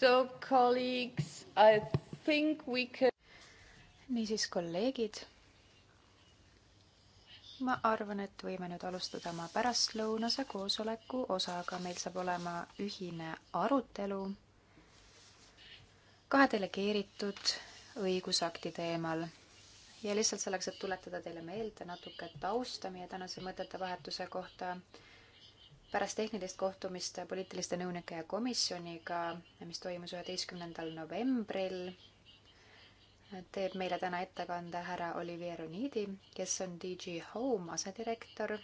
So colleagues, I think we can. niisiis, kolleegid. ma arvan, et võime nüüd alustada oma pärastlõunase koosoleku osaga, meil saab olema ühine arutelu kahe delegeeritud õigusakti teemal ja lihtsalt selleks, et tuletada teile meelde natuke tausta meie tänase mõtete vahetuse kohta pärast tehnilist kohtumist poliitiliste nõunike ja komisjoniga, mis toimus üheteistkümnendal novembril, teeb meile täna ettekande härra Olivier Onidi, kes on DG Home asedirektor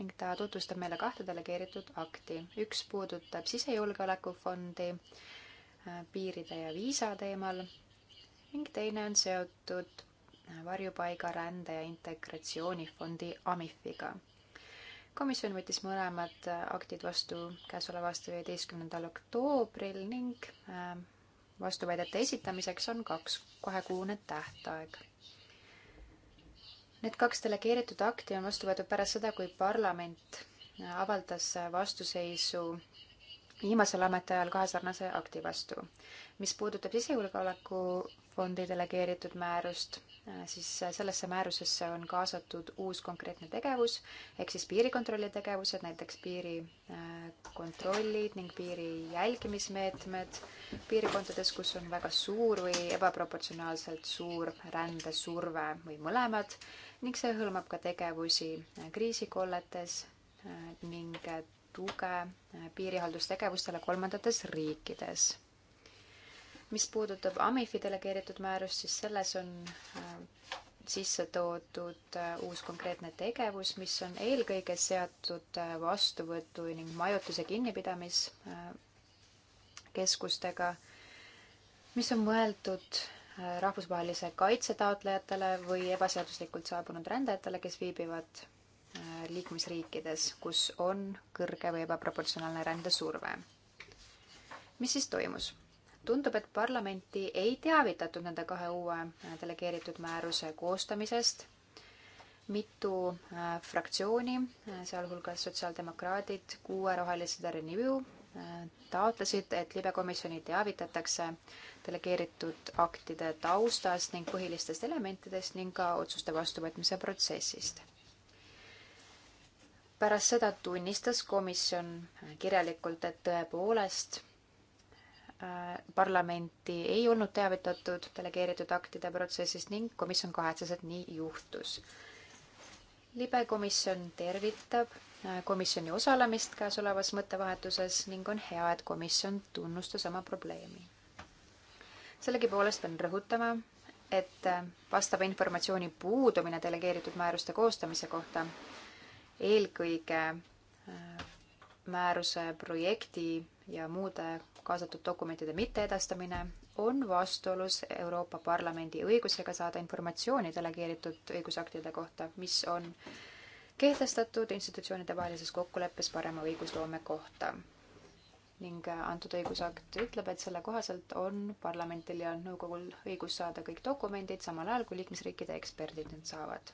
ning ta tutvustab meile kahte delegeeritud akti. üks puudutab sisejulgeolekufondi äh, piiride ja viisa teemal ning teine on seotud äh, varjupaiga, rände ja integratsioonifondi AMIF-iga komisjon võttis mõlemad äh, aktid vastu käesoleva aasta viieteistkümnendal oktoobril ning äh, vastuväidete esitamiseks on kaks kahekuune tähtaeg. Need kaks delegeeritud akti on vastu võetud pärast seda, kui parlament äh, avaldas vastuseisu viimasel ametiajal kahe sarnase akti vastu. mis puudutab sisejulgeoleku fondi delegeeritud määrust, Äh, siis äh, sellesse määrusesse on kaasatud uus konkreetne tegevus ehk siis piirikontrolli tegevused, näiteks piirikontrollid äh, ning piiri jälgimismeetmed piirkondades, kus on väga suur või ebaproportsionaalselt suur rändesurve või mõlemad ning see hõlmab ka tegevusi kriisikolletes ning tuge piirihaldustegevustele kolmandates riikides mis puudutab Amifi delegeeritud määrust, siis selles on äh, sisse toodud äh, uus konkreetne tegevus, mis on eelkõige seatud äh, vastuvõtu ning majutuse kinnipidamiskeskustega, mis on mõeldud rahvusvahelise kaitse taotlejatele või ebaseaduslikult saabunud rändajatele, kes viibivad liikmesriikides, kus on kõrge või ebaproportsionaalne rändesurve. mis siis toimus? tundub, et parlamenti ei teavitatud nende kahe uue äh, delegeeritud määruse koostamisest. mitu äh, fraktsiooni, äh, sealhulgas sotsiaaldemokraadid, kuue rohelised ja Renew taotlesid, et libekomisjoni teavitatakse delegeeritud aktide taustast ning põhilistest elementidest ning ka otsuste vastuvõtmise protsessist. pärast seda tunnistas komisjon kirjalikult, et tõepoolest parlamenti ei olnud teavitatud delegeeritud aktide protsessist ning komisjon kahetses, et nii juhtus. libekomisjon tervitab äh, komisjoni osalemist käesolevas mõttevahetuses ning on hea, et komisjon tunnustas oma probleemi. sellegipoolest pean rõhutama, et äh, vastava informatsiooni puudumine delegeeritud määruste koostamise kohta eelkõige äh, määruse projekti ja muude kaasatud dokumentide mitteedastamine on vastuolus Euroopa Parlamendi õigusega saada informatsiooni delegeeritud õigusaktide kohta, mis on kehtestatud institutsioonidevahelises kokkuleppes parema õigusloome kohta. ning äh, antud õigusakt ütleb, et selle kohaselt on parlamendil ja nõukogul õigus saada kõik dokumendid samal ajal, kui liikmesriikide eksperdid need saavad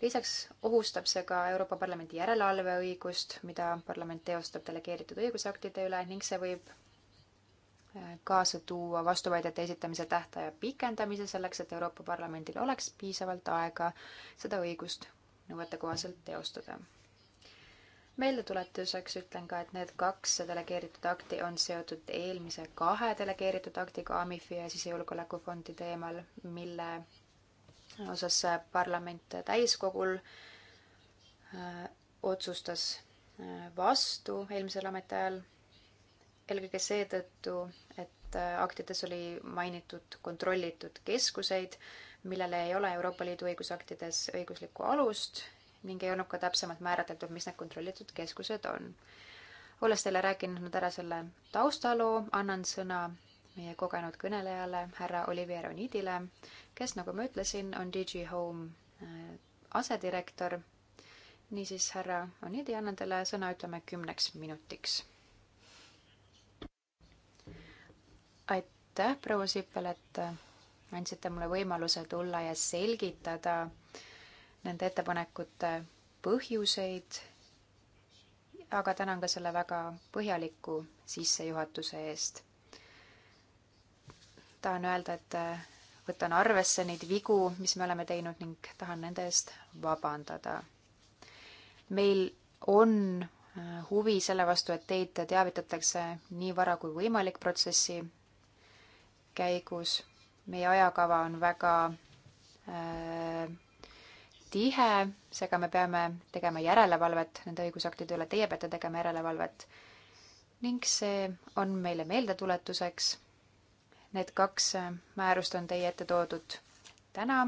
lisaks ohustab see ka Euroopa Parlamendi järelevalveõigust, mida parlament teostab delegeeritud õigusaktide üle ning see võib äh, kaasa tuua vastuväidete esitamise tähtaja pikendamise selleks, et Euroopa Parlamendil oleks piisavalt aega seda õigust nõuetekohaselt teostada. meeldetuletuseks ütlen ka, et need kaks delegeeritud akti on seotud eelmise kahe delegeeritud aktiga AMIF-i ja sisejulgeolekufondi teemal, mille osas parlament täiskogul äh, otsustas äh, vastu eelmisel ametiajal, eelkõige seetõttu, et äh, aktides oli mainitud kontrollitud keskuseid, millele ei ole Euroopa Liidu õigusaktides õiguslikku alust ning ei olnud ka täpsemalt määratletud, mis need kontrollitud keskused on. olles teile rääkinud nüüd ära selle taustaloo, annan sõna meie kogenud kõnelejale, härra Olivier Onidile, kes, nagu ma ütlesin, on DG Home äh, asedirektor. niisiis, härra Onidi, annan teile sõna, ütleme kümneks minutiks. aitäh, proua Sippel, et äh, andsite mulle võimaluse tulla ja selgitada nende ettepanekute põhjuseid aga tänan ka selle väga põhjaliku sissejuhatuse eest tahan öelda, et äh, võtan arvesse neid vigu, mis me oleme teinud ning tahan nende eest vabandada. meil on äh, huvi selle vastu, et teid teavitatakse nii vara kui võimalik protsessi käigus. meie ajakava on väga äh, tihe, seega me peame tegema järelevalvet nende õigusaktide üle, teie peate tegema järelevalvet ning see on meile meeldetuletuseks Need kaks äh, määrust on teie ette toodud täna,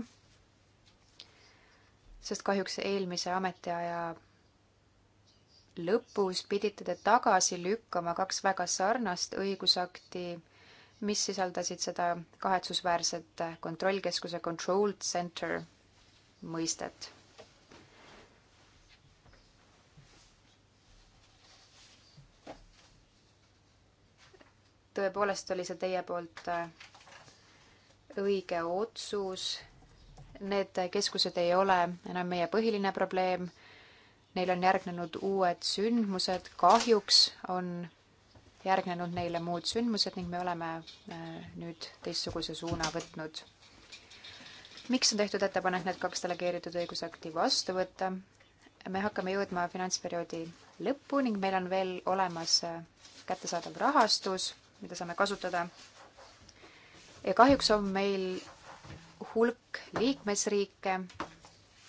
sest kahjuks eelmise ametiaja lõpus pidite te tagasi lükkama kaks väga sarnast õigusakti, mis sisaldasid seda kahetsusväärset kontrollkeskuse control center mõistet tõepoolest oli see teie poolt äh, õige otsus. Need keskused ei ole enam meie põhiline probleem. Neil on järgnenud uued sündmused, kahjuks on järgnenud neile muud sündmused ning me oleme äh, nüüd teistsuguse suuna võtnud. miks on tehtud ettepanek need kaks delegeeritud õigusakti vastu võtta? me hakkame jõudma finantsperioodi lõppu ning meil on veel olemas äh, kättesaadav rahastus mida saame kasutada. ja kahjuks on meil hulk liikmesriike,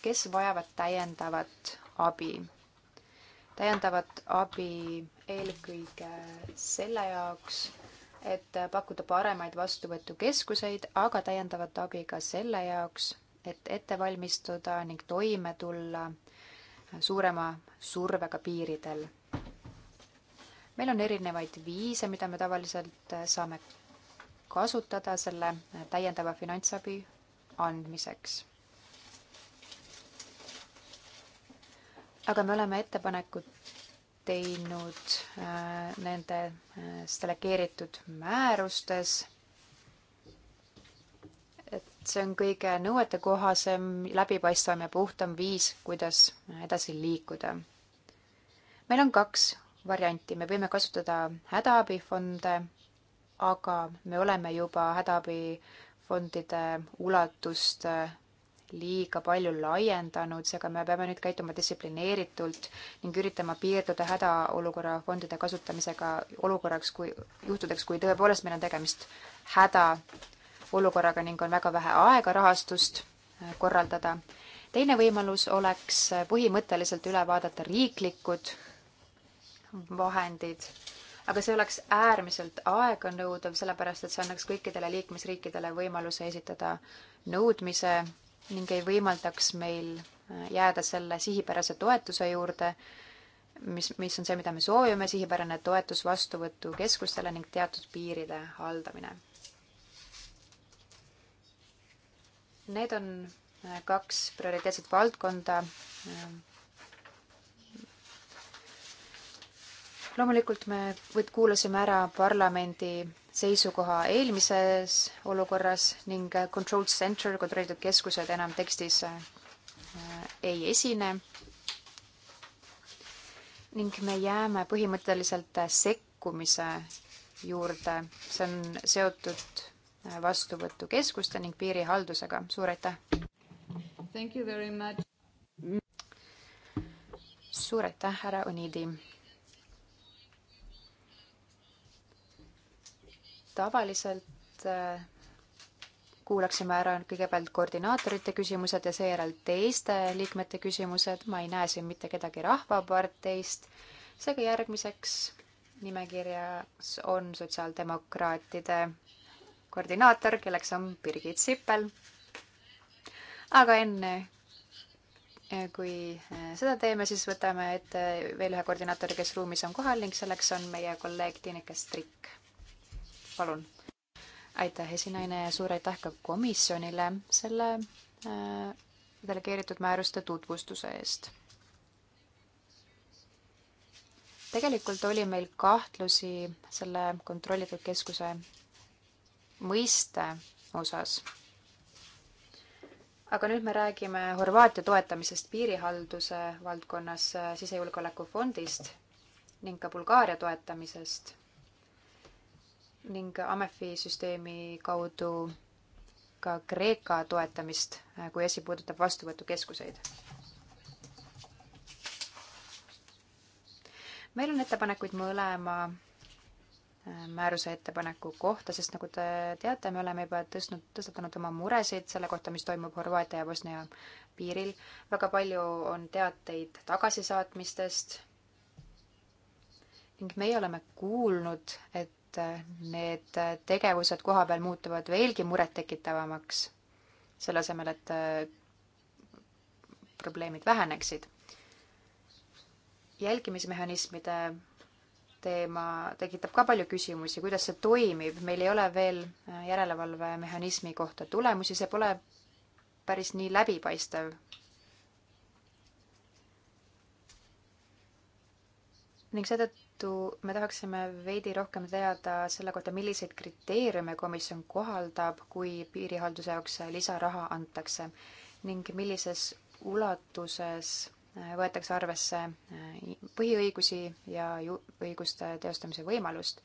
kes vajavad täiendavat abi. täiendavat abi eelkõige selle jaoks, et pakkuda paremaid vastuvõtukeskuseid, aga täiendavat abi ka selle jaoks, et ette valmistuda ning toime tulla suurema survega piiridel meil on erinevaid viise, mida me tavaliselt äh, saame kasutada selle äh, täiendava finantsabi andmiseks. aga me oleme ettepanekud teinud äh, nende delegeeritud määrustes et see on kõige nõuetekohasem, läbipaistvam ja puhtam viis, kuidas edasi liikuda. meil on kaks varianti, me võime kasutada hädaabifonde, aga me oleme juba hädaabifondide ulatust eh, liiga palju laiendanud, seega me peame nüüd käituma distsiplineeritult ning üritama piirduda hädaolukorra fondide kasutamisega olukorraks, kui, juhtudeks, kui tõepoolest meil on tegemist hädaolukorraga ning on väga vähe aega rahastust eh, korraldada. teine võimalus oleks eh, põhimõtteliselt üle vaadata riiklikud vahendid. aga see oleks äärmiselt aeganõudev, sellepärast et see annaks kõikidele liikmesriikidele võimaluse esitada nõudmise ning ei võimaldaks meil äh, jääda selle sihipärase toetuse juurde, mis, mis on see, mida me soovime, sihipärane toetus vastuvõtukeskustele ning teatud piiride haldamine. Need on äh, kaks prioriteetset valdkonda äh, loomulikult me kuulasime ära parlamendi seisukoha eelmises olukorras ning Control Center, kontrollitud keskused enam tekstis äh, ei esine. ning me jääme põhimõtteliselt sekkumise juurde, see on seotud äh, vastuvõtukeskuste ning piirihaldusega, suur aitäh! suur aitäh, härra Onidi! tavaliselt äh, kuulaksime ära kõigepealt koordinaatorite küsimused ja seejärel teiste liikmete küsimused. ma ei näe siin mitte kedagi Rahvaparteist. seega järgmiseks nimekirjas on sotsiaaldemokraatide koordinaator, kelleks on Birgit Sippel. aga enne äh, kui äh, seda teeme, siis võtame ette veel ühe koordinaatori, kes ruumis on kohal ning selleks on meie kolleeg Tiineke Strik palun. aitäh, esinaine ja suur aitäh ka komisjonile selle äh, delegeeritud määruste tutvustuse eest. tegelikult oli meil kahtlusi selle kontrollitud keskuse mõiste osas. aga nüüd me räägime Horvaatia toetamisest piirihalduse valdkonnas sisejulgeolekufondist ning ka Bulgaaria toetamisest ning Amefi süsteemi kaudu ka Kreeka toetamist, kui asi puudutab vastuvõtukeskuseid. meil on ettepanekuid mõlema äh, määruse ettepaneku kohta, sest nagu te teate, me oleme juba tõstnud, tõstatanud oma muresid selle kohta, mis toimub Horvaatia ja Bosnia piiril. väga palju on teateid tagasisaatmistest ning meie oleme kuulnud, et et need tegevused kohapeal muutuvad veelgi murettekitavamaks, selle asemel, et äh, probleemid väheneksid. jälgimismehhanismide teema tekitab ka palju küsimusi, kuidas see toimib, meil ei ole veel äh, järelevalvemehhanismi kohta tulemusi, see pole päris nii läbipaistev. ning seetõttu Liitu, me tahaksime veidi rohkem teada selle kohta, milliseid kriteeriume komisjon kohaldab, kui piirihalduse jaoks lisaraha antakse ning millises ulatuses võetakse arvesse äh, põhiõigusi ja õiguste teostamise võimalust.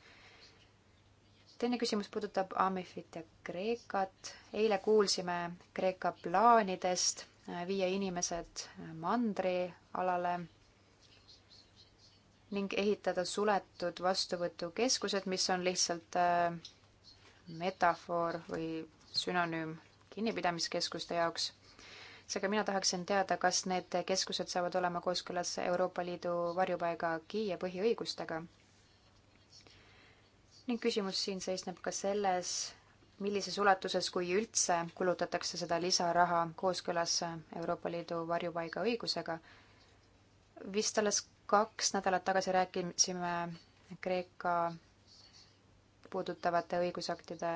teine küsimus puudutab Amifit ja Kreekat. eile kuulsime Kreeka plaanidest äh, viia inimesed mandrialale ning ehitada suletud vastuvõtukeskused, mis on lihtsalt äh, metafoor või sünonüüm kinnipidamiskeskuste jaoks. seega mina tahaksin teada, kas need keskused saavad olema kooskõlas Euroopa Liidu varjupaiga aki ja põhiõigustega. ning küsimus siin seisneb ka selles, millises ulatuses, kui üldse, kulutatakse seda lisaraha kooskõlas Euroopa Liidu varjupaigaõigusega. vist alles kaks nädalat tagasi rääkisime Kreeka puudutavate õigusaktide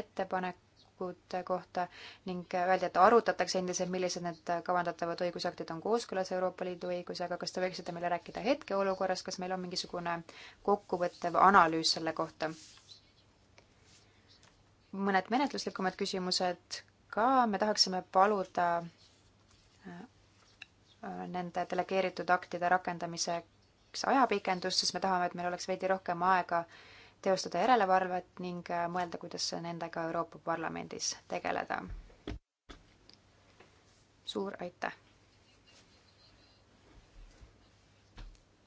ettepanekute kohta ning öeldi, et arutatakse endiselt, millised need kavandatavad õigusaktid on kooskõlas Euroopa Liidu õigusega. kas te võiksite meile rääkida hetkeolukorrast, kas meil on mingisugune kokkuvõttev analüüs selle kohta? mõned menetluslikumad küsimused ka, me tahaksime paluda nende delegeeritud aktide rakendamiseks ajapikendust, sest me tahame, et meil oleks veidi rohkem aega teostada järelevalvet ning äh, mõelda, kuidas nendega Euroopa Parlamendis tegeleda. suur aitäh!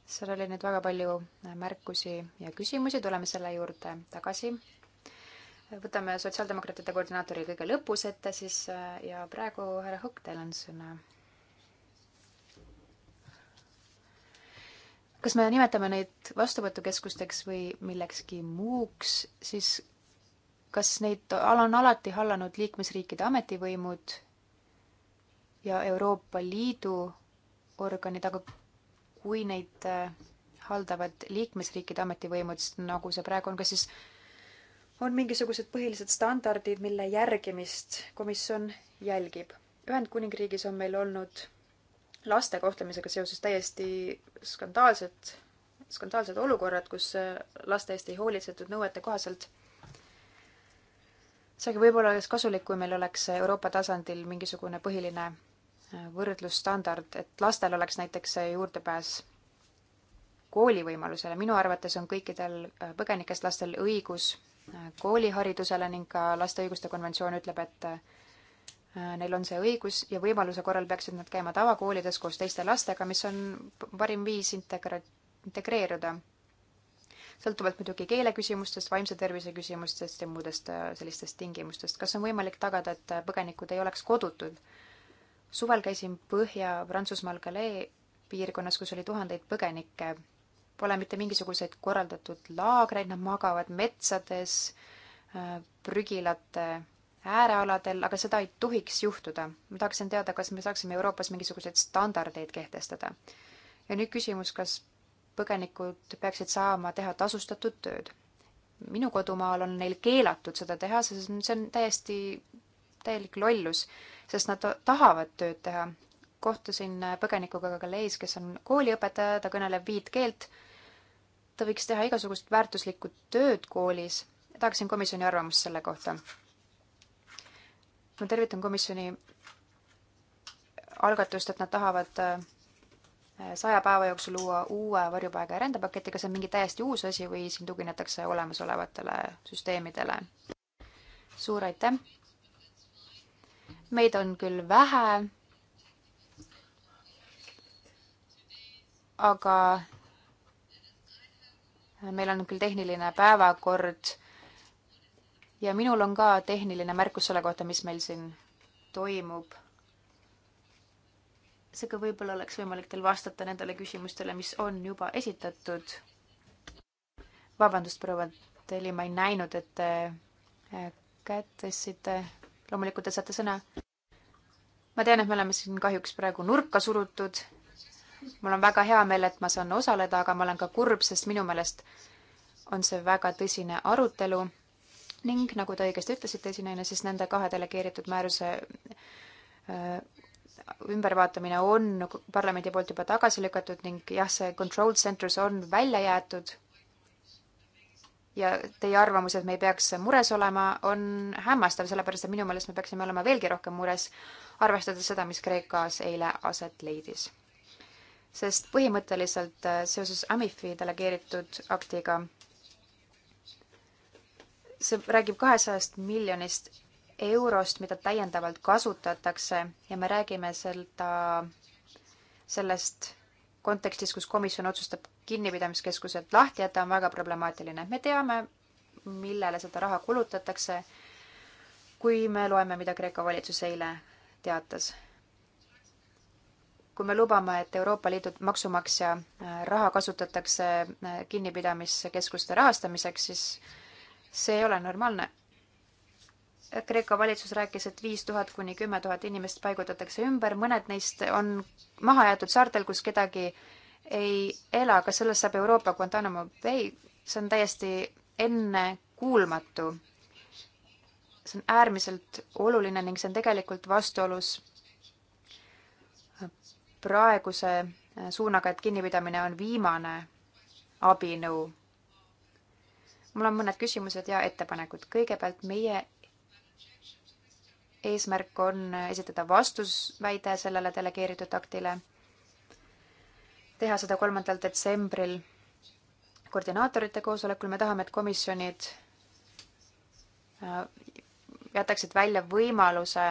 seal oli nüüd väga palju äh, märkusi ja küsimusi, tuleme selle juurde tagasi. võtame sotsiaaldemokraatide koordinaatori kõige lõpus ette siis äh, ja praegu härra Hõkk, teil on sõna kas me nimetame neid vastuvõtukeskusteks või millekski muuks, siis kas neid on alati hallanud liikmesriikide ametivõimud ja Euroopa Liidu organid, aga kui neid äh, haldavad liikmesriikide ametivõimud, nagu see praegu on, kas siis on mingisugused põhilised standardid, mille järgimist komisjon jälgib? Ühendkuningriigis on meil olnud laste kohtlemisega seoses täiesti skandaalsed, skandaalsed olukorrad, kus äh, laste eest ei hoolitsetud nõuete kohaselt. seega võib-olla oleks kasulik, kui meil oleks Euroopa tasandil mingisugune põhiline äh, võrdlusstandard, et lastel oleks näiteks juurdepääs koolivõimalusele. minu arvates on kõikidel äh, põgenikest lastel õigus kooliharidusele ning ka laste õiguste konventsioon ütleb, et Äh, neil on see õigus ja võimaluse korral peaksid nad käima tavakoolides koos teiste lastega, mis on parim viis integra-, integreeruda. sõltuvalt muidugi keeleküsimustest, vaimse tervise küsimustest ja muudest äh, sellistest tingimustest. kas on võimalik tagada, et äh, põgenikud ei oleks kodutud? suvel käisin Põhja-Prantsusmaal Calais piirkonnas, kus oli tuhandeid põgenikke. Pole mitte mingisuguseid korraldatud laagreid, nad magavad metsades, prügilate äärealadel, aga seda ei tohiks juhtuda. ma tahaksin teada, kas me saaksime Euroopas mingisuguseid standardeid kehtestada. ja nüüd küsimus, kas põgenikud peaksid saama teha tasustatud tööd? minu kodumaal on neil keelatud seda teha, sest see on täiesti täielik lollus, sest nad tahavad tööd teha. kohtusin põgenikuga Galeis, kes on kooliõpetaja, ta kõneleb viit keelt. ta võiks teha igasugust väärtuslikku tööd koolis. tahaksin komisjoni arvamust selle kohta ma tervitan komisjoni algatust, et nad tahavad äh, saja päeva jooksul luua uue varjupaiga ja rändepaketi, kas see on mingi täiesti uus asi või siin tuginetakse olemasolevatele süsteemidele? suur aitäh! meid on küll vähe, aga meil on küll tehniline päevakord ja minul on ka tehniline märkus selle kohta, mis meil siin toimub. seega võib-olla oleks võimalik teil vastata nendele küsimustele, mis on juba esitatud. vabandust, proua Teli, ma ei näinud, et te äh, kätt tõstsite. loomulikult te saate sõna. ma tean, et me oleme siin kahjuks praegu nurka surutud. mul on väga hea meel, et ma saan osaleda, aga ma olen ka kurb, sest minu meelest on see väga tõsine arutelu ning nagu te õigesti ütlesite, esinaine, siis nende kahe delegeeritud määruse äh, ümbervaatamine on parlamendi poolt juba tagasi lükatud ning jah, see control centers on välja jäetud. ja teie arvamus, et me ei peaks mures olema, on hämmastav, sellepärast et minu meelest me peaksime olema veelgi rohkem mures, arvestades seda, mis Kreekas eile aset leidis. sest põhimõtteliselt äh, seoses Amifi delegeeritud aktiga see räägib kahesajast miljonist eurost, mida täiendavalt kasutatakse ja me räägime seda, sellest kontekstis, kus komisjon otsustab kinnipidamiskeskused lahti jätta, on väga problemaatiline. me teame, millele seda raha kulutatakse, kui me loeme, mida Kreeka valitsus eile teatas. kui me lubame, et Euroopa Liidu maksumaksja raha kasutatakse kinnipidamiskeskuste rahastamiseks, siis see ei ole normaalne. Kreeka valitsus rääkis, et viis tuhat kuni kümme tuhat inimest paigutatakse ümber, mõned neist on maha jäetud saartel, kus kedagi ei ela, kas sellest saab Euroopa Guantanamo Bay, see on täiesti ennekuulmatu. see on äärmiselt oluline ning see on tegelikult vastuolus praeguse suunaga, et kinnipidamine on viimane abinõu mul on mõned küsimused ja ettepanekud. kõigepealt meie eesmärk on esitada vastusväide sellele delegeeritud aktile, teha seda kolmandal detsembril koordinaatorite koosolekul, me tahame, et komisjonid äh, jätaksid välja võimaluse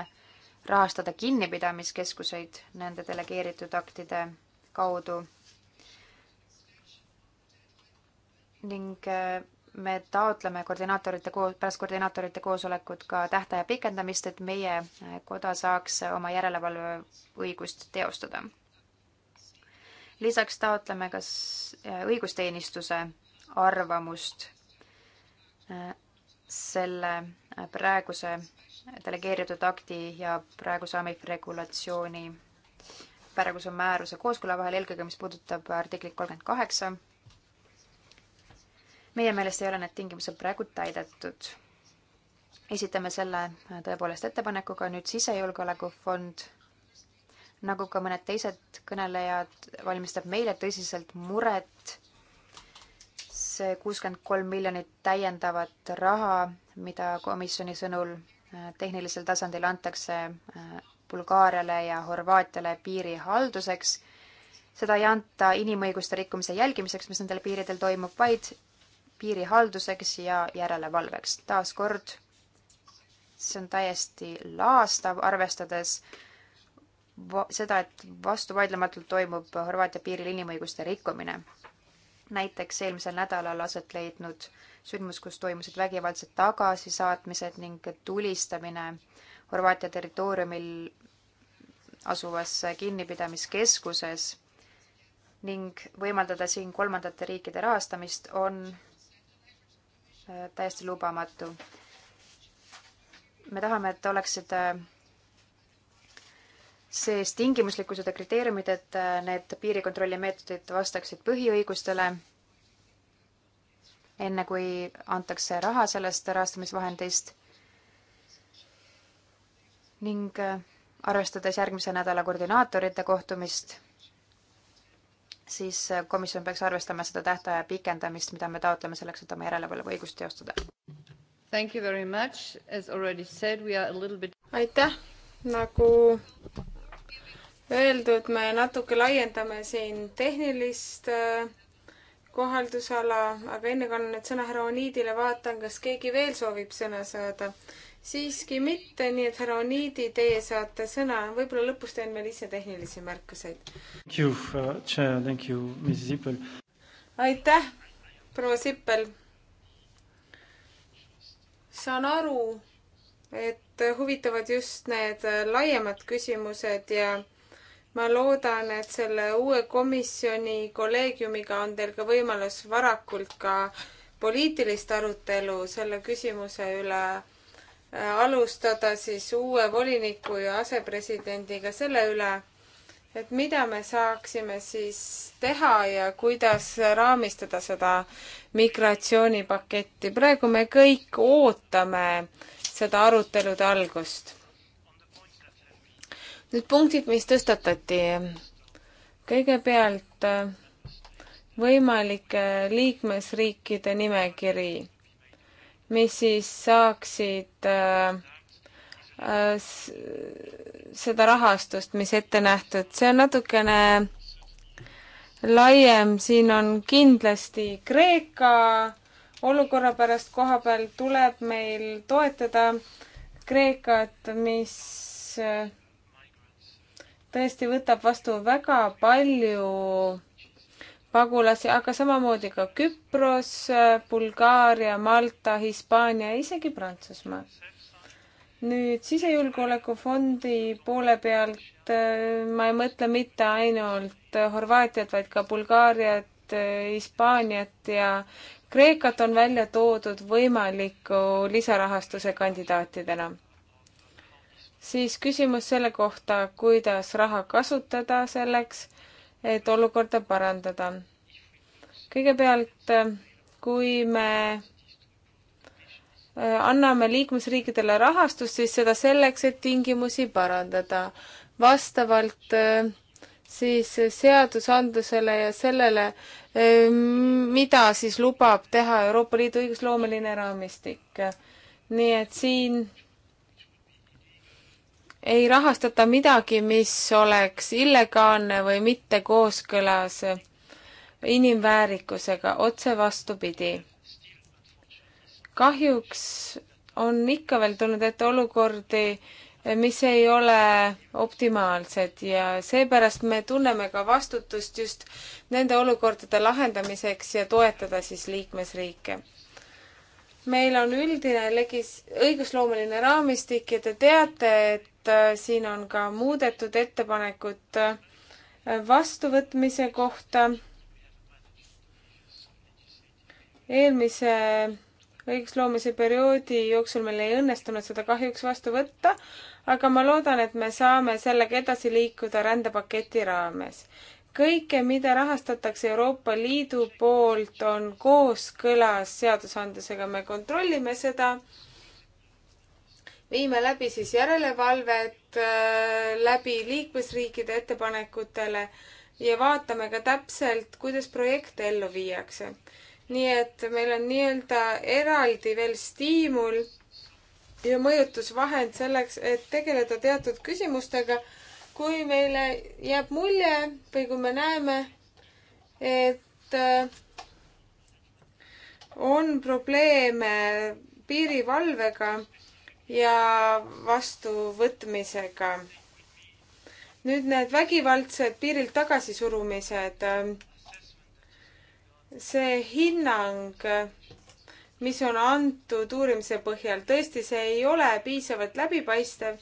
rahastada kinnipidamiskeskuseid nende delegeeritud aktide kaudu ning äh, me taotleme koordinaatorite koos, pärast koordinaatorite koosolekut ka tähtaja pikendamist, et meie äh, koda saaks äh, oma järelevalveõigust teostada. lisaks taotleme kas äh, õigusteenistuse arvamust selle praeguse delegeeritud akti ja praeguse AMIF regulatsiooni, praeguse määruse kooskõla vahel, eelkõige mis puudutab artiklit kolmkümmend kaheksa meie meelest ei ole need tingimused praegu täidetud. esitame selle äh, tõepoolest ettepanekuga, nüüd sisejulgeolekufond, nagu ka mõned teised kõnelejad, valmistab meile tõsiselt muret see kuuskümmend kolm miljonit täiendavat raha, mida komisjoni sõnul äh, tehnilisel tasandil antakse äh, Bulgaariale ja Horvaatiale piirihalduseks, seda ei anta inimõiguste rikkumise jälgimiseks, mis nendel piiridel toimub, vaid piirihalduseks ja järelevalveks. taaskord, see on täiesti laastav, arvestades va-, seda, et vastuvaidlematult toimub Horvaatia piiril inimõiguste rikkumine. näiteks eelmisel nädalal aset leidnud sündmus, kus toimusid vägivaldsed tagasisaatmised ning tulistamine Horvaatia territooriumil asuvas kinnipidamiskeskuses ning võimaldada siin kolmandate riikide rahastamist, on täiesti lubamatu. me tahame, et oleksid äh, sees tingimuslikkused ja kriteeriumid, et äh, need piirikontrolli meetodid vastaksid põhiõigustele, enne kui antakse raha sellest rahastamisvahendist ning äh, arvestades järgmise nädala koordinaatorite kohtumist siis äh, komisjon peaks arvestama seda tähtaja pikendamist, mida me taotleme selleks, et oma järelevalve õigust teostada. Thank you very much, as already said, we are a little bit. aitäh, nagu öeldud, me natuke laiendame siin tehnilist äh, kohaldusala, aga enne kui annan nüüd sõna härra Oniidile, vaatan, kas keegi veel soovib sõna saada siiski mitte, nii et härra Oniidi, teie saate sõna, võib-olla lõpus teen veel ise tehnilisi märkuseid. Uh, aitäh, proua Sippel. saan aru, et huvitavad just need laiemad küsimused ja ma loodan, et selle uue komisjoni kolleegiumiga on teil ka võimalus varakult ka poliitilist arutelu selle küsimuse üle alustada siis uue voliniku ja asepresidendiga selle üle, et mida me saaksime siis teha ja kuidas raamistada seda migratsioonipaketti. praegu me kõik ootame seda arutelude algust. nüüd punktid, mis tõstatati. kõigepealt äh, võimalike liikmesriikide nimekiri mis siis saaksid äh, äh, seda rahastust, mis ette nähtud, see on natukene laiem, siin on kindlasti Kreeka olukorra pärast koha peal tuleb meil toetada Kreekat, mis äh, tõesti võtab vastu väga palju pagulasi, aga samamoodi ka Küpros, Bulgaaria, Malta, Hispaania ja isegi Prantsusmaa. nüüd sisejulgeolekufondi poole pealt äh, ma ei mõtle mitte ainult Horvaatiat, vaid ka Bulgaariat, äh, Hispaaniat ja Kreekat on välja toodud võimaliku lisarahastuse kandidaatidena siis küsimus selle kohta, kuidas raha kasutada selleks, et olukorda parandada. kõigepealt, äh, kui me äh, anname liikmesriikidele rahastust, siis seda selleks, et tingimusi parandada vastavalt äh, siis seadusandlusele ja sellele, mida siis lubab teha Euroopa Liidu õigusloomeline raamistik. nii et siin ei rahastata midagi, mis oleks illegaalne või mitte kooskõlas inimväärikusega, otse vastupidi. kahjuks on ikka veel tulnud ette olukordi, mis ei ole optimaalsed ja seepärast me tunneme ka vastutust just nende olukordade lahendamiseks ja toetada siis liikmesriike meil on üldine legis-, õigusloomeline raamistik ja te teate, et Äh, siin on ka muudetud ettepanekud äh, vastuvõtmise kohta. eelmise õigusloomise perioodi jooksul meil ei õnnestunud seda kahjuks vastu võtta, aga ma loodan, et me saame sellega edasi liikuda rändepaketi raames. kõike, mida rahastatakse Euroopa Liidu poolt, on kooskõlas seadusandlusega, me kontrollime seda viime läbi siis järelevalvet äh, läbi liikmesriikide ettepanekutele ja vaatame ka täpselt, kuidas projekte ellu viiakse. nii et meil on nii-öelda eraldi veel stiimul ja mõjutusvahend selleks, et tegeleda teatud küsimustega, kui meile jääb mulje või kui me näeme, et äh, on probleeme piirivalvega ja vastuvõtmisega. nüüd need vägivaldsed piirilt tagasisurumised. see hinnang, mis on antud uurimise põhjal, tõesti, see ei ole piisavalt läbipaistev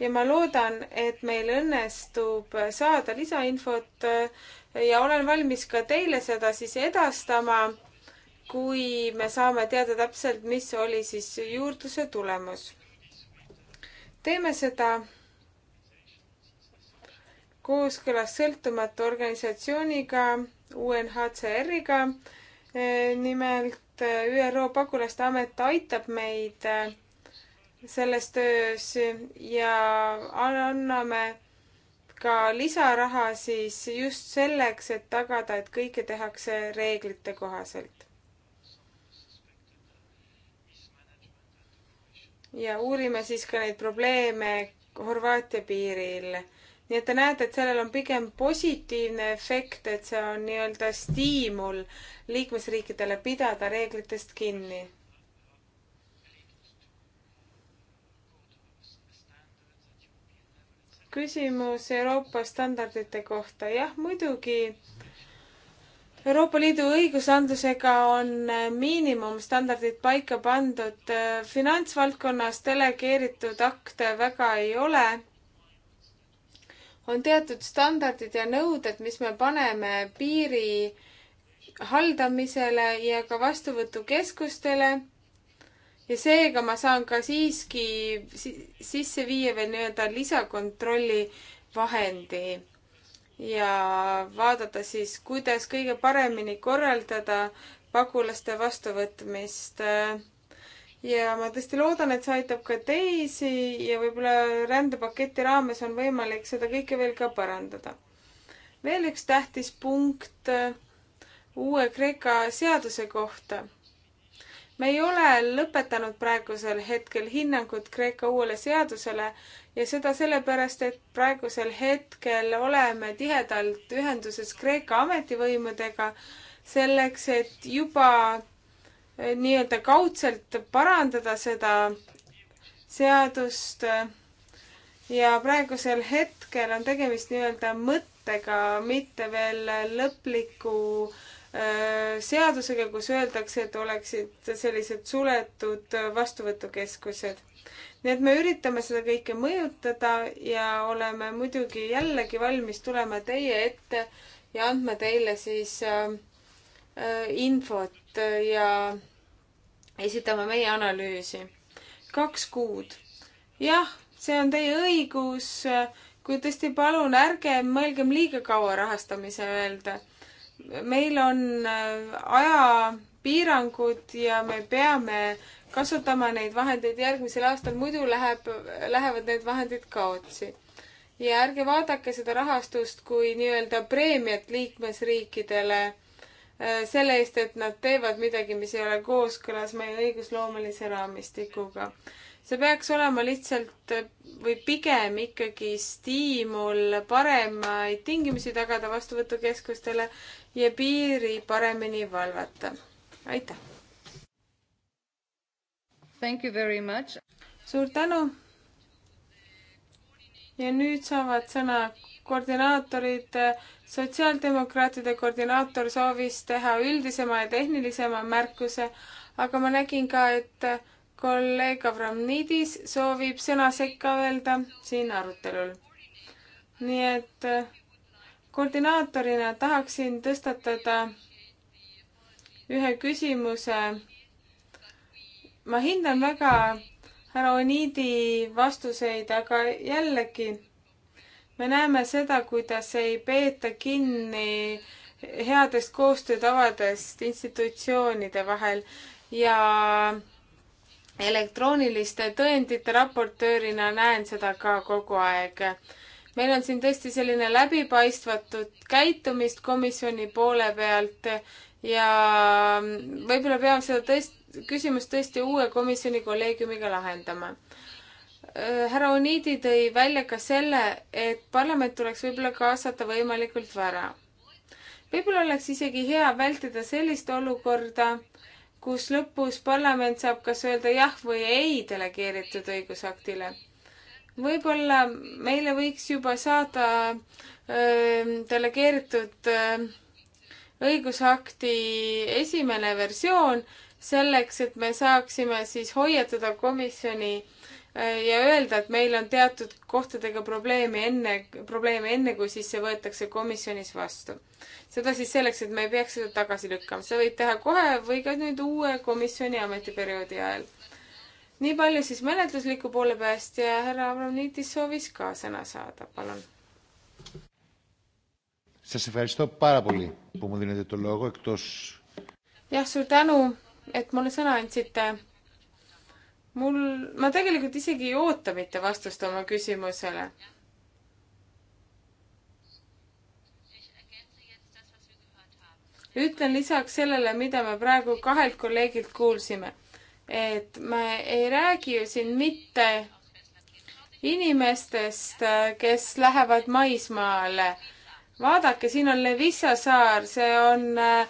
ja ma loodan, et meil õnnestub saada lisainfot äh, ja olen valmis ka teile seda siis edastama, kui me saame teada täpselt, mis oli siis juurdluse tulemus teeme seda kooskõlas sõltumatu organisatsiooniga, UNHCR-iga. nimelt ÜRO pagulaste amet aitab meid selles töös ja anname ka lisaraha siis just selleks, et tagada, et kõike tehakse reeglite kohaselt. ja uurime siis ka neid probleeme Horvaatia piiril. nii et te näete, et sellel on pigem positiivne efekt, et see on nii-öelda stiimul liikmesriikidele pidada reeglitest kinni. küsimus Euroopa standardite kohta. jah, muidugi Euroopa Liidu õigusandlusega on äh, miinimumstandardid paika pandud. Äh, finantsvaldkonnas delegeeritud akte väga ei ole. on teatud standardid ja nõuded, mis me paneme piiri haldamisele ja ka vastuvõtukeskustele. ja seega ma saan ka siiski sisse viia veel nii-öelda lisakontrolli vahendi ja vaadata siis, kuidas kõige paremini korraldada pagulaste vastuvõtmist. ja ma tõesti loodan, et see aitab ka teisi ja võib-olla rändepaketi raames on võimalik seda kõike veel ka parandada. veel üks tähtis punkt äh, uue Kreeka seaduse kohta me ei ole lõpetanud praegusel hetkel hinnangut Kreeka uuele seadusele ja seda sellepärast, et praegusel hetkel oleme tihedalt ühenduses Kreeka ametivõimudega selleks, et juba eh, nii-öelda kaudselt parandada seda seadust. ja praegusel hetkel on tegemist nii-öelda mõttega, mitte veel lõpliku äh, Äh, seadusega, kus öeldakse, et oleksid sellised suletud vastuvõtukeskused. nii et me üritame seda kõike mõjutada ja oleme muidugi jällegi valmis tulema teie ette ja andma teile siis äh, infot ja esitama meie analüüsi. kaks kuud. jah, see on teie õigus, äh, kuid tõesti palun ärge mõelgem liiga kaua rahastamise öelda meil on äh, ajapiirangud ja me peame kasutama neid vahendeid järgmisel aastal, muidu läheb, lähevad need vahendid kaotsi. ja ärge vaadake seda rahastust kui nii-öelda preemiat liikmesriikidele äh, selle eest, et nad teevad midagi, mis ei ole kooskõlas meie õigusloomelise raamistikuga. see peaks olema lihtsalt äh, või pigem ikkagi stiimul paremaid tingimusi tagada vastuvõtukeskustele ja piiri paremini valvata. aitäh! suur tänu! ja nüüd saavad sõna koordinaatorid. sotsiaaldemokraatide koordinaator soovis teha üldisema ja tehnilisema märkuse, aga ma nägin ka, et kolleeg Avramnidis soovib sõna sekka öelda siin arutelul. nii et koordinaatorina tahaksin tõstatada ühe küsimuse. ma hindan väga härra Oniidi vastuseid, aga jällegi me näeme seda, kuidas ei peeta kinni headest koostöötavadest institutsioonide vahel ja elektrooniliste tõendite raportöörina näen seda ka kogu aeg meil on siin tõesti selline läbipaistvatud käitumist komisjoni poole pealt ja võib-olla peame seda tõest-, küsimust tõesti uue komisjoni kolleegiumiga lahendama. Äh, härra Oniidi tõi välja ka selle, et parlament tuleks võib-olla kaasata võimalikult vara. võib-olla oleks isegi hea vältida sellist olukorda, kus lõpus parlament saab kas öelda jah või ei delegeeritud õigusaktile võib-olla meile võiks juba saada öö, delegeeritud öö, õigusakti esimene versioon selleks, et me saaksime siis hoiatada komisjoni ja öelda, et meil on teatud kohtadega probleemi enne, probleeme enne, kui siis see võetakse komisjonis vastu. seda siis selleks, et me ei peaks seda tagasi lükkama, seda võib teha kohe või ka nüüd uue komisjoni ametiperioodi ajal nii palju siis menetlusliku poole peast ja härra Avramnitis soovis ka sõna saada, palun. jah, suur tänu, et mulle sõna andsite. mul, ma tegelikult isegi ei oota mitte vastust oma küsimusele ütlen lisaks sellele, mida me praegu kahelt kolleegilt kuulsime et me ei räägi ju siin mitte inimestest, kes lähevad maismaale. vaadake, siin on Levissa saar, see on äh,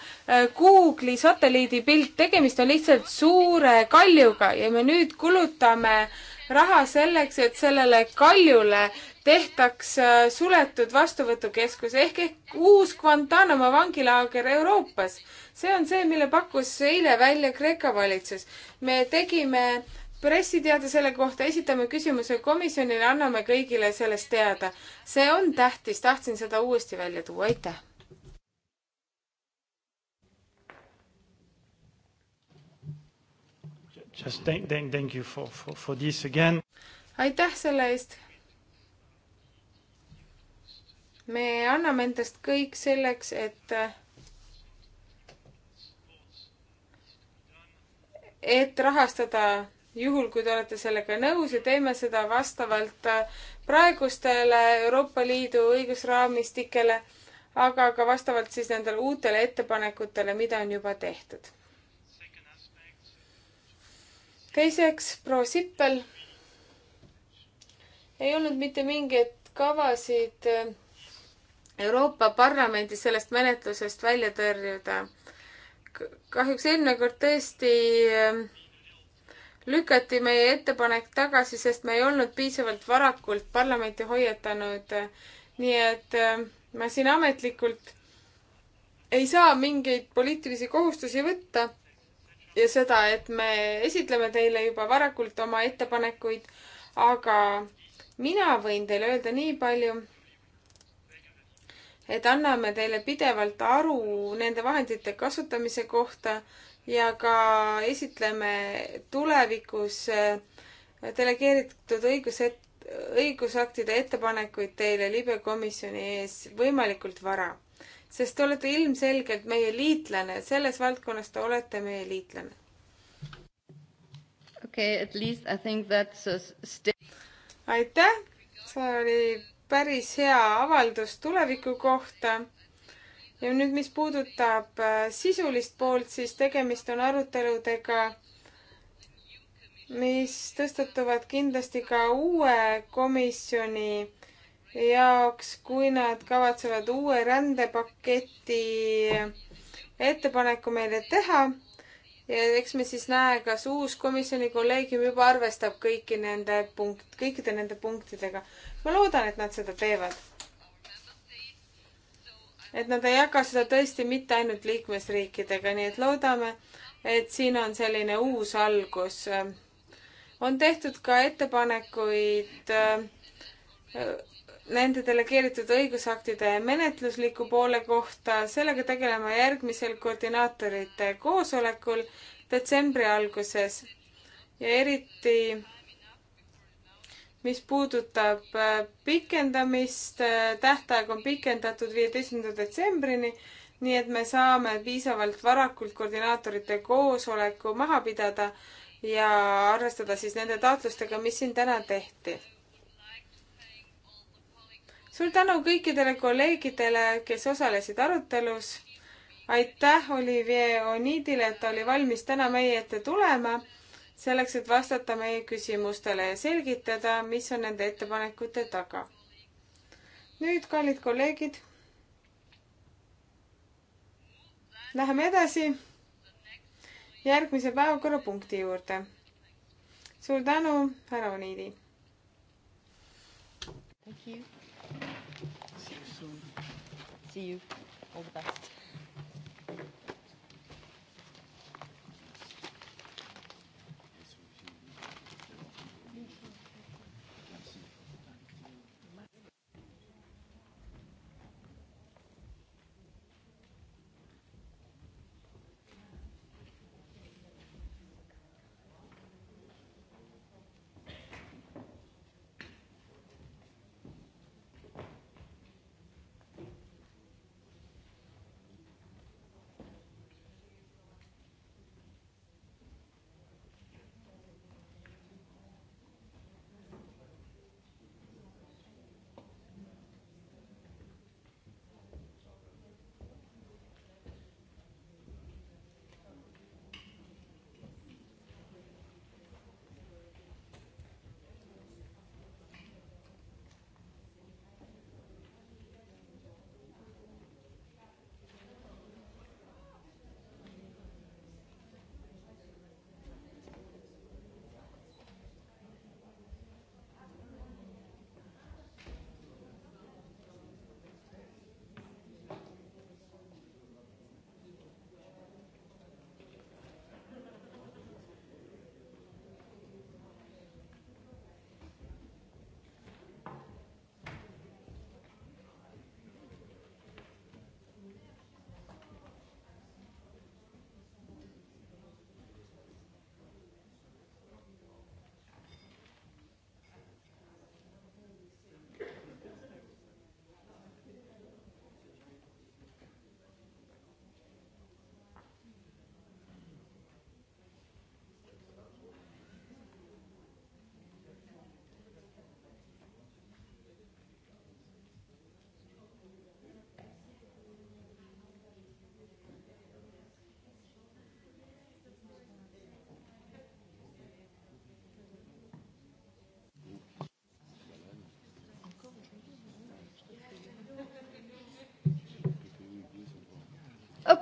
Google'i satelliidipilt, tegemist on lihtsalt suure kaljuga ja me nüüd kulutame äh, raha selleks, et sellele kaljule tehtaks äh, suletud vastuvõtukeskus ehk ehk uus Guantanamo vangilaager Euroopas. see on see, mille pakkus eile välja Kreeka valitsus. me tegime pressiteade selle kohta, esitame küsimuse komisjonile, anname kõigile sellest teada. see on tähtis, tahtsin seda uuesti välja tuua, aitäh Just thank, thank, thank you for, for, for this again. aitäh selle eest. me anname endast kõik selleks, et et rahastada juhul, kui te olete sellega nõus ja teeme seda vastavalt praegustele Euroopa Liidu õigusraamistikele, aga ka vastavalt siis nendele uutele ettepanekutele, mida on juba tehtud teiseks, proua Sippel ei olnud mitte mingeid kavasid äh, Euroopa Parlamendis sellest menetlusest välja tõrjuda. kahjuks eelmine kord tõesti äh, lükati meie ettepanek tagasi, sest me ei olnud piisavalt varakult parlamenti hoiatanud. nii et äh, ma siin ametlikult ei saa mingeid poliitilisi kohustusi võtta ja seda, et me esitleme teile juba varakult oma ettepanekuid, aga mina võin teile öelda nii palju, et anname teile pidevalt aru nende vahendite kasutamise kohta ja ka esitleme tulevikus äh, delegeeritud õiguset, õigusaktide ettepanekuid teile libekomisjoni ees võimalikult vara sest te olete ilmselgelt meie liitlane, selles valdkonnas te olete meie liitlane. okei okay,, at least I think that's a step. aitäh, see oli päris hea avaldus tuleviku kohta. ja nüüd, mis puudutab äh, sisulist poolt, siis tegemist on aruteludega, mis tõstatuvad kindlasti ka uue komisjoni jaoks, kui nad kavatsevad uue rändepaketi ettepaneku meile teha. ja eks me siis näe, kas uus komisjoni kolleegium juba arvestab kõiki nende punkt, kõikide nende punktidega. ma loodan, et nad seda teevad. et nad ei jaga seda tõesti mitte ainult liikmesriikidega, nii et loodame, et siin on selline uus algus. on tehtud ka ettepanekuid äh, nende delegeeritud õigusaktide menetlusliku poole kohta, sellega tegelema järgmisel koordinaatorite koosolekul detsembri alguses ja eriti mis puudutab äh, pikendamist, äh, tähtaeg on pikendatud viieteistkümnenda detsembrini, nii et me saame piisavalt varakult koordinaatorite koosoleku maha pidada ja arvestada siis nende taotlustega, mis siin täna tehti suur tänu kõikidele kolleegidele, kes osalesid arutelus. aitäh Olivier Onidile, et ta oli valmis täna meie ette tulema, selleks et vastata meie küsimustele ja selgitada, mis on nende ettepanekute taga. nüüd, kallid kolleegid, läheme edasi järgmise päevakorrapunkti juurde. suur tänu, härra Oniidi! Thank you. See you soon. See you. All the best.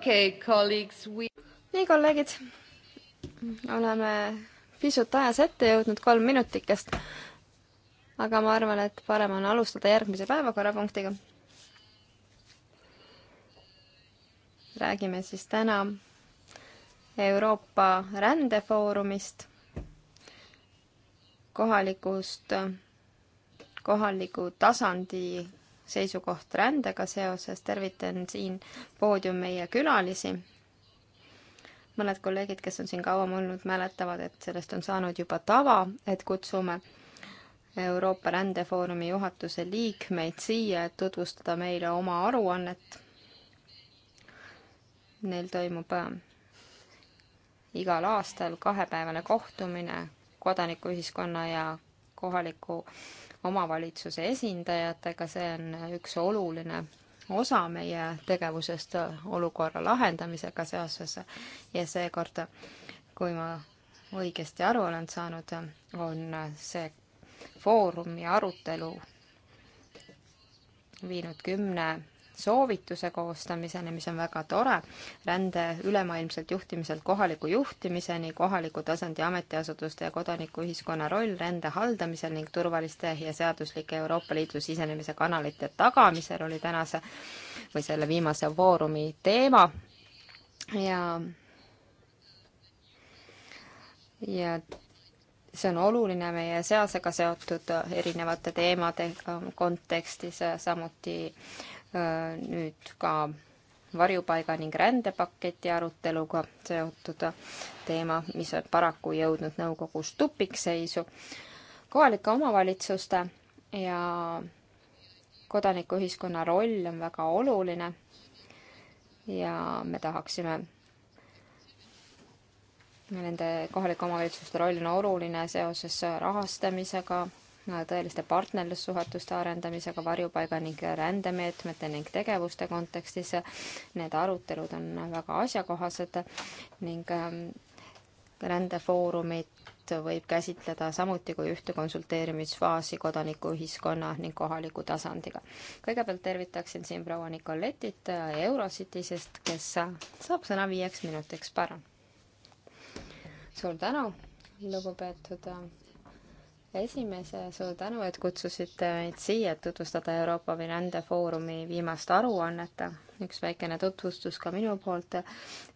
okay, colleagues, we... nii, kolleegid, oleme pisut ajas ette jõudnud, kolm minutikest. aga ma arvan, et parem on alustada järgmise päevakorrapunktiga. räägime siis täna Euroopa rändefoorumist, kohalikust, kohaliku tasandi seisukoht rändega seoses, tervitan siin poodium meie külalisi. mõned kolleegid, kes on siin kauem olnud, mäletavad, et sellest on saanud juba tava, et kutsume Euroopa Rändefoorumi juhatuse liikmeid siia, et tutvustada meile oma aruannet. Neil toimub äh, igal aastal kahepäevane kohtumine kodanikuühiskonna ja kohaliku omavalitsuse esindajatega, see on üks oluline osa meie tegevusest olukorra lahendamisega seoses ja seekord, kui ma õigesti aru olen saanud, on see foorum ja arutelu viinud kümne soovituse koostamiseni, mis on väga tore, rände ülemaailmselt juhtimiselt kohaliku juhtimiseni, kohaliku tasandi ametiasutuste ja kodanikuühiskonna roll rände haldamisel ning turvaliste ja seaduslike Euroopa Liidu sisenemise kanalite tagamisel oli tänase või selle viimase foorumi teema ja ja see on oluline meie seasega seotud erinevate teemade kontekstis, samuti äh, Äh, nüüd ka varjupaiga ning rändepaketi aruteluga seotud teema, mis on paraku jõudnud nõukogus tupikseisu. kohalike omavalitsuste ja kodanikuühiskonna roll on väga oluline ja me tahaksime nende kohalike omavalitsuste roll on oluline seoses rahastamisega tõeliste partnerlussuhetuste arendamisega varjupaiga ning rändemeetmete ning tegevuste kontekstis. Need arutelud on väga asjakohased ning ähm, rändefoorumit võib käsitleda samuti kui ühte konsulteerimisfaasi kodanikuühiskonna ning kohaliku tasandiga. kõigepealt tervitaksin siin proua Nicoletit äh, Eurocitisest, kes saab sõna viieks minutiks, palun. suur tänu, lugupeetud äh, esimees, suur tänu, et kutsusite meid siia, et tutvustada Euroopa Finandefoorumi viimast aruannet. üks väikene tutvustus ka minu poolt.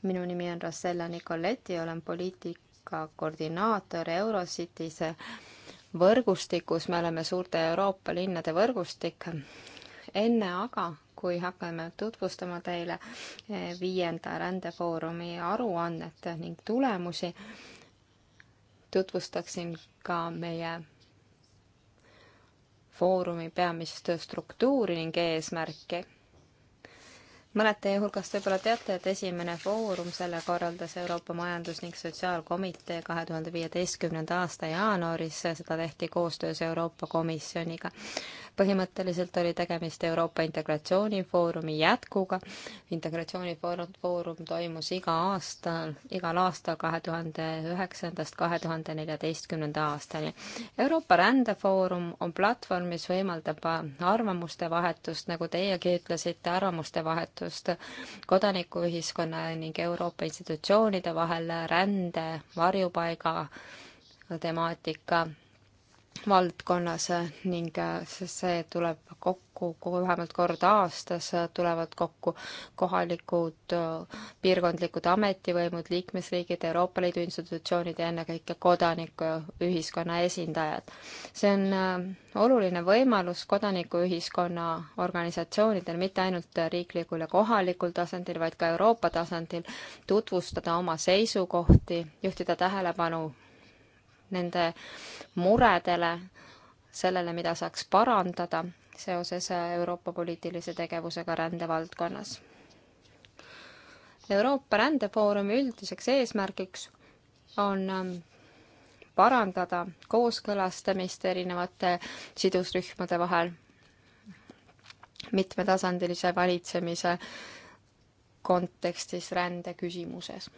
minu nimi on Rossella Nicoletti, olen poliitika koordinaator Eurocities võrgustikus, me oleme suurte Euroopa linnade võrgustik. enne aga, kui hakkame tutvustama teile viienda rändefoorumi aruannet ning tulemusi, tutvustaksin ka meie foorumi peamist struktuuri ning eesmärki. mõned teie hulgast võib-olla teate, et esimene foorum selle korraldas Euroopa Majandus- ning Sotsiaalkomitee kahe tuhande viieteistkümnenda aasta jaanuaris, seda tehti koostöös Euroopa Komisjoniga põhimõtteliselt oli tegemist Euroopa Integratsioonifoorumi jätkuga. integratsioonifoorum toimus iga aasta, igal aastal kahe tuhande üheksandast kahe tuhande neljateistkümnenda aastani. Euroopa rändefoorum on platvorm, mis võimaldab arvamuste vahetust, nagu teiegi ütlesite, arvamuste vahetust kodanikuühiskonna ning Euroopa institutsioonide vahel rände, varjupaiga temaatika valdkonnas ning äh, see tuleb kokku, kogu vähemalt kord aastas äh, tulevad kokku kohalikud äh, piirkondlikud ametivõimud, liikmesriigid, Euroopa Liidu institutsioonid ja ennekõike kodanikuühiskonna esindajad. see on oluline võimalus kodanikuühiskonna organisatsioonidel mitte ainult riiklikul ja kohalikul tasandil, vaid ka Euroopa tasandil tutvustada oma seisukohti, juhtida tähelepanu nende muredele, sellele, mida saaks parandada seoses äh, Euroopa poliitilise tegevusega rändevaldkonnas. Euroopa rändefoorumi üldiseks eesmärgiks on ähm, parandada kooskõlastamist erinevate sidusrühmade vahel mitmetasandilise valitsemise kontekstis rändeküsimuses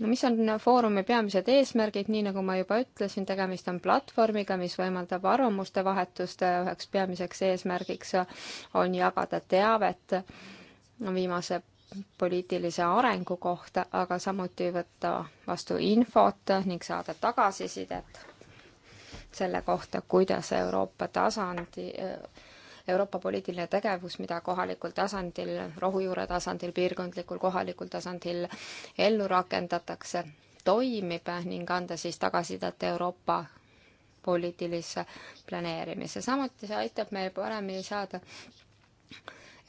no mis on Foorumi peamised eesmärgid, nii nagu ma juba ütlesin, tegemist on platvormiga, mis võimaldab arvamuste vahetust, üheks peamiseks eesmärgiks on jagada teavet viimase poliitilise arengu kohta, aga samuti võtta vastu infot ning saada tagasisidet selle kohta, kuidas Euroopa tasandi Euroopa poliitiline tegevus, mida kohalikul tasandil, rohujuure tasandil, piirkondlikul, kohalikul tasandil ellu rakendatakse, toimib ning anda siis tagasisidet Euroopa poliitilisse planeerimisse. samuti see aitab meil paremini saada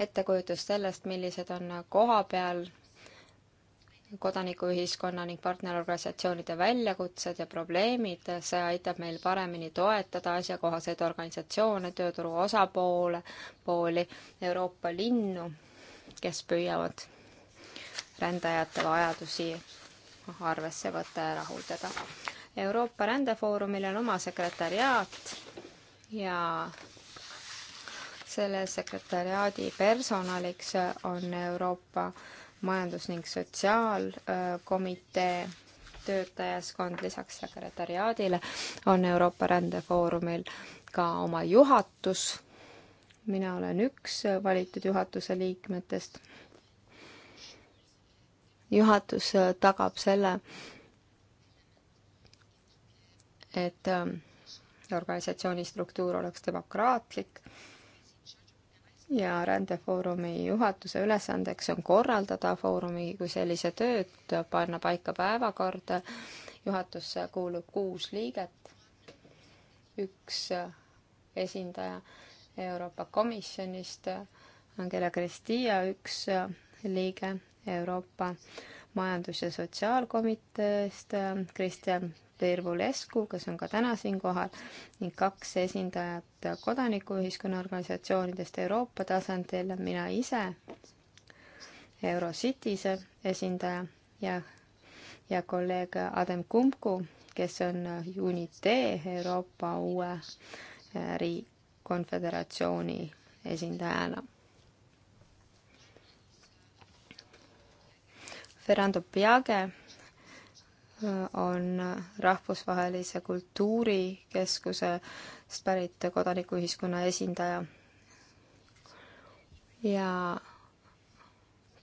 ettekujutust sellest, millised on kohapeal kodanikuühiskonna ning partnerorganisatsioonide väljakutsed ja probleemid, see aitab meil paremini toetada asjakohaseid organisatsioone, tööturu osapoole, pooli, Euroopa linnu, kes püüavad rändajate vajadusi arvesse võtta ja rahuldada. Euroopa rändefoorumil on oma sekretäriaat ja selle sekretäriaadi personaliks on Euroopa majandus- ning sotsiaalkomitee töötajaskond lisaks sekretariaadile on Euroopa rändefoorumil ka oma juhatus. mina olen üks valitud juhatuse liikmetest. juhatus tagab selle, et ähm, organisatsiooni struktuur oleks demokraatlik ja rändefoorumi juhatuse ülesandeks on korraldada foorumi kui sellise tööd, panna paika päevakord. juhatusse kuulub kuus liiget, üks esindaja Euroopa Komisjonist, Angela Cristia, üks liige Euroopa Majandus- ja Sotsiaalkomiteest, Kristjan Tervulescu, kes on ka täna siinkohal, ning kaks esindajat kodanikuühiskonna organisatsioonidest Euroopa tasandil, mina ise, Eurocitise esindaja ja, ja kolleeg Adem Kumbku, kes on UNITE Euroopa uue äh, riik, konföderatsiooni esindajana Ferrando Piage on rahvusvahelise kultuurikeskusest pärit kodanikuühiskonna esindaja. ja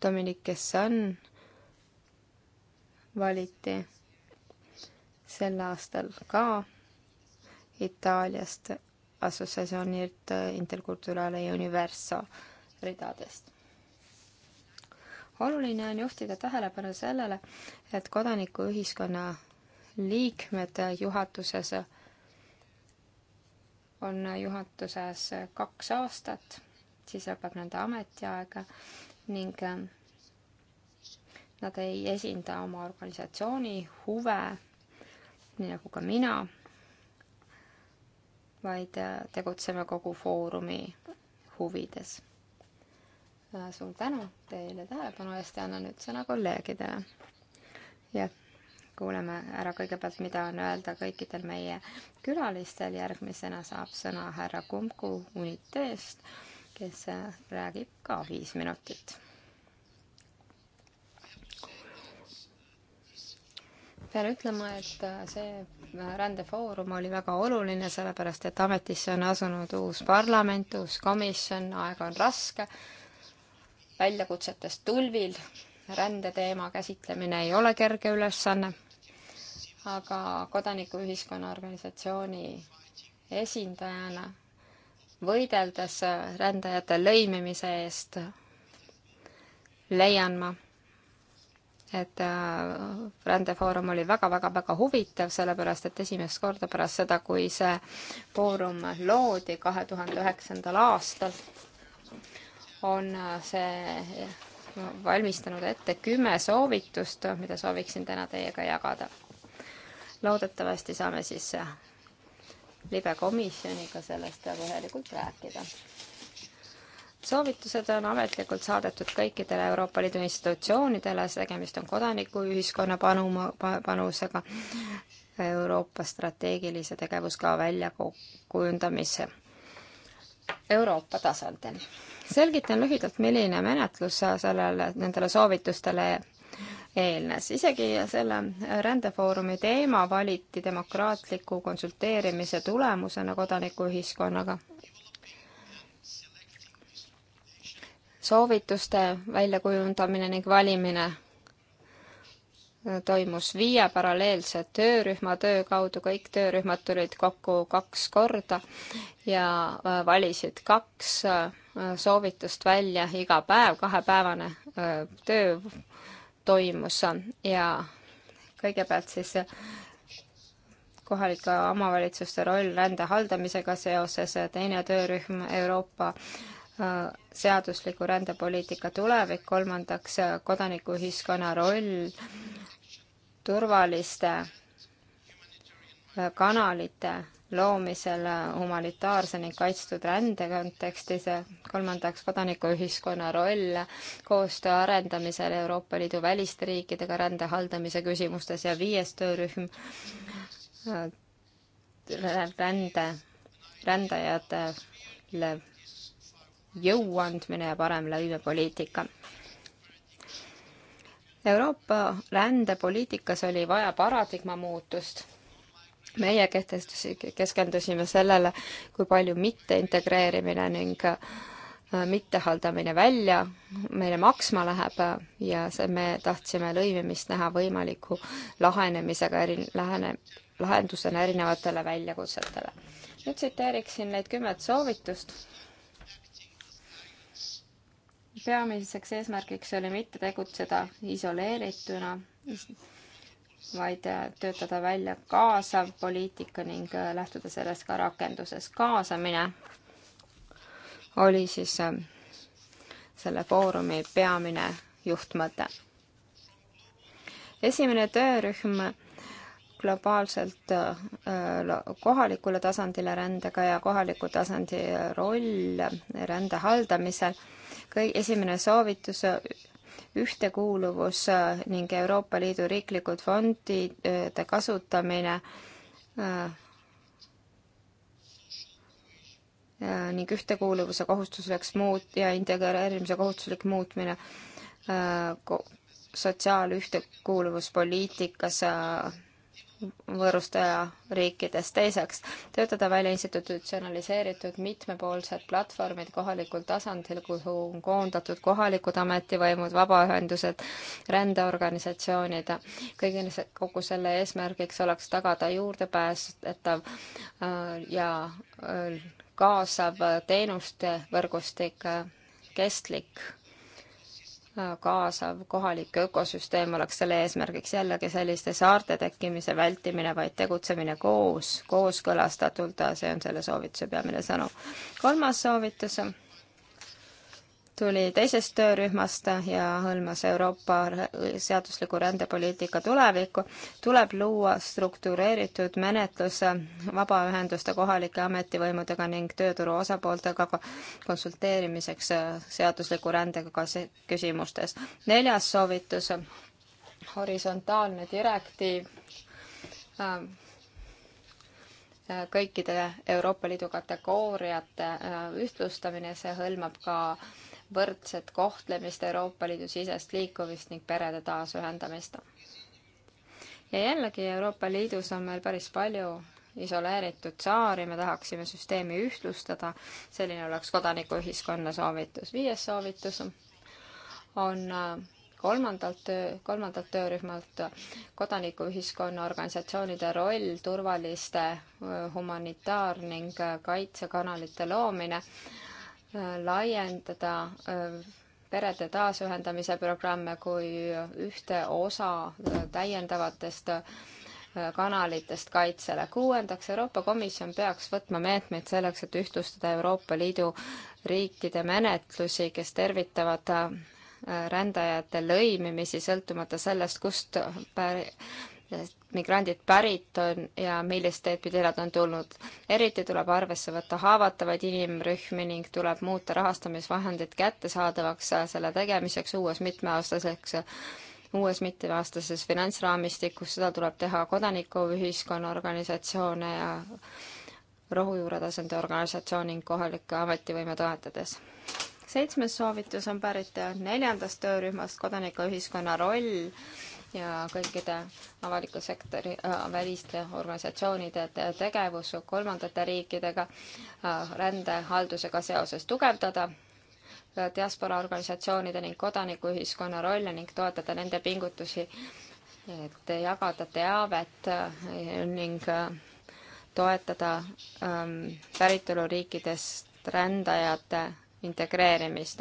Dominic Kessan valiti sel aastal ka Itaaliast assotsiatsioonilt Interculturale Universo ridadest oluline on juhtida tähelepanu sellele, et kodanikuühiskonna liikmed juhatuses on juhatuses kaks aastat, siis lõpeb nende ametiaeg ning nad ei esinda oma organisatsiooni huve, nii nagu ka mina, vaid tegutseme kogu foorumi huvides Äh, suur tänu teile tähelepanu eest ja annan nüüd sõna kolleegidele. ja kuuleme ära kõigepealt, mida on öelda kõikidel meie külalistel. järgmisena saab sõna härra Kumku Uniteest, kes äh, räägib ka viis minutit. pean ütlema, et äh, see rändefoorum oli väga oluline, sellepärast et ametisse on asunud uus parlament, uus komisjon, aeg on raske väljakutsetest tulvil. rändeteema käsitlemine ei ole kerge ülesanne, aga kodanikuühiskonna organisatsiooni esindajana võideldes rändajate lõimimise eest leian ma, et äh, rändefoorum oli väga-väga-väga huvitav, sellepärast et esimest korda pärast seda, kui see foorum loodi kahe tuhande üheksandal aastal, on äh, see äh, valmistanud ette kümme soovitust, mida sooviksin täna teiega jagada. loodetavasti saame siis äh, libekomisjoniga sellest põhjalikult rääkida. soovitused on ametlikult saadetud kõikidele Euroopa Liidu institutsioonidele, tegemist on kodanikuühiskonna panu, panusega Euroopa strateegilise tegevuskava väljakujundamisse Euroopa tasandil selgitan lühidalt, milline menetlus sellele, nendele soovitustele eelnes. isegi selle rändefoorumi teema valiti demokraatliku konsulteerimise tulemusena kodanikuühiskonnaga. soovituste väljakujundamine ning valimine toimus viie paralleelse töörühma töö kaudu, kõik töörühmad tulid kokku kaks korda ja valisid kaks Äh, soovitust välja iga päev, kahepäevane äh, töö toimus ja kõigepealt siis äh, kohalike omavalitsuste roll rände haldamisega seoses, teine töörühm Euroopa seadusliku rändepoliitika tulevik, kolmandaks kodanikuühiskonna roll turvaliste kanalite loomisel humanitaarse ning kaitstud rände kontekstis, kolmandaks kodanikuühiskonna roll koostöö arendamisel Euroopa Liidu väliste riikidega rände haldamise küsimustes ja viies töörühm rände, rändajatele jõu andmine ja parem lõimepoliitika. Euroopa rändepoliitikas oli vaja paradigma muutust meie kehtestasime, keskendusime sellele, kui palju mitteintegreerimine ning äh, mittehaldamine välja meile maksma läheb äh, ja see, me tahtsime lõimimist näha võimaliku lahenemisega eri, lähene, lahendusena erinevatele väljakutsetele. nüüd tsiteeriksin neid kümmet soovitust. peamiseks eesmärgiks oli mitte tegutseda isoleerituna vaid äh, töötada välja kaasav poliitika ning äh, lähtuda sellest ka rakenduses. kaasamine oli siis äh, selle foorumi peamine juhtmõte. esimene töörühm globaalselt kohalikule tasandile rändega ja kohaliku tasandi roll rände haldamisel. kõi-, esimene soovitus ühtekuuluvus äh, ning Euroopa Liidu riiklikud fondide kasutamine äh, ning ühtekuuluvuse kohustuseks muut- ja integreerimise kohustuslik muutmine äh, sotsiaalühtekuuluvuspoliitikas võõrustaja riikides. teiseks, töötada välja institutsionaliseeritud mitmepoolsed platvormid kohalikul tasandil, kuhu on koondatud kohalikud ametivõimud, vabaühendused, rändeorganisatsioonid. kõigi, kogu selle eesmärgiks oleks tagada juurdepääsetav äh, ja äh, kaasav teenuste võrgustik, äh, kestlik kaasav kohalik ökosüsteem oleks selle eesmärgiks jällegi selliste saarte tekkimise vältimine, vaid tegutsemine koos, kooskõlastatult, see on selle soovituse peamine sõnum. kolmas soovitus on tuli teisest töörühmast ja hõlmas Euroopa seadusliku rändepoliitika tulevikku, tuleb luua struktureeritud menetlus vabaühenduste, kohalike ametivõimudega ning tööturu osapooltega konsulteerimiseks seadusliku rändega küsimustes. neljas soovitus, horisontaalne direktiiv äh, kõikide Euroopa Liidu kategooriate äh, ühtlustamine, see hõlmab ka äh, võrdset kohtlemist, Euroopa Liidu sisest liikumist ning perede taasühendamist. ja jällegi Euroopa Liidus on meil päris palju isoleeritud saari, me tahaksime süsteemi ühtlustada, selline oleks kodanikuühiskonna soovitus. viies soovitus on äh, kolmandalt, kolmandalt töörühmalt kodanikuühiskonna organisatsioonide roll, turvaliste äh, humanitaar- ning äh, kaitsekanalite loomine laiendada äh, perede taasühendamise programme kui ühte osa äh, täiendavatest äh, kanalitest kaitsele. kuuendaks, Euroopa Komisjon peaks võtma meetmeid selleks, et ühtlustada Euroopa Liidu riikide menetlusi, kes tervitavad rändajate lõimimisi, sõltumata sellest, kust millest migrandid pärit on ja millist teed pidi nad on tulnud. eriti tuleb arvesse võtta haavatavaid inimrühmi ning tuleb muuta rahastamisvahendid kättesaadavaks selle tegemiseks uues mitmeaastaseks uues mitmeaastases finantsraamistikus, seda tuleb teha kodanikuühiskonna organisatsioone ja rohujuure tasandi organisatsiooni ning kohalikke ametivõime toetades. seitsmes soovitus on pärit neljandast töörühmast Kodanikuühiskonna roll ja kõikide avaliku sektori äh, väliste organisatsioonide tegevus kolmandate riikidega äh, rändehaldusega seoses tugevdada äh, diaspora organisatsioonide ning kodanikuühiskonna rolle ning toetada nende pingutusi, et jagada teavet äh, ning äh, toetada ähm, päritoluriikidest rändajate integreerimist.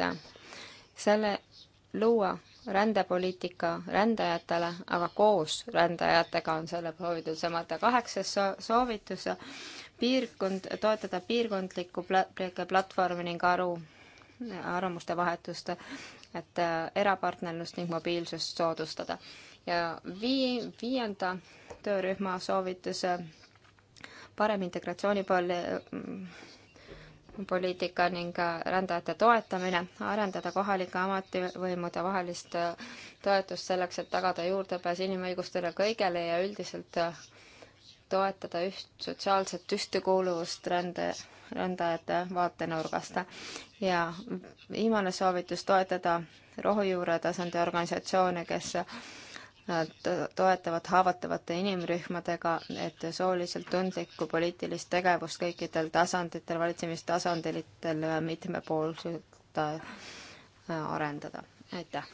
selle, luua rändepoliitika rändajatele, aga koos rändajatega on selle soovitus samade kaheksas soovitus piirkond, toetada piirkondlikku pla-, platvormi ning aru, arvamuste vahetust, et äh, erapartnerlust ning mobiilsust soodustada. ja vii-, viienda töörühma soovitus äh, parem integratsiooni pool mm, poliitika ning rändajate toetamine, arendada kohalike ametivõimude vahelist äh, toetust selleks, et tagada juurdepääs inimõigustele kõigele ja üldiselt äh, toetada üht sotsiaalset ühtekuuluvust rände, rändajate vaatenurgast. ja viimane soovitus, toetada rohujuure tasandi organisatsioone, kes Nad toetavad haavatavate inimrühmadega, et sooliselt tundlikku poliitilist tegevust kõikidel tasanditel, valitsemistasanditel äh, mitmepoolselt äh, arendada. aitäh!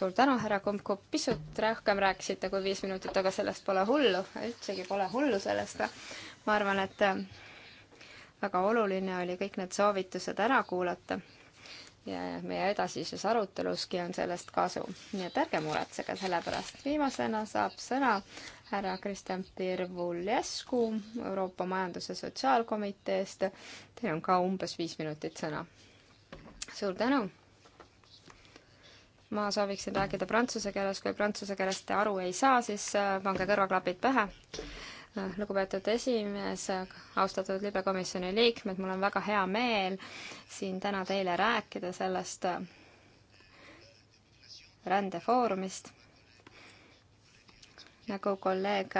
suur tänu, härra Kumb-Kupp, pisut rohkem rääkisite kui viis minutit, aga sellest pole hullu, üldsegi pole hullu sellest. ma arvan, et äh, väga oluline oli kõik need soovitused ära kuulata ja meie edasises aruteluski on sellest kasu. nii et ärge muretsege selle pärast. viimasena saab sõna härra Kristjan Pirvulescu Euroopa Majandus- ja Sotsiaalkomiteest. Teil on ka umbes viis minutit sõna. suur tänu! ma sooviksin rääkida prantsuse keeles, kui prantsuse keeles te aru ei saa, siis pange kõrvaklapid pähe lugupeetud esimees, austatud libekomisjoni liikmed, mul on väga hea meel siin täna teile rääkida sellest rändefoorumist. nagu kolleeg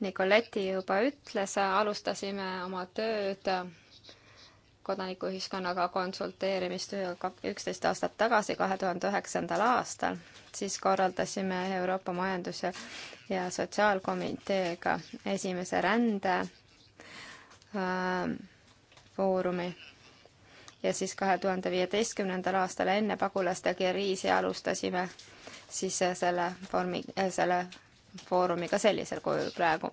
Nicoletti juba ütles, alustasime oma tööd kodanikuühiskonnaga konsulteerimist üksteist aastat tagasi, kahe tuhande üheksandal aastal, siis korraldasime Euroopa Majandus- ja, ja Sotsiaalkomiteega esimese rände äh, foorumi ja siis kahe tuhande viieteistkümnendal aastal enne pagulaste kriisi alustasime siis äh, selle vormi, äh, selle foorumiga sellisel kujul praegu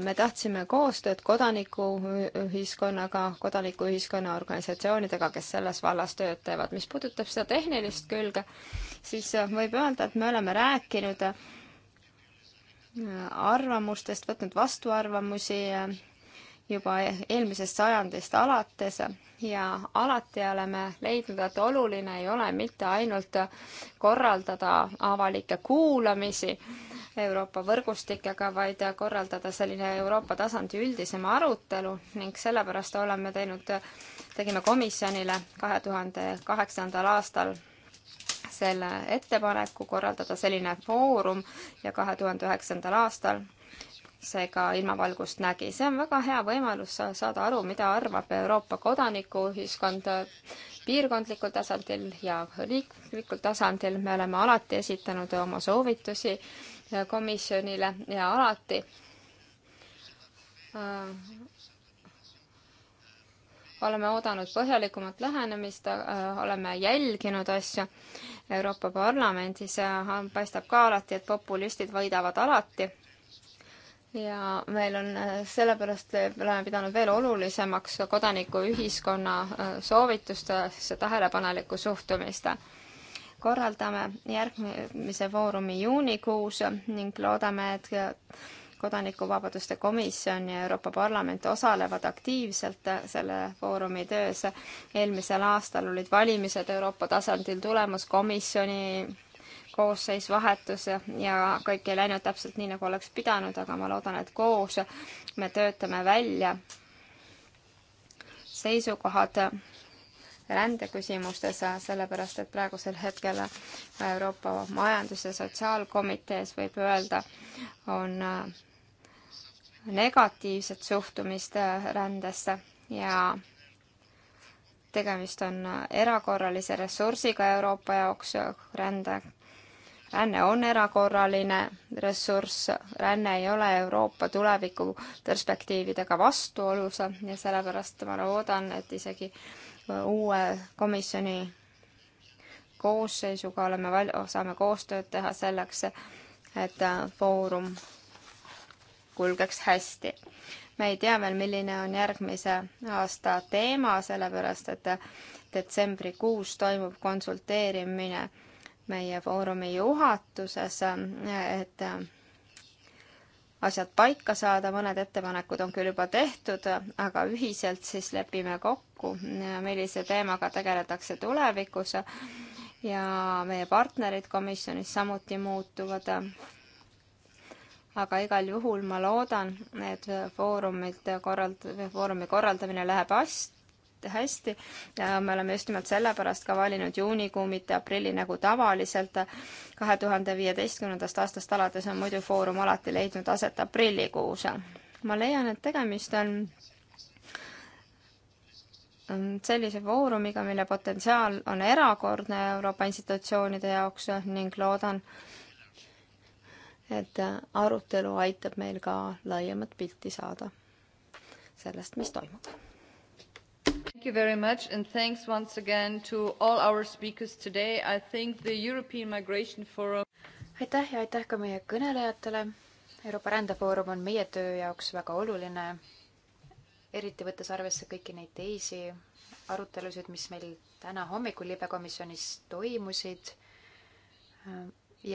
me tahtsime koostööd kodanikuühiskonnaga, kodanikuühiskonna organisatsioonidega, kes selles vallas tööd teevad. mis puudutab seda tehnilist külge, siis võib öelda, et me oleme rääkinud äh, arvamustest, võtnud vastuarvamusi äh, juba eelmisest sajandist alates ja alati oleme leidnud, et oluline ei ole mitte ainult korraldada avalikke kuulamisi, Euroopa võrgustikega, vaid korraldada selline Euroopa tasandi üldisem arutelu ning sellepärast oleme teinud, tegime komisjonile kahe tuhande kaheksandal aastal selle ettepaneku korraldada selline foorum ja kahe tuhande üheksandal aastal see ka ilmavalgust nägi. see on väga hea võimalus saada aru, mida arvab Euroopa kodanikuühiskond piirkondlikul tasandil ja riiklikul tasandil. me oleme alati esitanud oma soovitusi äh, komisjonile ja alati äh, oleme oodanud põhjalikumat lähenemist, äh, oleme jälginud asju Euroopa Parlamendis ja äh, paistab ka alati, et populistid võidavad alati. ja meil on, sellepärast oleme pidanud veel olulisemaks kodanikuühiskonna soovitustesse tähelepanelikku suhtumist korraldame järgmise foorumi juunikuus ning loodame, et kodanikuvabaduste komisjon ja Euroopa Parlament osalevad aktiivselt selle foorumi töös. eelmisel aastal olid valimised Euroopa tasandil tulemas, komisjoni koosseis vahetus ja kõik ei läinud täpselt nii, nagu oleks pidanud, aga ma loodan, et koos me töötame välja seisukohad rändeküsimustes, äh, sellepärast et praegusel hetkel äh, Euroopa Majandus- ja Sotsiaalkomitees võib öelda, on äh, negatiivset suhtumist rändesse ja tegemist on erakorralise ressursiga Euroopa jaoks, rände, ränne on erakorraline ressurss, ränne ei ole Euroopa tuleviku perspektiividega vastuolus ja sellepärast ma loodan, et isegi äh, uue komisjoni koosseisuga oleme val-, saame koostööd teha selleks, et foorum kulgeks hästi. me ei tea veel, milline on järgmise aasta teema, sellepärast et detsembrikuus toimub konsulteerimine meie foorumi juhatuses, et asjad paika saada, mõned ettepanekud on küll juba tehtud, aga ühiselt siis lepime kokku, millise teemaga tegeletakse tulevikus ja meie partnerid komisjonis samuti muutuvad. aga igal juhul ma loodan, et foorumilt korrald-, foorumi korraldamine läheb hästi hästi ja me oleme just nimelt sellepärast ka valinud juunikuu, mitte aprilli nagu tavaliselt. kahe tuhande viieteistkümnendast aastast alates on muidu Foorum alati leidnud aset aprillikuus. ma leian, et tegemist on sellise foorumiga, mille potentsiaal on erakordne Euroopa institutsioonide jaoks ning loodan, et arutelu aitab meil ka laiemat pilti saada sellest, mis toimub you very much, and thanks once again to all our speakers today. I think the European Migration Forum aitäh ja aitäh ka meie kõnelejatele. Euroopa rändefoorum on meie töö jaoks väga oluline, eriti võttes arvesse kõiki neid teisi arutelusid, mis meil täna hommikul libekomisjonis toimusid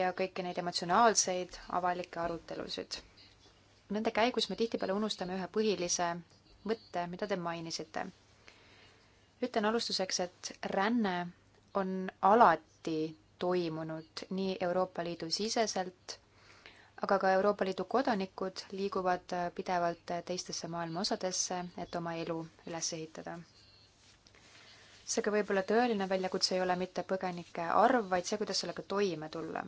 ja kõiki neid emotsionaalseid avalikke arutelusid. Nende käigus me tihtipeale unustame ühe põhilise mõtte, mida te mainisite ütlen alustuseks, et ränne on alati toimunud nii Euroopa Liidu siseselt, aga ka Euroopa Liidu kodanikud liiguvad pidevalt teistesse maailma osadesse, et oma elu üles ehitada. seega võib-olla tõeline väljakutse ei ole mitte põgenike arv, vaid see, kuidas sellega toime tulla.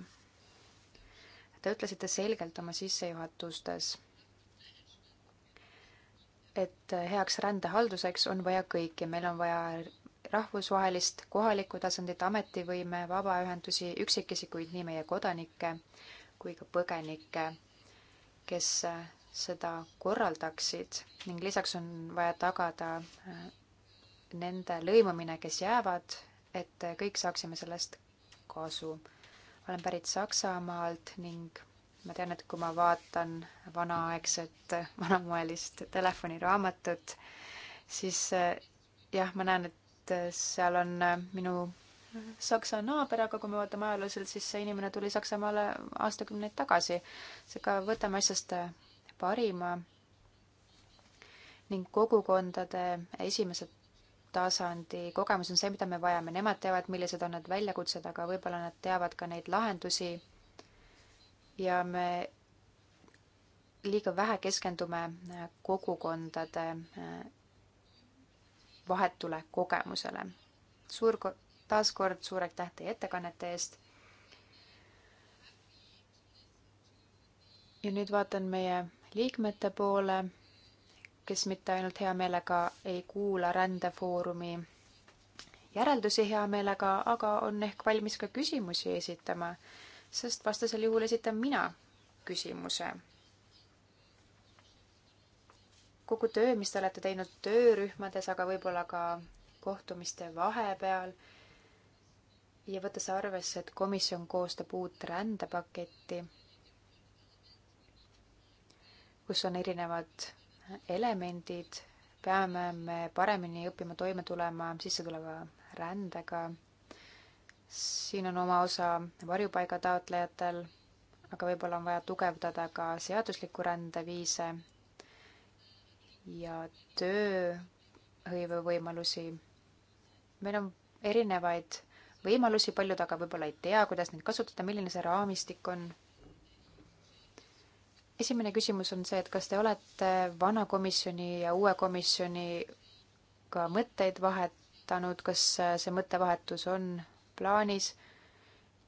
Te ütlesite selgelt oma sissejuhatustes et heaks rändehalduseks on vaja kõiki, meil on vaja rahvusvahelist, kohalikku tasandit, ametivõime, vabaühendusi, üksikisikuid, nii meie kodanikke kui ka põgenikke, kes seda korraldaksid ning lisaks on vaja tagada äh, nende lõimumine, kes jäävad, et kõik saaksime sellest kasu. olen pärit Saksamaalt ning ma tean, et kui ma vaatan vanaaegset, vanamoelist telefoniraamatut, siis eh, jah, ma näen, et seal on eh, minu Saksa naaber, aga kui me vaatame ajalooliselt, siis see inimene tuli Saksamaale aastakümneid tagasi. seega võtame asjast eh, parima ning kogukondade esimese tasandi kogemus on see, mida me vajame. Nemad teavad, millised on need väljakutsed, aga võib-olla nad teavad ka neid lahendusi ja me liiga vähe keskendume äh, kogukondade äh, vahetule kogemusele. suur, taaskord suur aitäh teie ettekannete eest. ja nüüd vaatan meie liikmete poole, kes mitte ainult hea meelega ei kuula rändefoorumi järeldusi hea meelega, aga on ehk valmis ka küsimusi esitama sest vastasel juhul esitan mina küsimuse. kogu töö, mis te olete teinud töörühmades, aga võib-olla ka kohtumiste vahepeal ja võttes arvesse, et komisjon koostab uut rändepaketti, kus on erinevad elemendid, peame me paremini õppima toime tulema sissetuleva rändega siin on oma osa varjupaiga taotlejatel, aga võib-olla on vaja tugevdada ka seadusliku rände viise ja tööhõive võimalusi. meil on erinevaid võimalusi, paljud aga võib-olla ei tea, kuidas neid kasutada, milline see raamistik on. esimene küsimus on see, et kas te olete vana komisjoni ja uue komisjoniga mõtteid vahetanud, kas see mõttevahetus on plaanis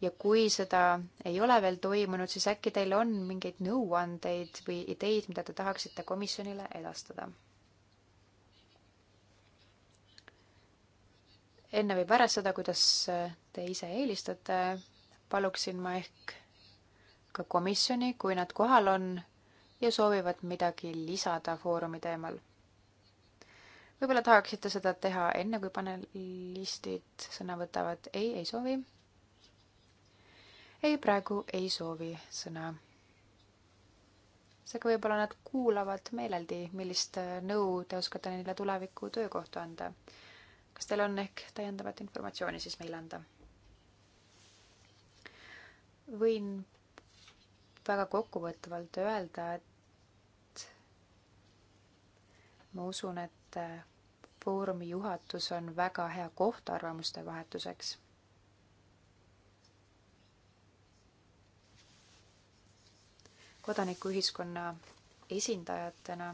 ja kui seda ei ole veel toimunud, siis äkki teil on mingeid nõuandeid või ideid, mida te tahaksite komisjonile edastada? enne või pärast seda, kuidas te ise eelistate, paluksin ma ehk ka komisjoni, kui nad kohal on ja soovivad midagi lisada Foorumi teemal võib-olla tahaksite seda teha enne, kui panelistid sõna võtavad? ei, ei soovi. ei, praegu ei soovi sõna. seega võib-olla nad kuulavad meeleldi, millist nõu te oskate neile tuleviku töö kohta anda. kas teil on ehk täiendavat informatsiooni siis meile anda? võin väga kokkuvõtvalt öelda, et ma usun, et äh, Foorumi juhatus on väga hea koht arvamuste vahetuseks. kodanikuühiskonna esindajatena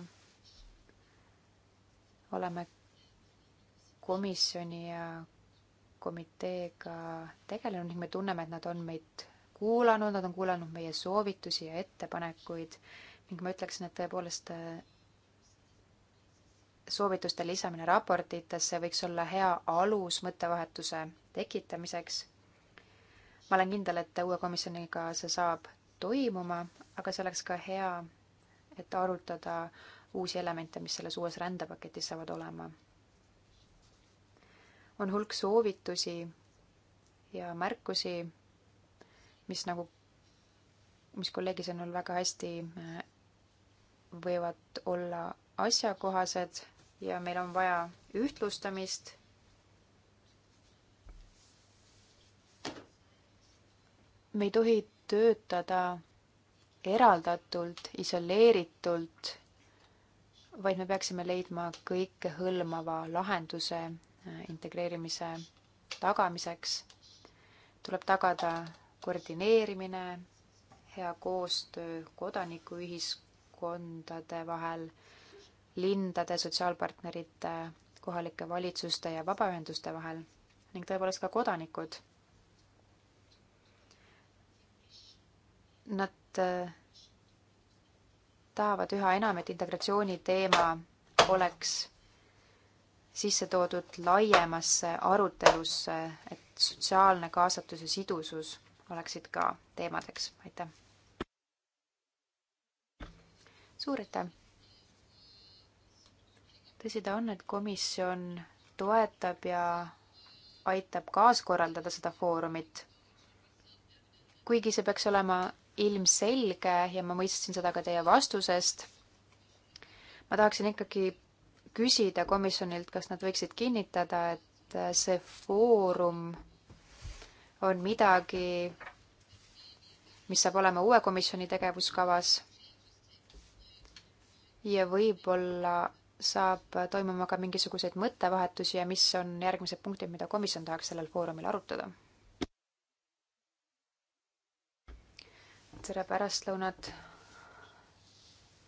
oleme komisjoni ja komiteega tegelenud ning me tunneme, et nad on meid kuulanud, nad on kuulanud meie soovitusi ja ettepanekuid ning ma ütleksin, et tõepoolest äh, soovituste lisamine raportitesse võiks olla hea alus mõttevahetuse tekitamiseks. ma olen kindel, et uue komisjoniga see saab toimuma, aga see oleks ka hea, et arutada uusi elemente, mis selles uues rändepaketis saavad olema. on hulk soovitusi ja märkusi, mis nagu, mis kolleegi sõnul väga hästi äh, võivad olla asjakohased ja meil on vaja ühtlustamist. me ei tohi töötada eraldatult, isoleeritult, vaid me peaksime leidma kõikehõlmava lahenduse äh, integreerimise tagamiseks. tuleb tagada koordineerimine, hea koostöö kodanikuühiskondade vahel linnade, sotsiaalpartnerite, kohalike valitsuste ja vabaühenduste vahel ning tõepoolest ka kodanikud. Nad äh, tahavad üha enam, et integratsiooni teema oleks sisse toodud laiemasse arutelusse, et sotsiaalne kaasatus ja sidusus oleksid ka teemadeks, aitäh! suur aitäh! tõsi ta on, et komisjon toetab ja aitab kaaskorraldada seda foorumit. kuigi see peaks olema ilmselge ja ma mõistsin seda ka teie vastusest, ma tahaksin ikkagi küsida komisjonilt, kas nad võiksid kinnitada, et see foorum on midagi, mis saab olema uue komisjoni tegevuskavas ja võib-olla saab toimuma ka mingisuguseid mõttevahetusi ja mis on järgmised punktid, mida komisjon tahaks sellel foorumil arutada? tere pärastlõunat.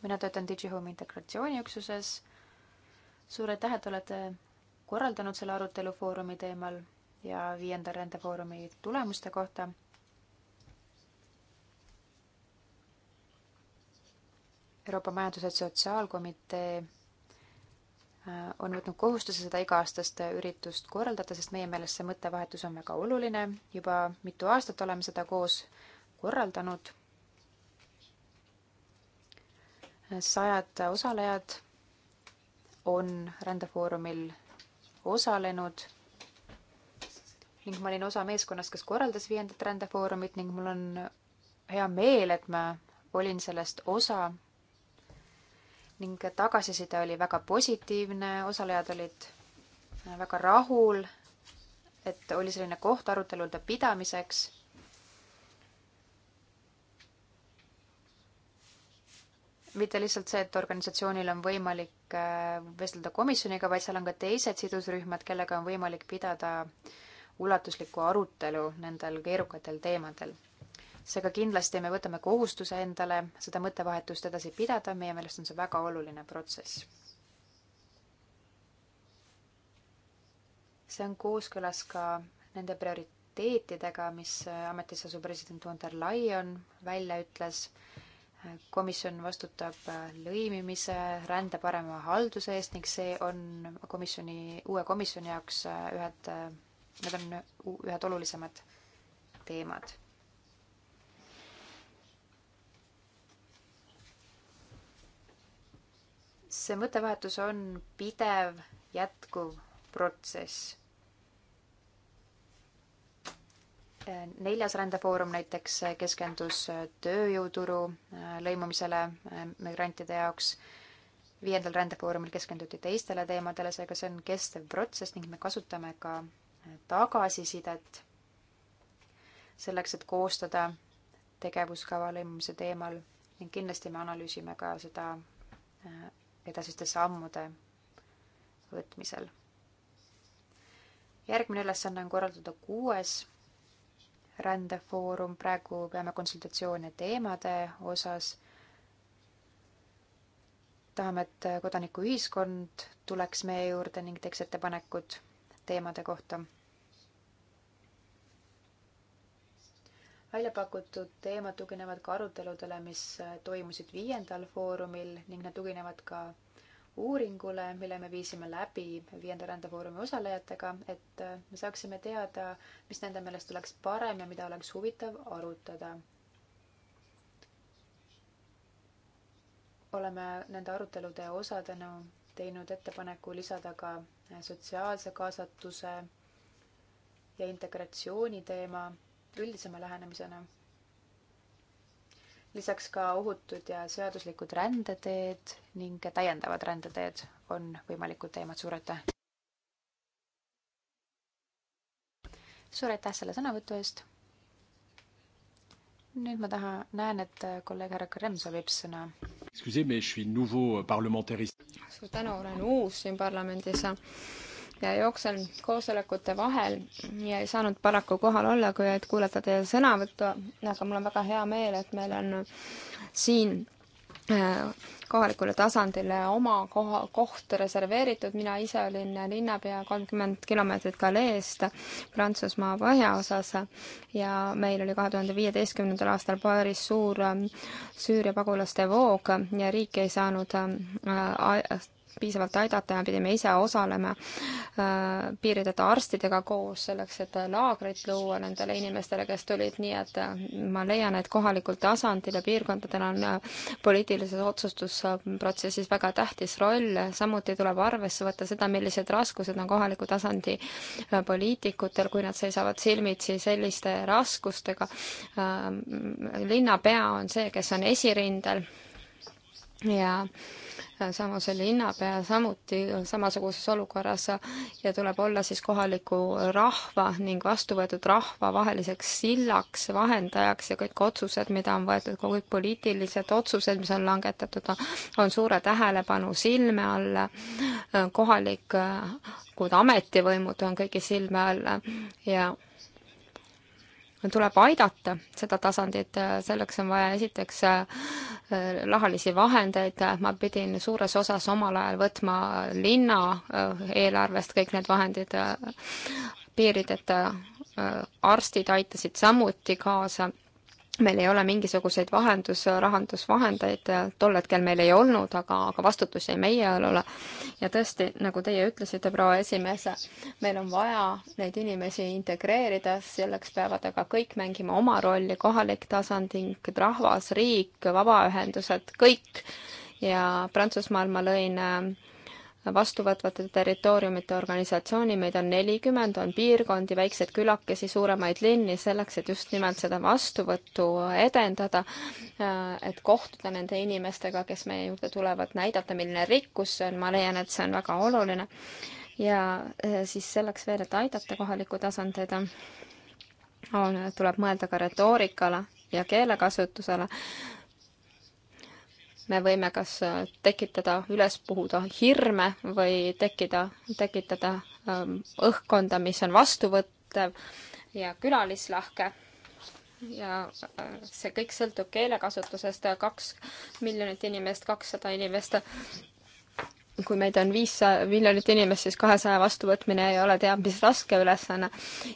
mina töötan DigiHome integratsiooniüksuses. suur aitäh, et olete korraldanud selle arutelu Foorumi teemal ja viienda rändefoorumi tulemuste kohta Euroopa Majandus- ja Sotsiaalkomitee on võtnud kohustuse seda iga-aastast üritust korraldada, sest meie meelest see mõttevahetus on väga oluline. juba mitu aastat oleme seda koos korraldanud. sajad osalejad on rändefoorumil osalenud ning ma olin osa meeskonnast, kes korraldas viiendat rändefoorumit ning mul on hea meel, et ma olin sellest osa ning tagasiside oli väga positiivne, osalejad olid väga rahul, et oli selline koht arutelude pidamiseks. mitte lihtsalt see, et organisatsioonil on võimalik äh, vestelda komisjoniga, vaid seal on ka teised sidusrühmad, kellega on võimalik pidada ulatuslikku arutelu nendel keerukatel teemadel seega kindlasti me võtame kohustuse endale seda mõttevahetust edasi pidada, meie meelest on see väga oluline protsess. see on kooskõlas ka nende prioriteetidega, mis ametisse asuv president von der Leyen välja ütles. komisjon vastutab lõimimise, rände parema halduse eest ning see on komisjoni, uue komisjoni jaoks ühed, need on ühed olulisemad teemad see mõttevahetus on pidev, jätkuv protsess. neljas rändefoorum näiteks keskendus tööjõuturu lõimumisele migrantide jaoks. viiendal rändefoorumil keskenduti teistele teemadele, seega see on kestev protsess ning me kasutame ka tagasisidet selleks, et koostada tegevuskava lõimumise teemal ning kindlasti me analüüsime ka seda edasiste sammude võtmisel. järgmine ülesanne on korraldada kuues rändefoorum, praegu peame konsultatsioone teemade osas. tahame, et kodanikuühiskond tuleks meie juurde ning teeks ettepanekud teemade kohta välja pakutud teemad tuginevad ka aruteludele, mis toimusid viiendal foorumil ning need tuginevad ka uuringule, mille me viisime läbi viienda rändefoorumi osalejatega, et me saaksime teada, mis nende meelest oleks parem ja mida oleks huvitav arutada oleme nende arutelude osadena teinud ettepaneku lisada ka sotsiaalse kaasatuse ja integratsiooni teema üldisema lähenemisena. lisaks ka ohutud ja seaduslikud rändeteed ning täiendavad rändeteed on võimalikud teemad, suur aitäh! suur aitäh selle sõnavõtu eest! nüüd ma taha, näen, et kolleeg härra Krem soovib sõna. Euh, suur tänu, olen uus siin parlamendis ja jooksen koosolekute vahel ja ei saanud paraku kohal olla, kui, et kuulata teie sõnavõttu, aga mul on väga hea meel, et meil on siin äh, kohalikule tasandile oma koha, koht reserveeritud, mina ise olin linnapea kolmkümmend kilomeetrit Galeest Prantsusmaa põhjaosas ja meil oli kahe tuhande viieteistkümnendal aastal Pariis suur äh, Süüria pagulaste voog ja riik ei saanud äh, piisavalt aidata, me pidime ise osalema äh, piirideta arstidega koos selleks, et laagrit luua nendele inimestele, kes tulid, nii et äh, ma leian, et kohalikul tasandil ja piirkondadel on äh, poliitilises otsustusprotsessis väga tähtis roll, samuti tuleb arvesse võtta seda, millised raskused on kohaliku tasandi poliitikutel, kui nad seisavad silmitsi selliste raskustega. linnapea on see, kes on esirindel ja samas linnapea samuti samasuguses olukorras ja tuleb olla siis kohaliku rahva ning vastuvõetud rahva vaheliseks sillaks, vahendajaks ja kõik otsused, mida on võetud, kõik poliitilised otsused, mis on langetatud, on suure tähelepanu silme all, kohalikud ametivõimud on kõigi silme all ja tuleb aidata seda tasandit, selleks on vaja esiteks äh, rahalisi vahendeid, ma pidin suures osas omal ajal võtma linna äh, eelarvest kõik need vahendid, äh, piirideta arstid aitasid samuti kaasa meil ei ole mingisuguseid vahendus, rahandusvahendeid, tol hetkel meil ei olnud, aga, aga vastutus jäi meie õlule. ja tõesti, nagu teie ütlesite, proua esimees, meil on vaja neid inimesi integreerida, selleks peavad aga kõik mängima oma rolli, kohalik tasanding, rahvas, riik, vabaühendused, kõik. ja Prantsusmaal ma lõin äh, vastuvõtvate territooriumite organisatsiooni, meid on nelikümmend, on piirkondi, väikseid külakesi, suuremaid linni, selleks, et just nimelt seda vastuvõttu edendada, et kohtuda nende inimestega, kes meie juurde tulevad, näidata, milline rikkus see on, ma leian, et see on väga oluline. ja eh, siis selleks veel, et aidata kohalikku tasandit, tuleb mõelda ka retoorikale ja keelekasutusele me võime kas äh, tekitada, üles puhuda hirme või tekkida, tekitada ähm, õhkkonda, mis on vastuvõttev ja külalislahke. ja äh, see kõik sõltub keelekasutusest, kaks miljonit inimest, kakssada inimest kui meid on viis miljonit inimest, siis kahesaja vastuvõtmine ei ole teab mis raske ülesanne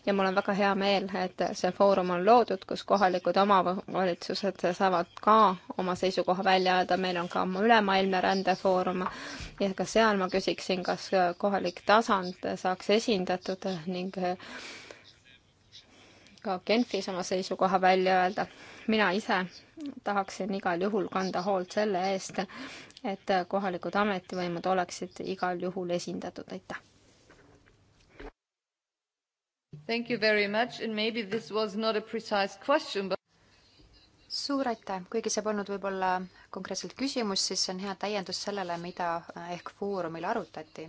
ja mul on väga hea meel, et see foorum on loodud, kus kohalikud omavalitsused saavad ka oma seisukoha välja öelda, meil on ka ülemaailmne rändefoorum ja ka seal ma küsiksin, kas kohalik tasand saaks esindatud ning ka Genfis oma seisukoha välja öelda. mina ise tahaksin igal juhul kanda hoolt selle eest, et kohalikud ametivõimud oleksid igal juhul esindatud, aitäh. Thank you very much and maybe this was not a precise question but suur aitäh, kuigi see polnud võib-olla konkreetselt küsimus, siis see on hea täiendus sellele, mida eh, ehk Foorumil arutati.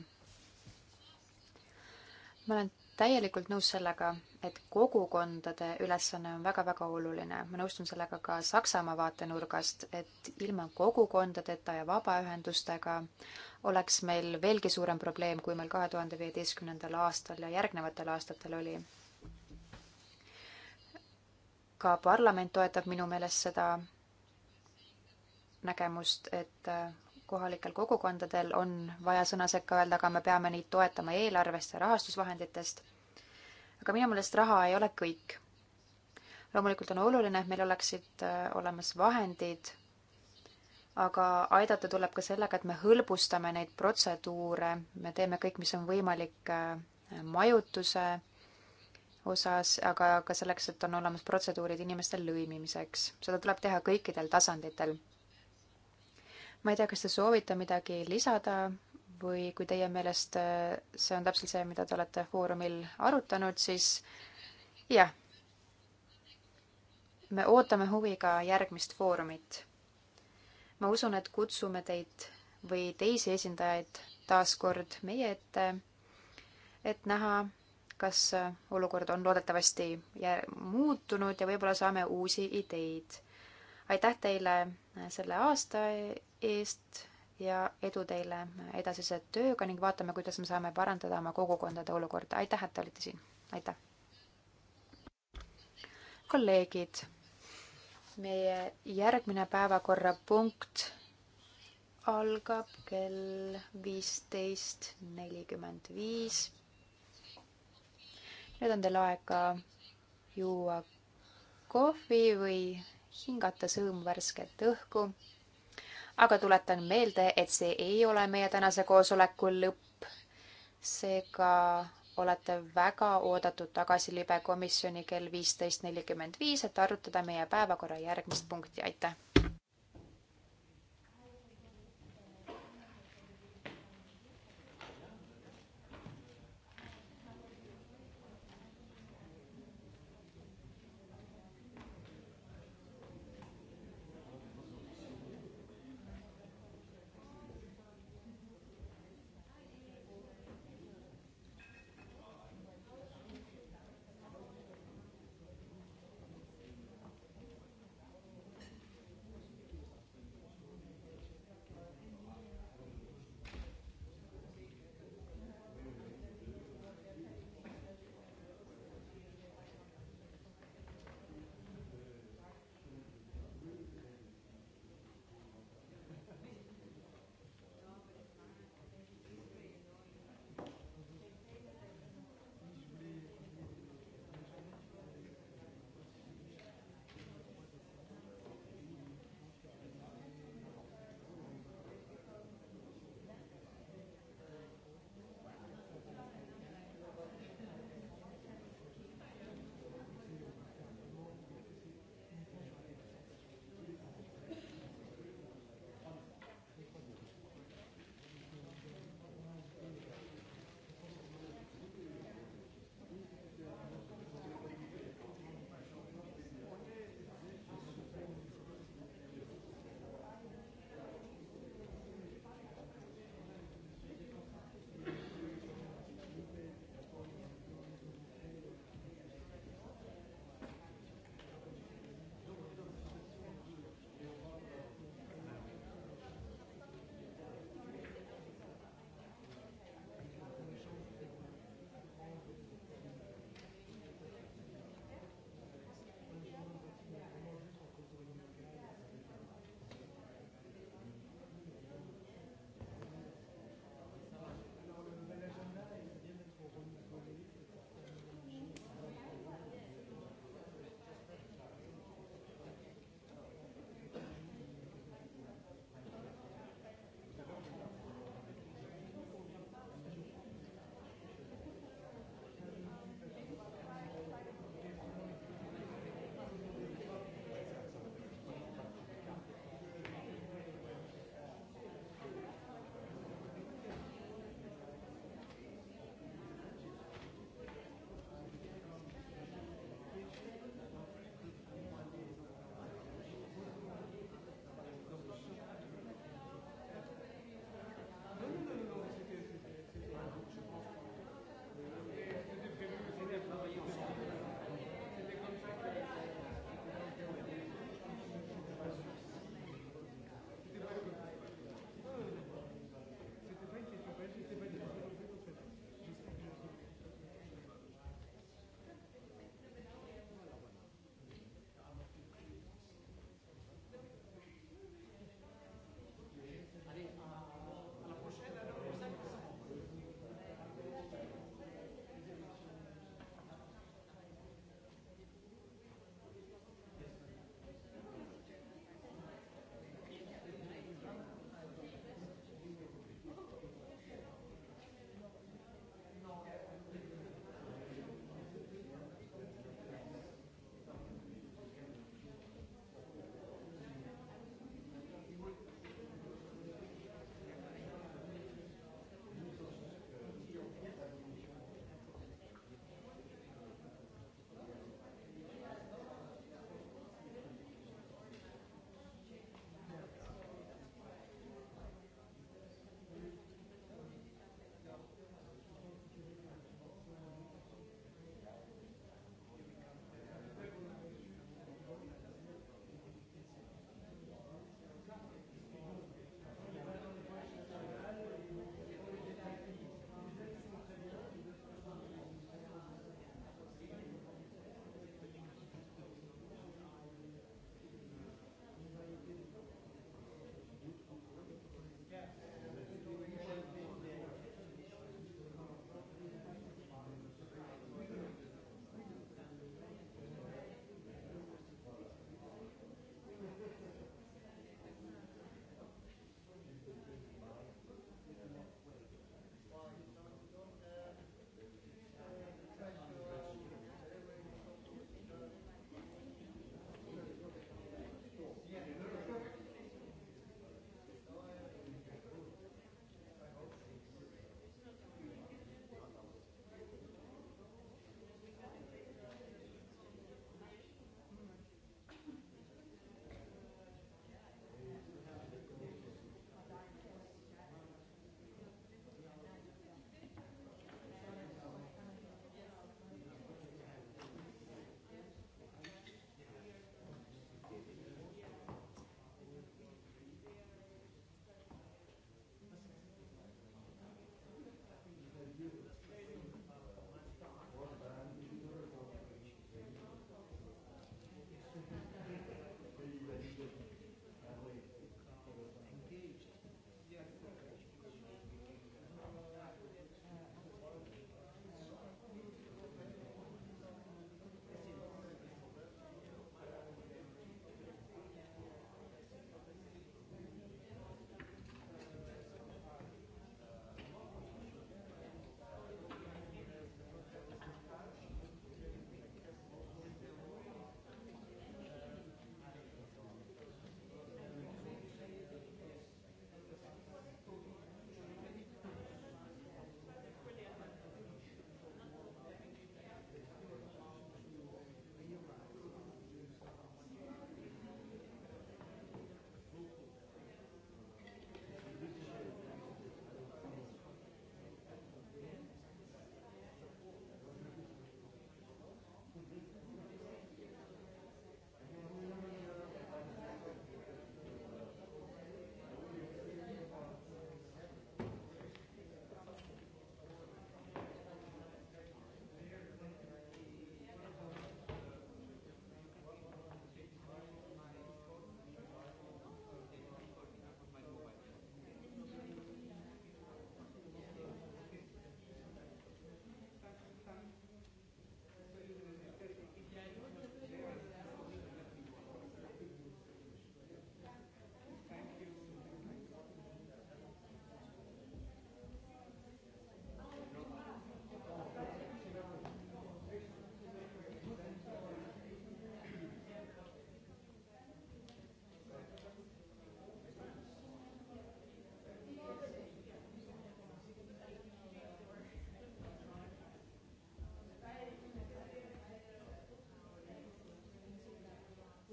ma olen täielikult nõus sellega, et kogukondade ülesanne on väga-väga oluline. ma nõustun sellega ka Saksamaa vaatenurgast, et ilma kogukondadeta ja vabaühendustega oleks meil veelgi suurem probleem, kui meil kahe tuhande viieteistkümnendal aastal ja järgnevatel aastatel oli. ka parlament toetab minu meelest seda nägemust, et kohalikel kogukondadel on vaja sõna sekka öelda, aga me peame neid toetama eelarvest ja rahastusvahenditest aga minu meelest raha ei ole kõik. loomulikult on oluline, et meil oleksid äh, olemas vahendid, aga aidata tuleb ka sellega, et me hõlbustame neid protseduure, me teeme kõik, mis on võimalik äh, majutuse osas, aga ka selleks, et on olemas protseduurid inimeste lõimimiseks. seda tuleb teha kõikidel tasanditel. ma ei tea, kas te soovite midagi lisada või kui teie meelest äh, see on täpselt see, mida te olete Foorumil arutanud, siis jah, me ootame huviga järgmist Foorumit. ma usun, et kutsume teid või teisi esindajaid taas kord meie ette, et näha, kas äh, olukord on loodetavasti muutunud ja võib-olla saame uusi ideid. aitäh teile äh, selle aasta e-, eest ja edu teile edasise tööga ning vaatame, kuidas me saame parandada oma kogukondade olukorda. aitäh, et te olite siin, aitäh! kolleegid, meie järgmine päevakorrapunkt algab kell viisteist nelikümmend viis. nüüd on teil aega juua kohvi või hingata sõõmvärsket õhku aga tuletan meelde, et see ei ole meie tänase koosoleku lõpp. seega olete väga oodatud tagasi libekomisjoni kell viisteist nelikümmend viis, et arutada meie päevakorra järgmist punkti, aitäh!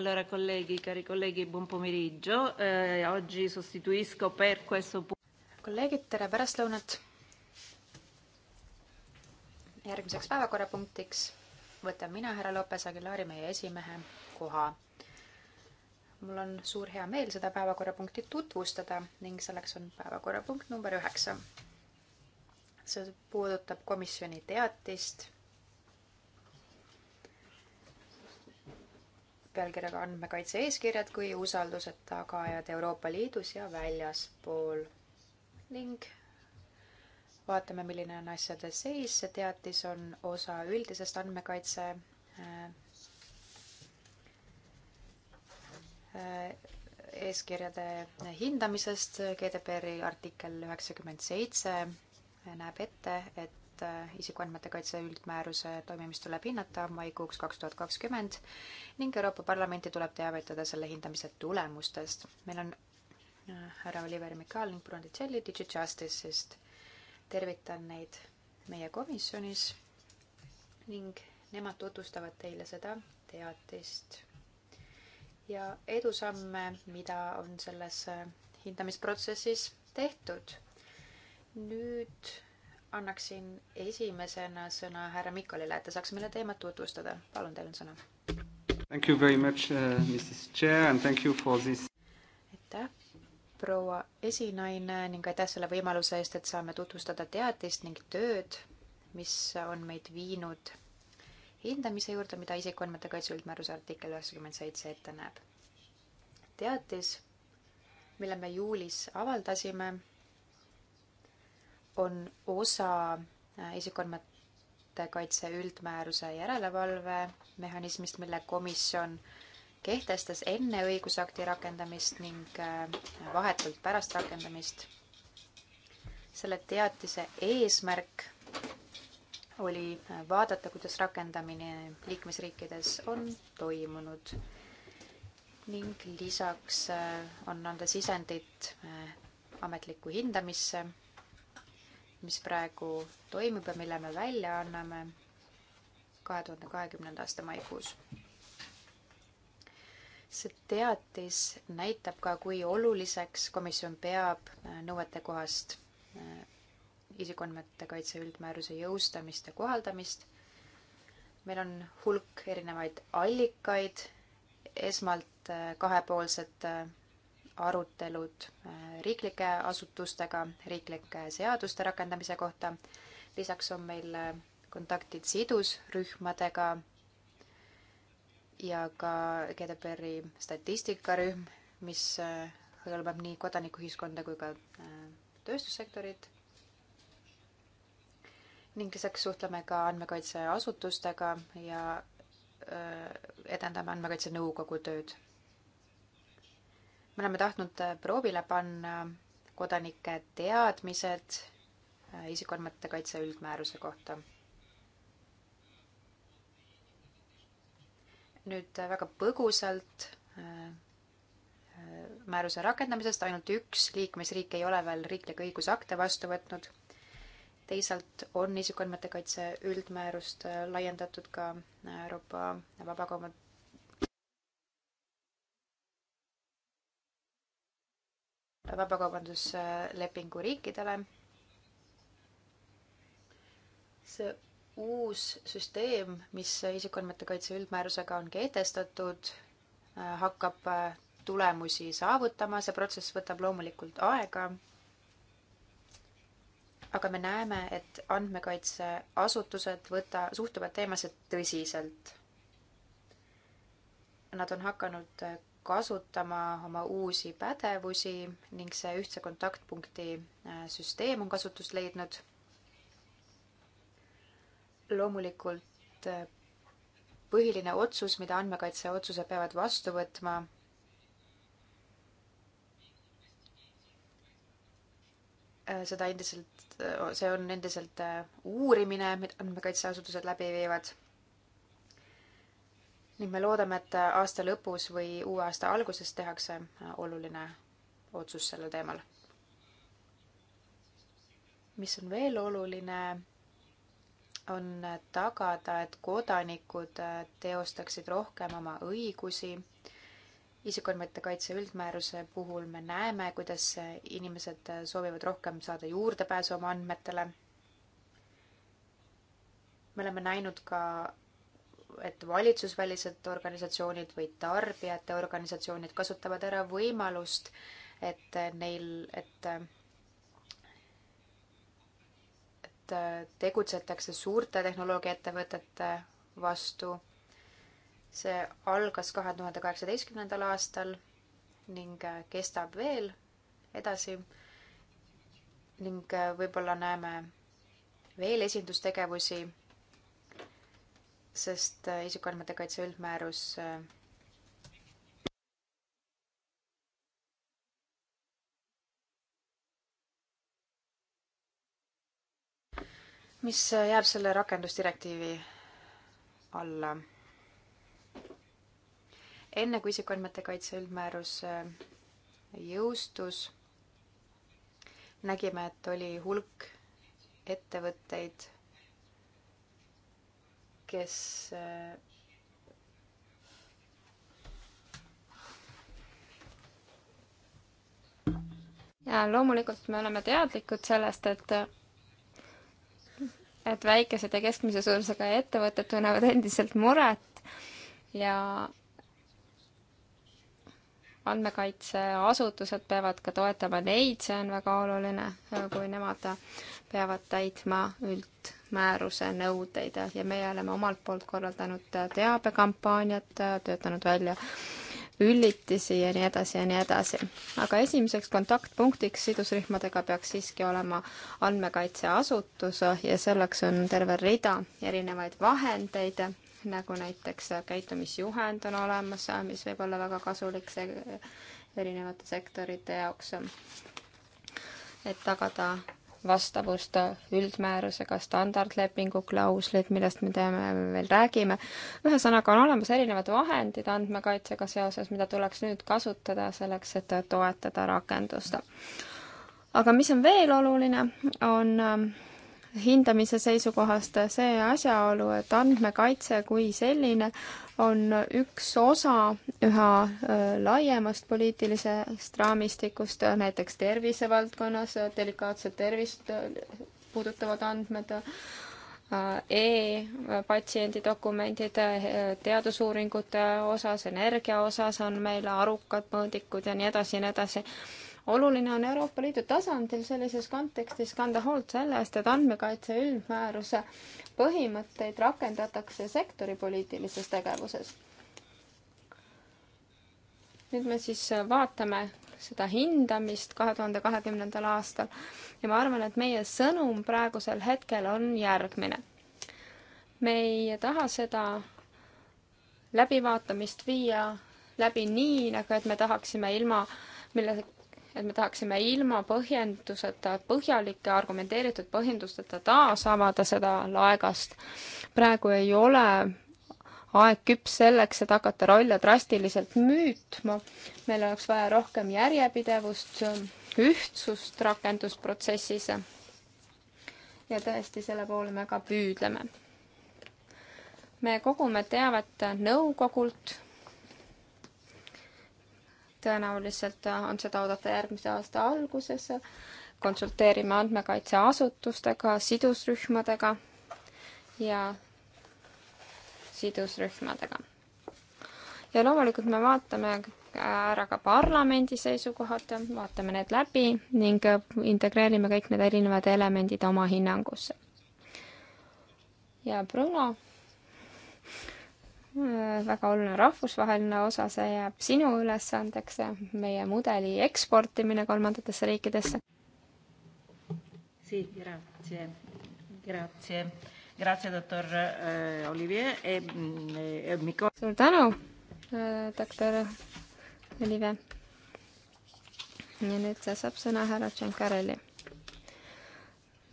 Allora, colleghi, cari colleghi, buon pomeriggio. Eh, oggi sostituisco per questo punto. kolleegid, tere pärastlõunat. järgmiseks päevakorrapunktiks võtan mina, härra Lopes Aguilari, meie esimehe koha. mul on suur hea meel seda päevakorrapunkti tutvustada ning selleks on päevakorrapunkt number üheksa. see puudutab komisjoni teatist pealkirjaga Andmekaitse eeskirjad kui usaldused tagajad Euroopa Liidus ja väljaspool ning vaatame, milline on asjade seis. see teatis on osa üldisest andmekaitse äh, eeskirjade hindamisest. GDPR-i artikkel üheksakümmend seitse näeb ette, et et äh, isikuandmete kaitse üldmääruse toimimist tuleb hinnata maikuuks kaks tuhat kakskümmend ning Euroopa Parlamenti tuleb teavitada selle hindamise tulemustest. meil on äh, härra Oliver Mikael ning Brundicelli DigiJustice'ist. tervitan neid meie komisjonis ning nemad tutvustavad teile seda teatist ja edusamme, mida on selles äh, hindamisprotsessis tehtud. nüüd annaksin esimesena sõna härra Mikolile, et ta saaks meile teemat tutvustada. palun, teil on sõna. Thank you very much uh,, Mrs Chair and thank you for this. aitäh, proua esinaine ning aitäh selle võimaluse eest, et saame tutvustada teatist ning tööd, mis on meid viinud hindamise juurde, mida isikuandmete kaitse üldmääruse artikkel üheksakümmend seitse ette näeb. teatis, mille me juulis avaldasime on osa äh, isikuandmete kaitse üldmääruse järelevalvemehhanismist, mille komisjon kehtestas enne õigusakti rakendamist ning äh, vahetult pärast rakendamist. selle teatise eesmärk oli äh, vaadata, kuidas rakendamine liikmesriikides on toimunud ning lisaks on anda sisendit ametlikku hindamisse mis praegu toimub ja mille me välja anname kahe tuhande kahekümnenda aasta maikuus. see teatis näitab ka, kui oluliseks komisjon peab äh, nõuetekohast äh, isikuandmete kaitse üldmääruse jõustamist ja kohaldamist. meil on hulk erinevaid allikaid, esmalt äh, kahepoolsed arutelud äh, riiklike asutustega riiklike seaduste rakendamise kohta. lisaks on meil äh, kontaktid sidusrühmadega ja ka GDPR-i statistikarühm, mis äh, hõlmab nii kodanikuühiskonda kui ka tööstussektorit. ning lisaks suhtleme ka andmekaitseasutustega ja edendame Andmekaitse Nõukogu tööd me oleme tahtnud äh, proovile panna kodanike teadmised äh, isikuandmete kaitse üldmääruse kohta. nüüd äh, väga põgusalt määruse rakendamisest, ainult üks liikmesriik ei ole veel riiklikke õigusakte vastu võtnud. teisalt on isikuandmete kaitse üldmäärust laiendatud ka Euroopa Vabakaubandus- vabakaubanduslepingu riikidele. see uus süsteem, mis isikuandmete kaitse üldmäärusega on kehtestatud, hakkab äh, tulemusi saavutama, see protsess võtab loomulikult aega. aga me näeme, et andmekaitseasutused võta, suhtuvad teemasse tõsiselt. Nad on hakanud äh, kasutama oma uusi pädevusi ning see ühtse kontaktpunkti äh, süsteem on kasutust leidnud. loomulikult äh, põhiline otsus, mida andmekaitse otsuse peavad vastu võtma, äh, seda endiselt, see on endiselt uurimine, mida andmekaitseasutused läbi viivad ning me loodame, et aasta lõpus või uue aasta alguses tehakse oluline otsus sellel teemal. mis on veel oluline, on tagada, et kodanikud teostaksid rohkem oma õigusi. isikuandmete kaitse üldmääruse puhul me näeme, kuidas inimesed soovivad rohkem saada juurdepääsu oma andmetele. me oleme näinud ka et valitsusvälised organisatsioonid või tarbijate organisatsioonid kasutavad ära võimalust, et neil, et et tegutsetakse suurte tehnoloogiaettevõtete vastu. see algas kahe tuhande kaheksateistkümnendal aastal ning kestab veel edasi ning võib-olla näeme veel esindustegevusi sest äh, isikuandmete kaitse üldmäärus äh, mis äh, jääb selle rakendusdirektiivi alla. enne kui isikuandmete kaitse üldmäärus jõustus, nägime, et oli hulk ettevõtteid kes äh, ja loomulikult me oleme teadlikud sellest, et et väikesed ja keskmise suurusega ettevõtted tunnevad endiselt muret ja andmekaitseasutused peavad ka toetama neid, see on väga oluline, kui nemad peavad täitma üld määruse nõudeid ja meie oleme omalt poolt korraldanud teabekampaaniat, töötanud välja üllitisi ja nii edasi ja nii edasi. aga esimeseks kontaktpunktiks sidusrühmadega peaks siiski olema andmekaitseasutus ja selleks on terve rida erinevaid vahendeid, nagu näiteks käitumisjuhend on olemas, mis võib olla väga kasulik see erinevate sektorite jaoks, et tagada vastavust üldmäärusega, standardlepingu klauslid, millest me teame, veel räägime. ühesõnaga, on olemas erinevad vahendid andmekaitsega seoses, mida tuleks nüüd kasutada selleks, et toetada rakendust. aga mis on veel oluline, on ähm, hindamise seisukohast see asjaolu, et andmekaitse kui selline on üks osa üha äh, laiemast poliitilisest raamistikust, näiteks tervisevaldkonnas delikaatset tervist äh, puudutavad andmed äh, e, e-patsiendi dokumendid, teadusuuringute osas, energia osas on meil arukad mõõdikud ja nii edasi ja nii edasi oluline on Euroopa Liidu tasandil sellises kontekstis kanda hoolt selle eest, et andmekaitse üldmääruse põhimõtteid rakendatakse sektoripoliitilises tegevuses. nüüd me siis vaatame seda hindamist kahe tuhande kahekümnendal aastal ja ma arvan, et meie sõnum praegusel hetkel on järgmine. me ei taha seda läbivaatamist viia läbi nii, nagu et me tahaksime ilma, mille et me tahaksime ilma põhjenduseta, põhjalike argumenteeritud põhjendusteta taas avada seda laegast. praegu ei ole aeg küps selleks, et hakata rolle drastiliselt müütma. meil oleks vaja rohkem järjepidevust, ühtsust rakendusprotsessis. ja tõesti, selle poole me ka püüdleme. me kogume teavet nõukogult tõenäoliselt äh, on seda oodata järgmise aasta alguses. konsulteerime andmekaitseasutustega, sidusrühmadega ja sidusrühmadega. ja loomulikult me vaatame äh, ära ka parlamendi seisukohad, vaatame need läbi ning äh, integreerime kõik need erinevad elemendid oma hinnangusse. ja Bruno Äh, väga oluline rahvusvaheline osa, see jääb sinu ülesandeks, meie mudeli eksportimine kolmandatesse riikidesse. Sì, grazie, grazie, grazie dottor eh, Olivier e, e, e mi... suur tänu äh,, doktor Olivier. ja nüüd saab sõna härra Tšenkareli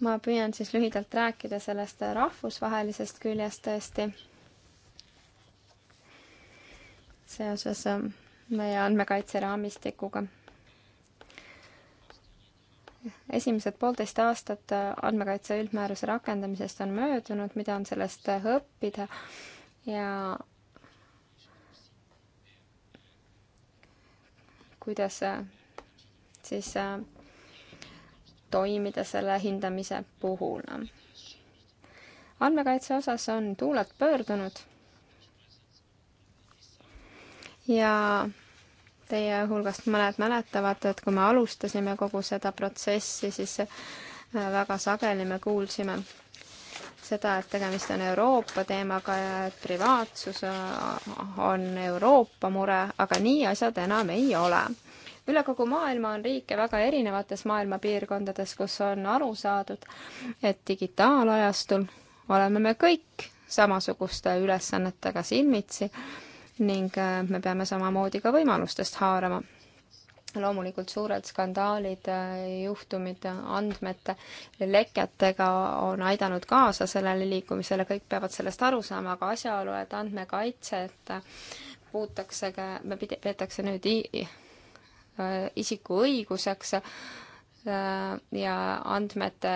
ma püüan siis lühidalt rääkida sellest rahvusvahelisest küljest tõesti seoses äh, meie andmekaitseraamistikuga. esimesed poolteist aastat äh, andmekaitse üldmääruse rakendamisest on möödunud, mida on sellest äh, õppida ja kuidas siis toimida selle hindamise puhul. andmekaitse osas on tuuled pöördunud ja teie hulgast mõned mäletavad, et kui me alustasime kogu seda protsessi, siis äh, väga sageli me kuulsime seda, et tegemist on Euroopa teemaga ja et privaatsus äh, on Euroopa mure, aga nii asjad enam ei ole. üle kogu maailma on riike väga erinevates maailma piirkondades, kus on aru saadud, et digitaalajastul oleme me kõik samasuguste ülesannetega silmitsi ning äh, me peame samamoodi ka võimalustest haarama. loomulikult suured skandaalid, äh, juhtumid andmete leketega on aidanud kaasa sellele liikumisele, kõik peavad sellest aru saama, aga asjaolu, et andmekaitset äh, puutakse, me pide-, peetakse nüüd isiku õiguseks ja andmete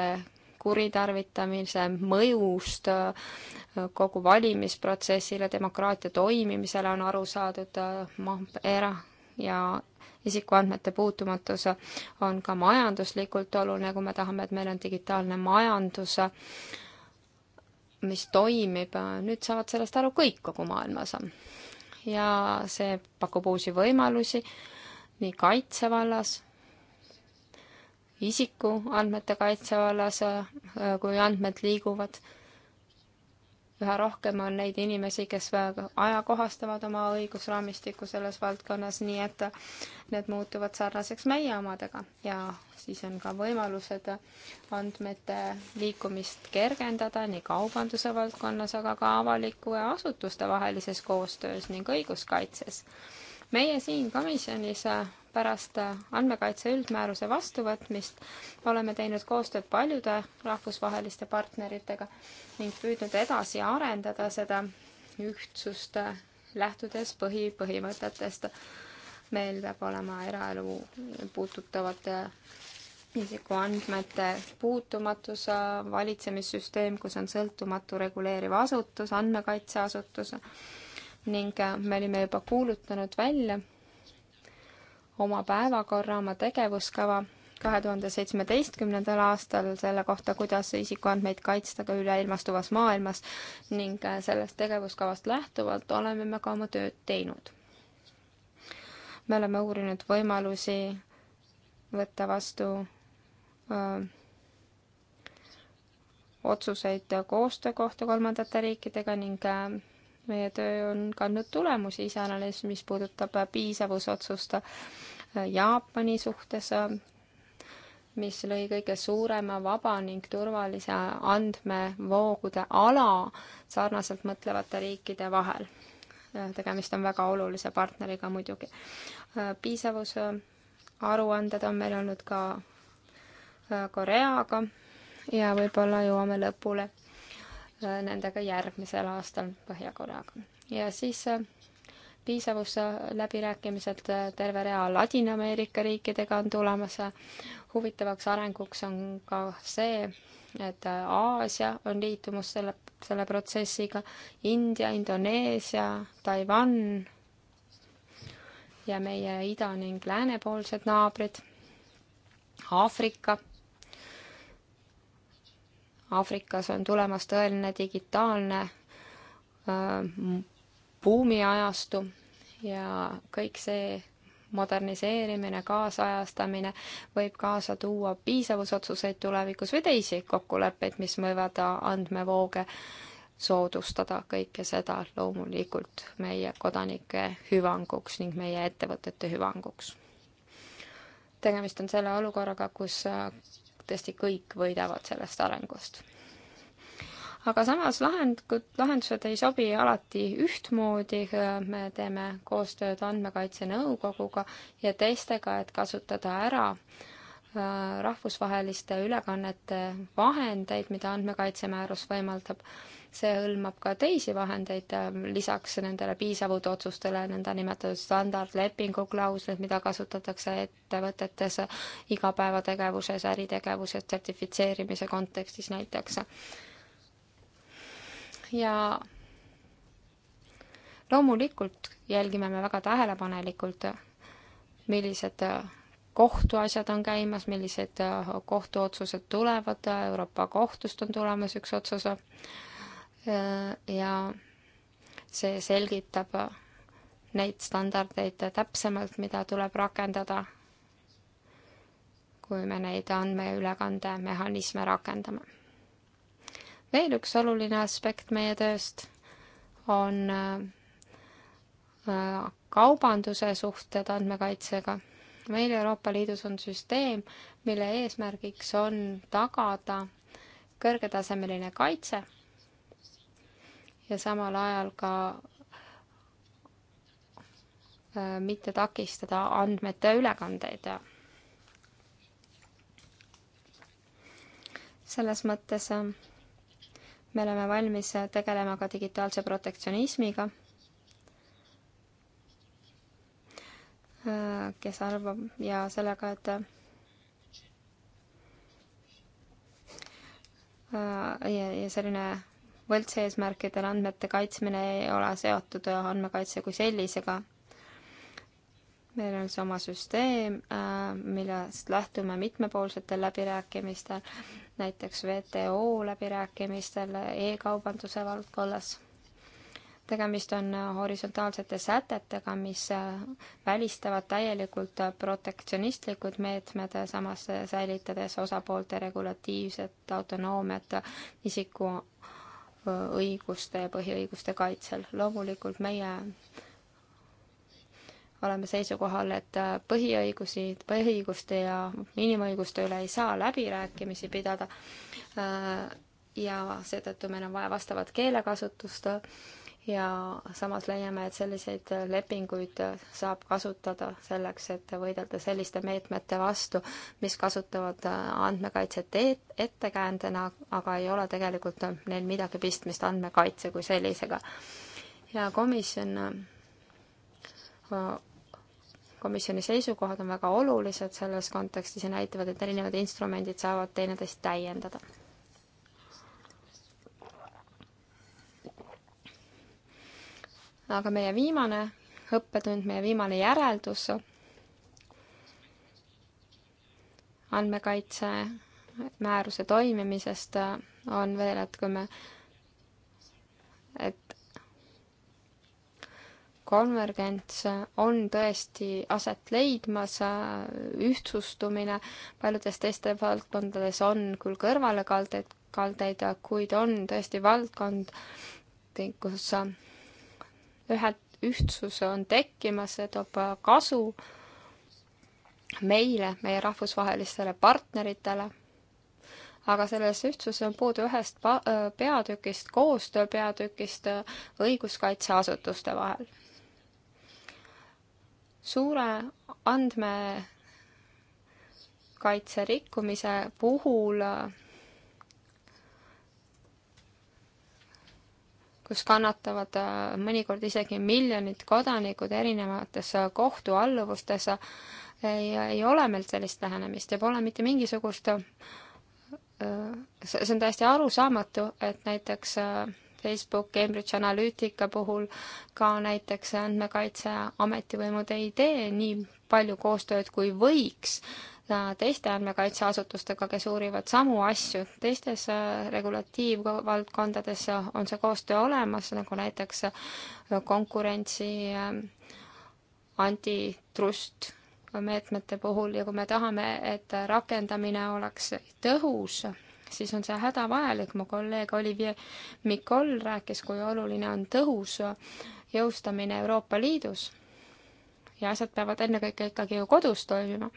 kuritarvitamise mõjust äh, kogu valimisprotsessile, demokraatia toimimisele on aru saadud, äh, era- ja isikuandmete puutumatus on ka majanduslikult oluline, kui me tahame, et meil on digitaalne majandus, mis toimib, nüüd saavad sellest aru kõik kogu maailmas. ja see pakub uusi võimalusi nii kaitsevallas isikuandmete kaitse vallas, äh, kui andmed liiguvad. üha rohkem on neid inimesi, kes ajakohastavad oma õigusraamistikku selles valdkonnas, nii et need muutuvad sarnaseks meie omadega ja siis on ka võimalused andmete liikumist kergendada nii kaubanduse valdkonnas, aga ka avaliku ja asutuste vahelises koostöös ning õiguskaitses meie siin komisjonis pärast äh, andmekaitse üldmääruse vastuvõtmist oleme teinud koostööd paljude rahvusvaheliste partneritega ning püüdnud edasi arendada seda ühtsust, äh, lähtudes põhipõhimõtetest. meil peab olema eraelu puudutavate isikuandmete puutumatus, äh, valitsemissüsteem, kus on sõltumatu reguleeriv asutus, andmekaitseasutus ning me olime juba kuulutanud välja oma päevakorra, oma tegevuskava kahe tuhande seitsmeteistkümnendal aastal selle kohta, kuidas isikuandmeid kaitsta ka üleilmastuvas maailmas ning äh, sellest tegevuskavast lähtuvalt oleme me ka oma tööd teinud. me oleme uurinud võimalusi võtta vastu öö, äh, otsuseid koostöö kohta kolmandate riikidega ning öö, äh, meie töö on kandnud tulemusi, iseäranis mis puudutab piisavusotsust äh, Jaapani suhtes, äh, mis lõi kõige suurema vaba ning turvalise andmevoogude ala sarnaselt mõtlevate riikide vahel. Äh, tegemist on väga olulise partneriga muidugi. piisavusaruanded on meil olnud ka Koreaga ja võib-olla jõuame lõpule nendega järgmisel aastal Põhja-Koreaga. ja siis äh, piisavusläbirääkimised äh, äh, terve rea Ladina-Ameerika riikidega on tulemas. huvitavaks arenguks on ka see, et Aasia on liitumas selle, selle protsessiga, India, Indoneesia, Taiwan ja meie ida- ning läänepoolsed naabrid, Aafrika Aafrikas on tulemas tõeline digitaalne buumiajastu ja kõik see moderniseerimine, kaasajastamine võib kaasa tuua piisavusotsuseid tulevikus või teisi kokkuleppeid, mis võivad andmevooge soodustada kõike seda loomulikult meie kodanike hüvanguks ning meie ettevõtete hüvanguks. tegemist on selle olukorraga, kus tõesti kõik võidavad sellest arengust. aga samas lahend-, lahendused ei sobi alati ühtmoodi, me teeme koostööd Andmekaitse Nõukoguga ja teistega, et kasutada ära äh, rahvusvaheliste ülekannete vahendeid, mida andmekaitsemäärus võimaldab see hõlmab ka teisi vahendeid ähm, lisaks nendele piisavusotsustele, nõndanimetatud standardlepingu klauslid, mida kasutatakse ettevõtetes igapäevategevuses, äritegevuses, sertifitseerimise kontekstis näiteks. ja loomulikult jälgime me väga tähelepanelikult, millised kohtuasjad on käimas, millised kohtuotsused tulevad, Euroopa Kohtust on tulemas üks otsus ja see selgitab neid standardeid täpsemalt, mida tuleb rakendada, kui me neid andmeülekandemehhanisme rakendame. veel üks oluline aspekt meie tööst on kaubanduse suhted andmekaitsega. meil Euroopa Liidus on süsteem, mille eesmärgiks on tagada kõrgetasemeline kaitse ja samal ajal ka äh, mitte takistada andmete ülekandeid. selles mõttes äh, me oleme valmis tegelema ka digitaalse protektsionismiga, äh, kes arvab ja sellega, et ja, ja selline võltseesmärkidel andmete kaitsmine ei ole seotud andmekaitse kui sellisega. meil on see oma süsteem, äh, millest lähtume mitmepoolsetel läbirääkimistel, näiteks WTO läbirääkimistel e-kaubanduse valdkonnas tegemist on horisontaalsete sätetega, mis äh, välistavad täielikult protektsionistlikud meetmed, samas säilitades osapoolte regulatiivset autonoomiat isiku õiguste ja põhiõiguste kaitsel. loomulikult meie oleme seisukohal, et põhiõigusi, põhiõiguste ja inimõiguste üle ei saa läbirääkimisi pidada äh, ja seetõttu meil on vaja vastavat keelekasutust ja samas leiame, et selliseid lepinguid saab kasutada selleks, et võidelda selliste meetmete vastu, mis kasutavad andmekaitset ettekäändena, aga ei ole tegelikult neil midagi pistmist andmekaitse kui sellisega. ja komisjon äh, komisjoni seisukohad on väga olulised selles kontekstis ja näitavad, et erinevad instrumendid saavad teineteist täiendada aga meie viimane õppetund, meie viimane järeldus andmekaitse määruse toimimisest äh, on veel, et kui me, et konvergents on tõesti aset leidmas, äh, ühtsustumine paljudes teistes valdkondades on küll kõrvalekaldeid, kaldeid, kuid on tõesti valdkond, kus äh, ühe, ühtsus on tekkimas, see toob kasu meile, meie rahvusvahelistele partneritele, aga selles ühtsuses on puudu ühest äh, peatükist, koostöö peatükist äh, õiguskaitseasutuste vahel. suure andmekaitse rikkumise puhul äh, kus kannatavad äh, mõnikord isegi miljonid kodanikud erinevates äh, kohtualluvustes, äh, ei, ei ole meil sellist lähenemist ja pole mitte mingisugust see on täiesti arusaamatu, et näiteks Facebook Cambridge Analytica puhul ka näiteks Andmekaitse Ametivõimud ei tee nii palju koostööd, kui võiks teiste andmekaitseasutustega, kes uurivad samu asju. teistes äh, regulatiivvaldkondades on see koostöö olemas, nagu näiteks äh, konkurentsi äh, antitrust meetmete puhul ja kui me tahame, et rakendamine oleks tõhus, siis on see hädavajalik, mu kolleeg Olivier Mikol rääkis, kui oluline on tõhus jõustamine Euroopa Liidus ja asjad peavad ennekõike ikkagi ju kodus toimima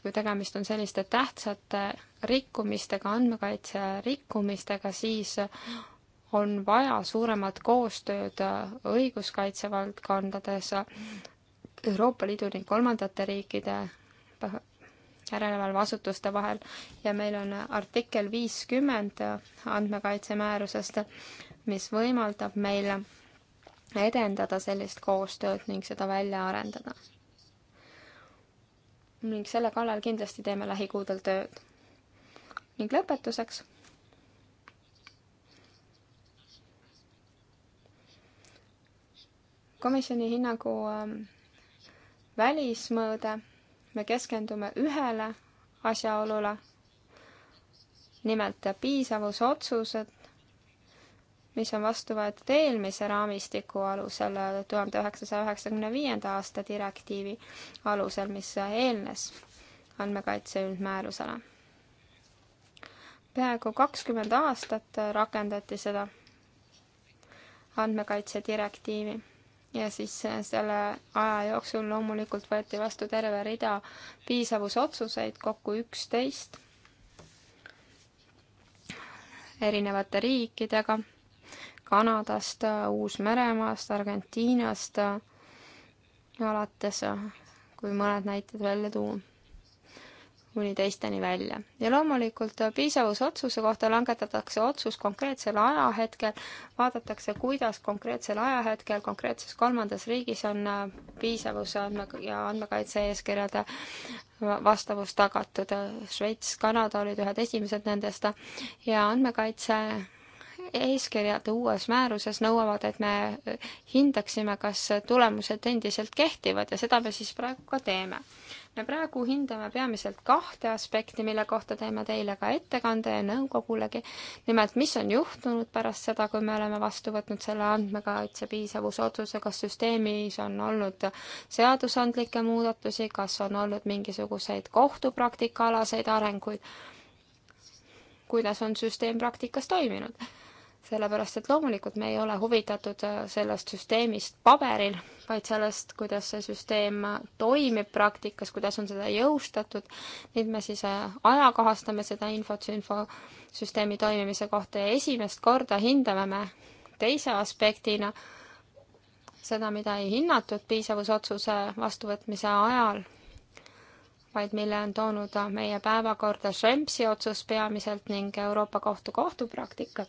et kui tegemist on selliste tähtsate rikkumistega, andmekaitse rikkumistega, siis on vaja suuremat koostööd õiguskaitsevaldkondades Euroopa Liidu ning kolmandate riikide järelevalveasutuste vahel ja meil on artikkel viiskümmend andmekaitsemäärusest, mis võimaldab meil edendada sellist koostööd ning seda välja arendada ning selle kallal kindlasti teeme lähikuudel tööd. ning lõpetuseks. komisjoni hinnangu ähm, välismõõde, me keskendume ühele asjaolule, nimelt piisavusotsused mis on vastu võetud eelmise raamistiku alusel, tuhande üheksasaja üheksakümne viienda aasta direktiivi alusel, mis eelnes andmekaitse üldmäärusele. peaaegu kakskümmend aastat rakendati seda andmekaitse direktiivi ja siis selle aja jooksul loomulikult võeti vastu terve rida piisavusotsuseid, kokku üksteist erinevate riikidega Kanadast, Uus-Meremaast, Argentiinast alates, kui mõned näited välja tuua kuni teisteni välja. ja loomulikult piisavusotsuse kohta langetatakse otsus konkreetsel ajahetkel, vaadatakse, kuidas konkreetsel ajahetkel konkreetses kolmandas riigis on piisavus ja andmekaitse eeskirjade vastavus tagatud. Šveits, Kanada olid ühed esimesed nendest ja andmekaitse eeskirjad uues määruses nõuavad, et me äh, hindaksime, kas tulemused endiselt kehtivad ja seda me siis praegu ka teeme. me praegu hindame peamiselt kahte aspekti, mille kohta teeme teile ka ettekande ja nõukogulegi. nimelt, mis on juhtunud pärast seda, kui me oleme vastu võtnud selle andmekaitse piisavuse otsuse, kas süsteemis on olnud seadusandlikke muudatusi, kas on olnud mingisuguseid kohtupraktikaalaseid arenguid kuidas on süsteem praktikas toiminud sellepärast et loomulikult me ei ole huvitatud äh, sellest süsteemist paberil, vaid sellest, kuidas see süsteem äh, toimib praktikas, kuidas on seda jõustatud. nüüd me siis äh, ajakohastame seda infot infosüsteemi toimimise kohta ja esimest korda hindame me teise aspektina seda, mida ei hinnatud piisavusotsuse vastuvõtmise ajal vaid mille on toonud meie päevakorda Schrempsi otsus peamiselt ning Euroopa Kohtu kohtupraktika.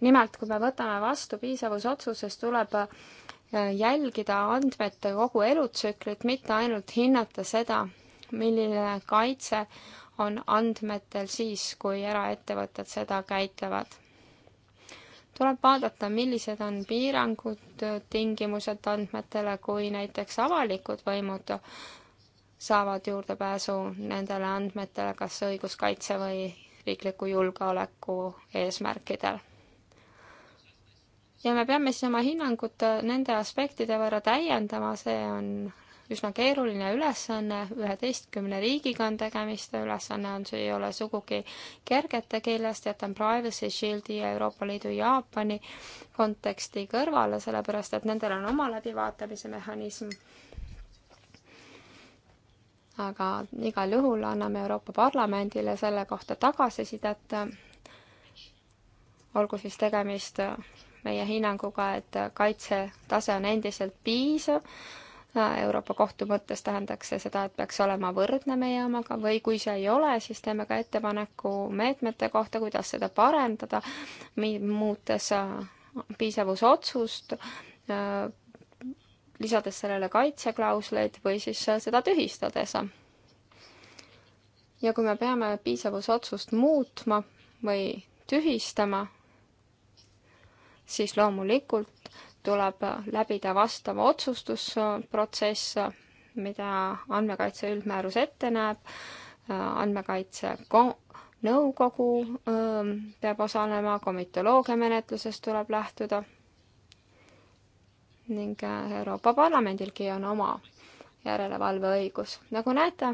nimelt, kui me võtame vastu piisavusotsuses, tuleb äh, jälgida andmete kogu elutsüklit, mitte ainult hinnata seda, milline kaitse on andmetel siis, kui eraettevõtted seda käitlevad. tuleb vaadata, millised on piirangud, äh, tingimused andmetele, kui näiteks avalikud võimud saavad juurdepääsu nendele andmetele kas õiguskaitse või riikliku julgeoleku eesmärkidel. ja me peame siis oma hinnangut nende aspektide võrra täiendama, see on üsna keeruline ülesanne, üheteistkümne riigiga on tegemist, ülesanne on, see ei ole sugugi kergete keelest, jätan Privacy Shieldi ja Euroopa Liidu Jaapani konteksti kõrvale, sellepärast et nendel on oma läbivaatamise mehhanism aga igal juhul anname Euroopa Parlamendile selle kohta tagasisidet, olgu siis tegemist meie hinnanguga, et kaitsetase on endiselt piisav, Euroopa Kohtu mõttes tähendaks see seda, et peaks olema võrdne meie omaga või kui see ei ole, siis teeme ka ettepaneku meetmete kohta, kuidas seda parendada, muutes piisavusotsust lisades sellele kaitseklausleid või siis äh, seda tühistades. ja kui me peame piisavusotsust muutma või tühistama, siis loomulikult tuleb äh, läbida vastav otsustusprotsess, äh, mida andmekaitse üldmäärus ette näeb, andmekaitse nõukogu öö, ähm, peab osalema, komitoloogia menetlusest tuleb lähtuda ning äh, Euroopa Parlamendilgi on oma järelevalveõigus. nagu näete,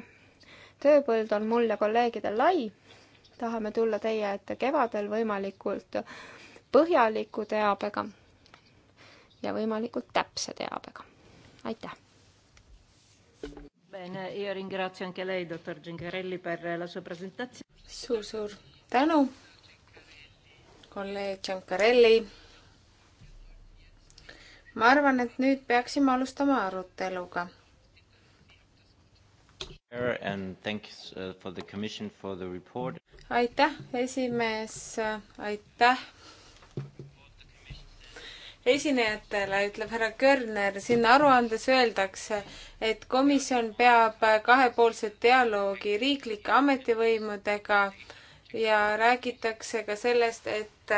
tööpõld on mul ja kolleegidel lai. tahame tulla teie ette kevadel võimalikult põhjaliku teabega ja võimalikult täpse teabega. aitäh! Bene, io ringrazio anche lei, dottor Gingarelli, per la sua presentazione. Suur-suur tänu, kolleeg Gingarelli ma arvan, et nüüd peaksime alustama aruteluga. Uh, aitäh, esimees, aitäh esinejatele, ütleb härra Körner, siin aruandes öeldakse, et komisjon peab kahepoolset dialoogi riiklike ametivõimudega ja räägitakse ka sellest, et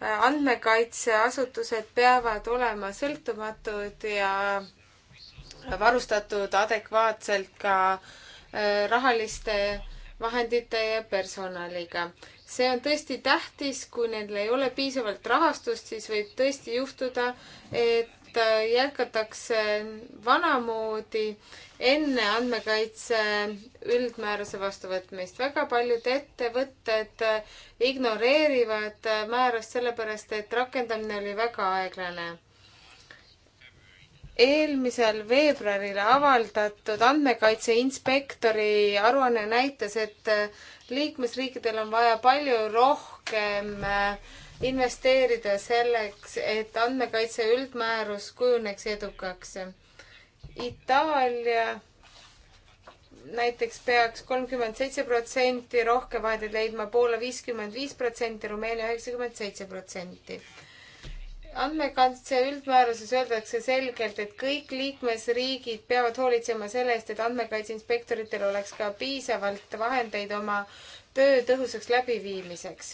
andmekaitseasutused peavad olema sõltumatud ja varustatud adekvaatselt ka äh, rahaliste vahendite ja personaliga. see on tõesti tähtis, kui neil ei ole piisavalt rahastust, siis võib tõesti juhtuda, et et äh, jätkatakse vanamoodi enne andmekaitse üldmääruse vastuvõtmist. väga paljud ettevõtted äh, ignoreerivad äh, määrust sellepärast, et rakendamine oli väga aeglane. eelmisel veebruaril avaldatud andmekaitse inspektori aruanne näitas, et liikmesriikidel on vaja palju rohkem äh, investeerida selleks, et andmekaitse üldmäärus kujuneks edukaks. Itaalia näiteks peaks kolmkümmend seitse protsenti rohkem vahendeid leidma, Poola viiskümmend viis protsenti, Rumeenia üheksakümmend seitse protsenti. andmekaitse üldmääruses öeldakse selgelt, et kõik liikmesriigid peavad hoolitsema selle eest, et andmekaitse inspektoritel oleks ka piisavalt vahendeid oma töö tõhusaks läbiviimiseks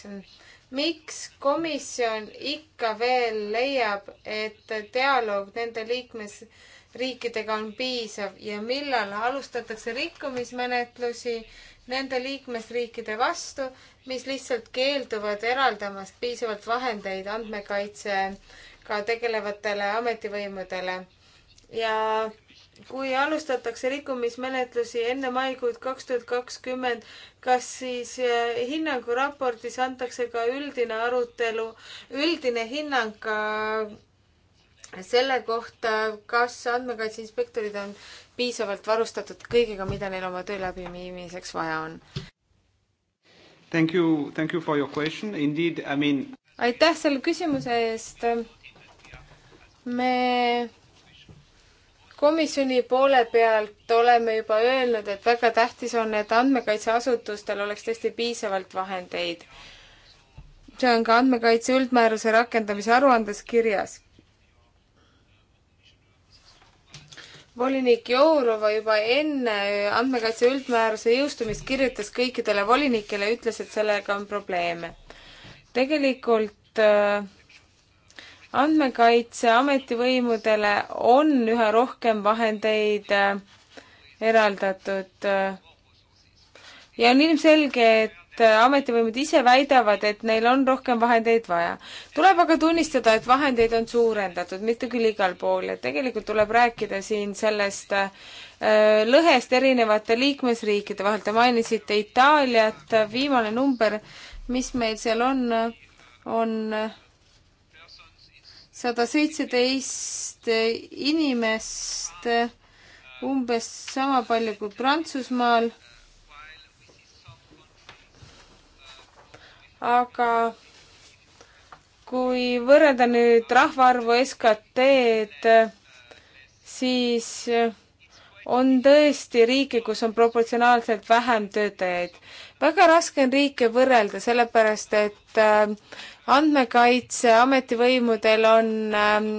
miks komisjon ikka veel leiab, et dialoog nende liikmesriikidega on piisav ja millal alustatakse rikkumismenetlusi nende liikmesriikide vastu, mis lihtsalt keelduvad eraldamast piisavalt vahendeid andmekaitsega tegelevatele ametivõimudele ja kui alustatakse rikkumismenetlusi enne maikuud kaks tuhat kakskümmend, kas siis eh, hinnangu raportis antakse ka üldine arutelu, üldine hinnang ka selle kohta, kas andmekaitse inspektorid on piisavalt varustatud kõigega, mida neil oma töö läbiviimiseks vaja on? Thank you, thank you for your question, indeed, I mean. aitäh selle küsimuse eest. me komisjoni poole pealt oleme juba öelnud, et väga tähtis on, et andmekaitseasutustel oleks tõesti piisavalt vahendeid. see on ka andmekaitse üldmääruse rakendamise aruandes kirjas. volinik Jourova juba enne andmekaitse üldmääruse jõustumist kirjutas kõikidele volinikele, ütles, et sellega on probleeme. tegelikult äh, andmekaitse ametivõimudele on üha rohkem vahendeid äh, eraldatud. Äh, ja on ilmselge, et äh, ametivõimud ise väidavad, et neil on rohkem vahendeid vaja. tuleb aga tunnistada, et vahendeid on suurendatud, mitte küll igal pool ja tegelikult tuleb rääkida siin sellest äh, lõhest erinevate liikmesriikide vahel. Te mainisite Itaaliat, viimane number, mis meil seal on, on sada seitseteist inimest, umbes sama palju kui Prantsusmaal. aga kui võrrelda nüüd rahvaarvu SKT-d, siis on tõesti riike, kus on proportsionaalselt vähem töötajaid. väga raske on riike võrrelda, sellepärast et äh, andmekaitse ametivõimudel on ähm,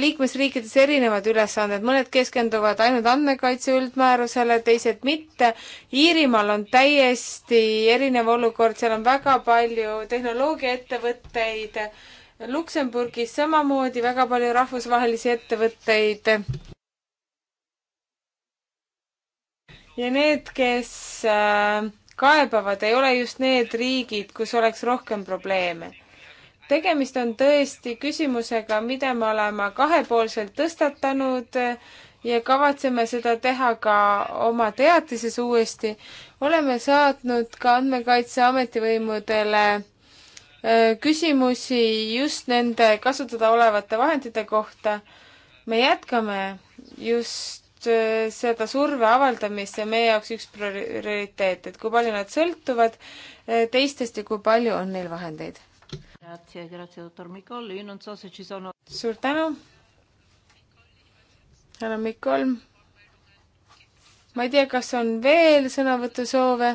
liikmesriikides erinevad ülesanded, mõned keskenduvad ainult andmekaitse üldmäärusele, teised mitte. Iirimaal on täiesti erinev olukord, seal on väga palju tehnoloogiaettevõtteid, Luksemburgis samamoodi väga palju rahvusvahelisi ettevõtteid. ja need, kes äh, kaebavad, ei ole just need riigid, kus oleks rohkem probleeme. tegemist on tõesti küsimusega, mida me oleme kahepoolselt tõstatanud ja kavatseme seda teha ka oma teatises uuesti. oleme saatnud ka Andmekaitse Ametivõimudele küsimusi just nende kasutada olevate vahendite kohta. me jätkame just Äh, seda surve avaldamist, see on meie jaoks üks prioriteet, et kui palju nad sõltuvad äh, teistest ja kui palju on neil vahendeid. suur tänu, härra Mikol. ma ei tea, kas on veel sõnavõtusoove,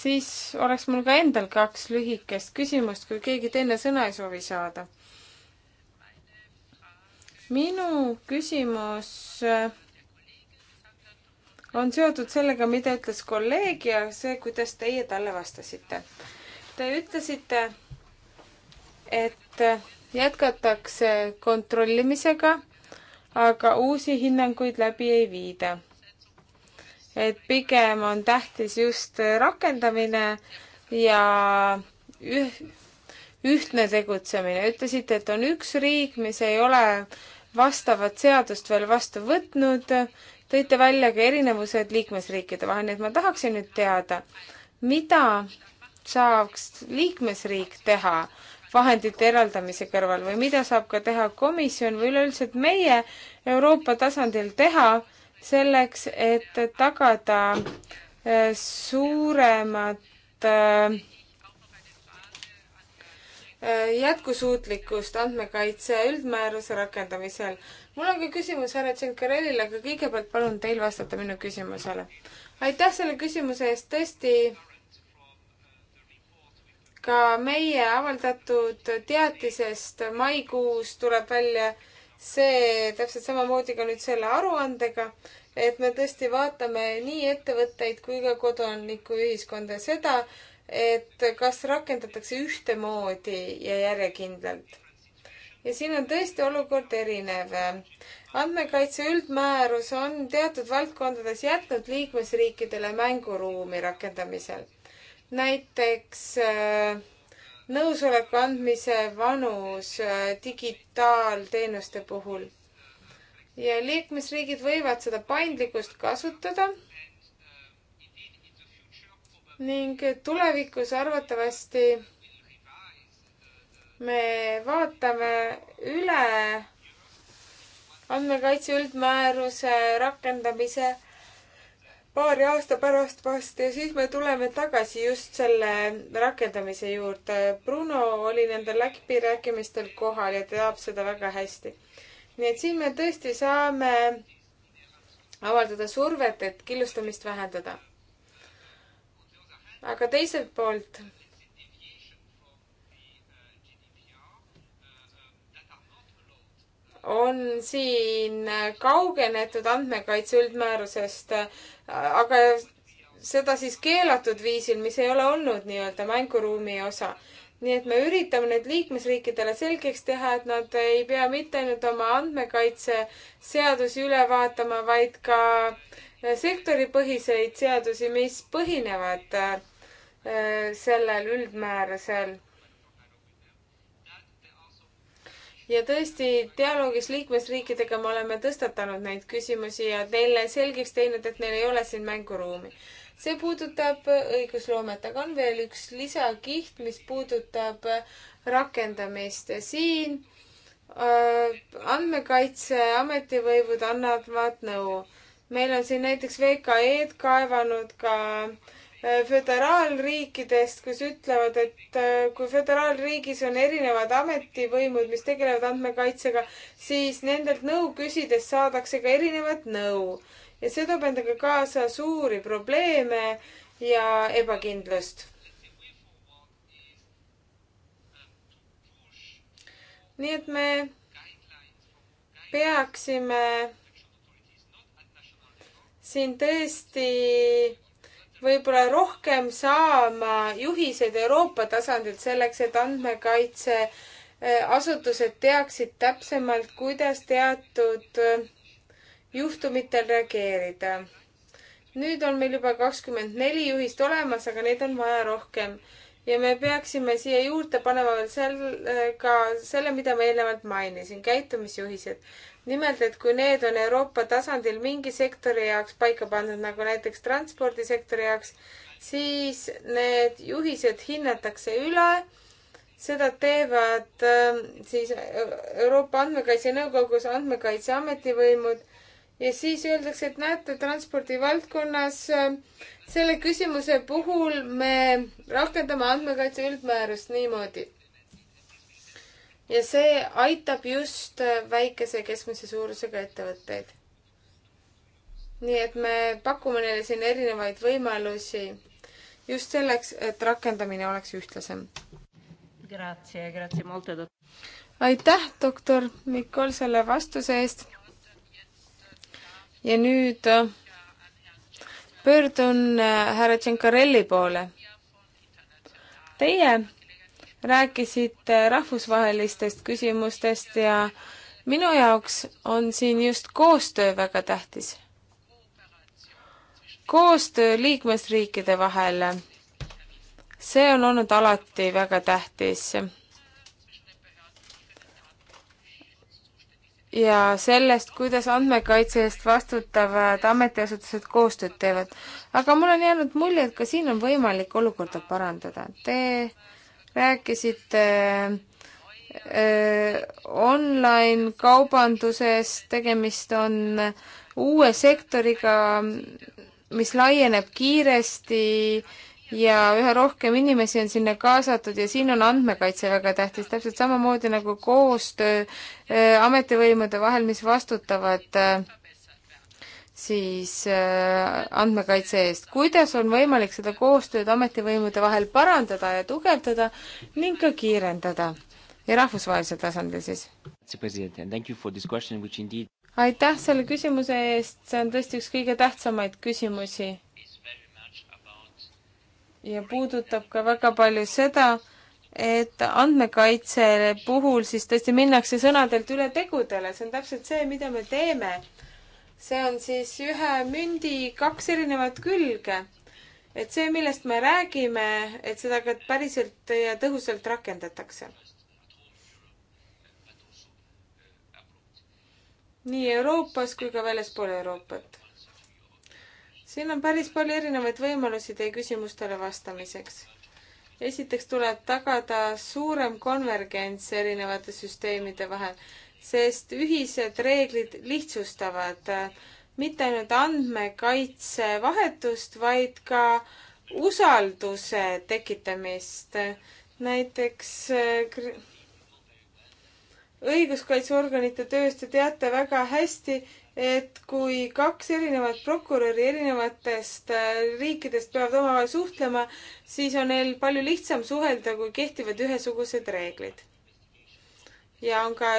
siis oleks mul ka endal kaks lühikest küsimust, kui keegi teine sõna ei soovi saada minu küsimus äh, on seotud sellega, mida ütles kolleeg ja see, kuidas teie talle vastasite. Te ütlesite, et jätkatakse kontrollimisega, aga uusi hinnanguid läbi ei viida. et pigem on tähtis just rakendamine ja üh-, ühtne tegutsemine. ütlesite, et on üks riik, mis ei ole vastavat seadust veel vastu võtnud tõite välja ka erinevused liikmesriikide vahel, nii et ma tahaksin nüüd teada, mida saaks liikmesriik teha vahendite eraldamise kõrval või mida saab ka teha komisjon või üleüldiselt meie Euroopa tasandil teha selleks, et tagada äh, suuremat äh, Äh, jätkusuutlikkust andmekaitse üldmääruse rakendamisel. mul on ka küsimus härra Tšenkarellile, aga kõigepealt palun teil vastata minu küsimusele. aitäh selle küsimuse eest, tõesti ka meie avaldatud teatisest maikuus tuleb välja see täpselt samamoodi ka nüüd selle aruandega, et me tõesti vaatame nii ettevõtteid kui ka kodanikuühiskonda ja seda, et kas rakendatakse ühtemoodi ja järjekindlalt. ja siin on tõesti olukord erinev. andmekaitse üldmäärus on teatud valdkondades jätnud liikmesriikidele mänguruumi rakendamisel. näiteks äh, nõusoleku andmise vanus äh, digitaalteenuste puhul ja liikmesriigid võivad seda paindlikkust kasutada ning tulevikus arvatavasti me vaatame üle andmekaitse üldmääruse rakendamise paari aasta pärast vast ja siis me tuleme tagasi just selle rakendamise juurde. Bruno oli nendel läbirääkimistel kohal ja teab seda väga hästi. nii et siin me tõesti saame avaldada survet, et killustamist vähendada aga teiselt poolt on siin kaugenetud andmekaitse üldmäärusest, aga seda siis keelatud viisil, mis ei ole olnud nii-öelda mänguruumi osa. nii et me üritame nüüd liikmesriikidele selgeks teha, et nad ei pea mitte ainult oma andmekaitseseadusi üle vaatama, vaid ka äh, sektoripõhiseid seadusi, mis põhinevad äh, sellel üldmäärusel. ja tõesti, dialoogis liikmesriikidega me oleme tõstatanud neid küsimusi ja neile selgeks teinud, et neil ei ole siin mänguruumi. see puudutab õigusloomet, aga on veel üks lisakiht, mis puudutab rakendamist. siin äh, andmekaitseameti võivud annavad nõu no meil on siin näiteks VKE-d kaevanud ka äh, föderaalriikidest, kus ütlevad, et äh, kui föderaalriigis on erinevad ametivõimud, mis tegelevad andmekaitsega, siis nendelt nõu küsides saadakse ka erinevat nõu ja see toob endaga kaasa suuri probleeme ja ebakindlust. nii et me peaksime siin tõesti võib-olla rohkem saama juhiseid Euroopa tasandilt selleks, et andmekaitseasutused äh, teaksid täpsemalt, kuidas teatud äh, juhtumitel reageerida. nüüd on meil juba kakskümmend neli juhist olemas, aga neid on vaja rohkem ja me peaksime siia juurde panema veel sel-, äh, ka selle, mida ma eelnevalt mainisin, käitumisjuhised nimelt, et kui need on Euroopa tasandil mingi sektori jaoks paika pandud, nagu näiteks transpordisektori jaoks, siis need juhised hinnatakse üle. seda teevad ähm, siis äh, Euroopa Andmekaitse Nõukogus Andmekaitse Ametivõimud ja siis öeldakse, et näete, transpordivaldkonnas ähm, selle küsimuse puhul me rakendame andmekaitse üldmäärust niimoodi ja see aitab just väikese ja keskmise suurusega ettevõtteid. nii et me pakume neile siin erinevaid võimalusi just selleks, et rakendamine oleks ühtlasem. aitäh, doktor Mikol, selle vastuse eest. ja nüüd äh, pöördun äh, härra Tšenkarelli poole. Teie rääkisite rahvusvahelistest küsimustest ja minu jaoks on siin just koostöö väga tähtis. koostöö liikmesriikide vahel, see on olnud alati väga tähtis. ja sellest, kuidas andmekaitse eest vastutavad ametiasutused koostööd teevad. aga mul on jäänud mulje, et ka siin on võimalik olukorda parandada. Te rääkisite äh, online kaubandusest, tegemist on uue sektoriga, mis laieneb kiiresti ja üha rohkem inimesi on sinna kaasatud ja siin on andmekaitse väga tähtis, täpselt samamoodi nagu koostöö äh, ametivõimude vahel, mis vastutavad äh, siis äh, andmekaitse eest. kuidas on võimalik seda koostööd ametivõimude vahel parandada ja tugevdada ning ka kiirendada ja rahvusvahelisel tasandil siis? aitäh selle küsimuse eest, see on tõesti üks kõige tähtsamaid küsimusi. ja puudutab ka väga palju seda, et andmekaitse puhul siis tõesti minnakse sõnadelt üle tegudele, see on täpselt see, mida me teeme see on siis ühe mündi kaks erinevat külge. et see, millest me räägime, et seda ka päriselt ja tõhusalt rakendatakse. nii Euroopas kui ka väljaspool Euroopat. siin on päris palju erinevaid võimalusi teie küsimustele vastamiseks. esiteks tuleb tagada suurem konvergents erinevate süsteemide vahel sest ühised reeglid lihtsustavad äh, mitte ainult andmekaitse vahetust, vaid ka usalduse tekitamist. näiteks äh, õiguskaitseorganite tööst te teate väga hästi, et kui kaks erinevat prokuröri erinevatest äh, riikidest peavad omavahel suhtlema, siis on neil palju lihtsam suhelda, kui kehtivad ühesugused reeglid ja on ka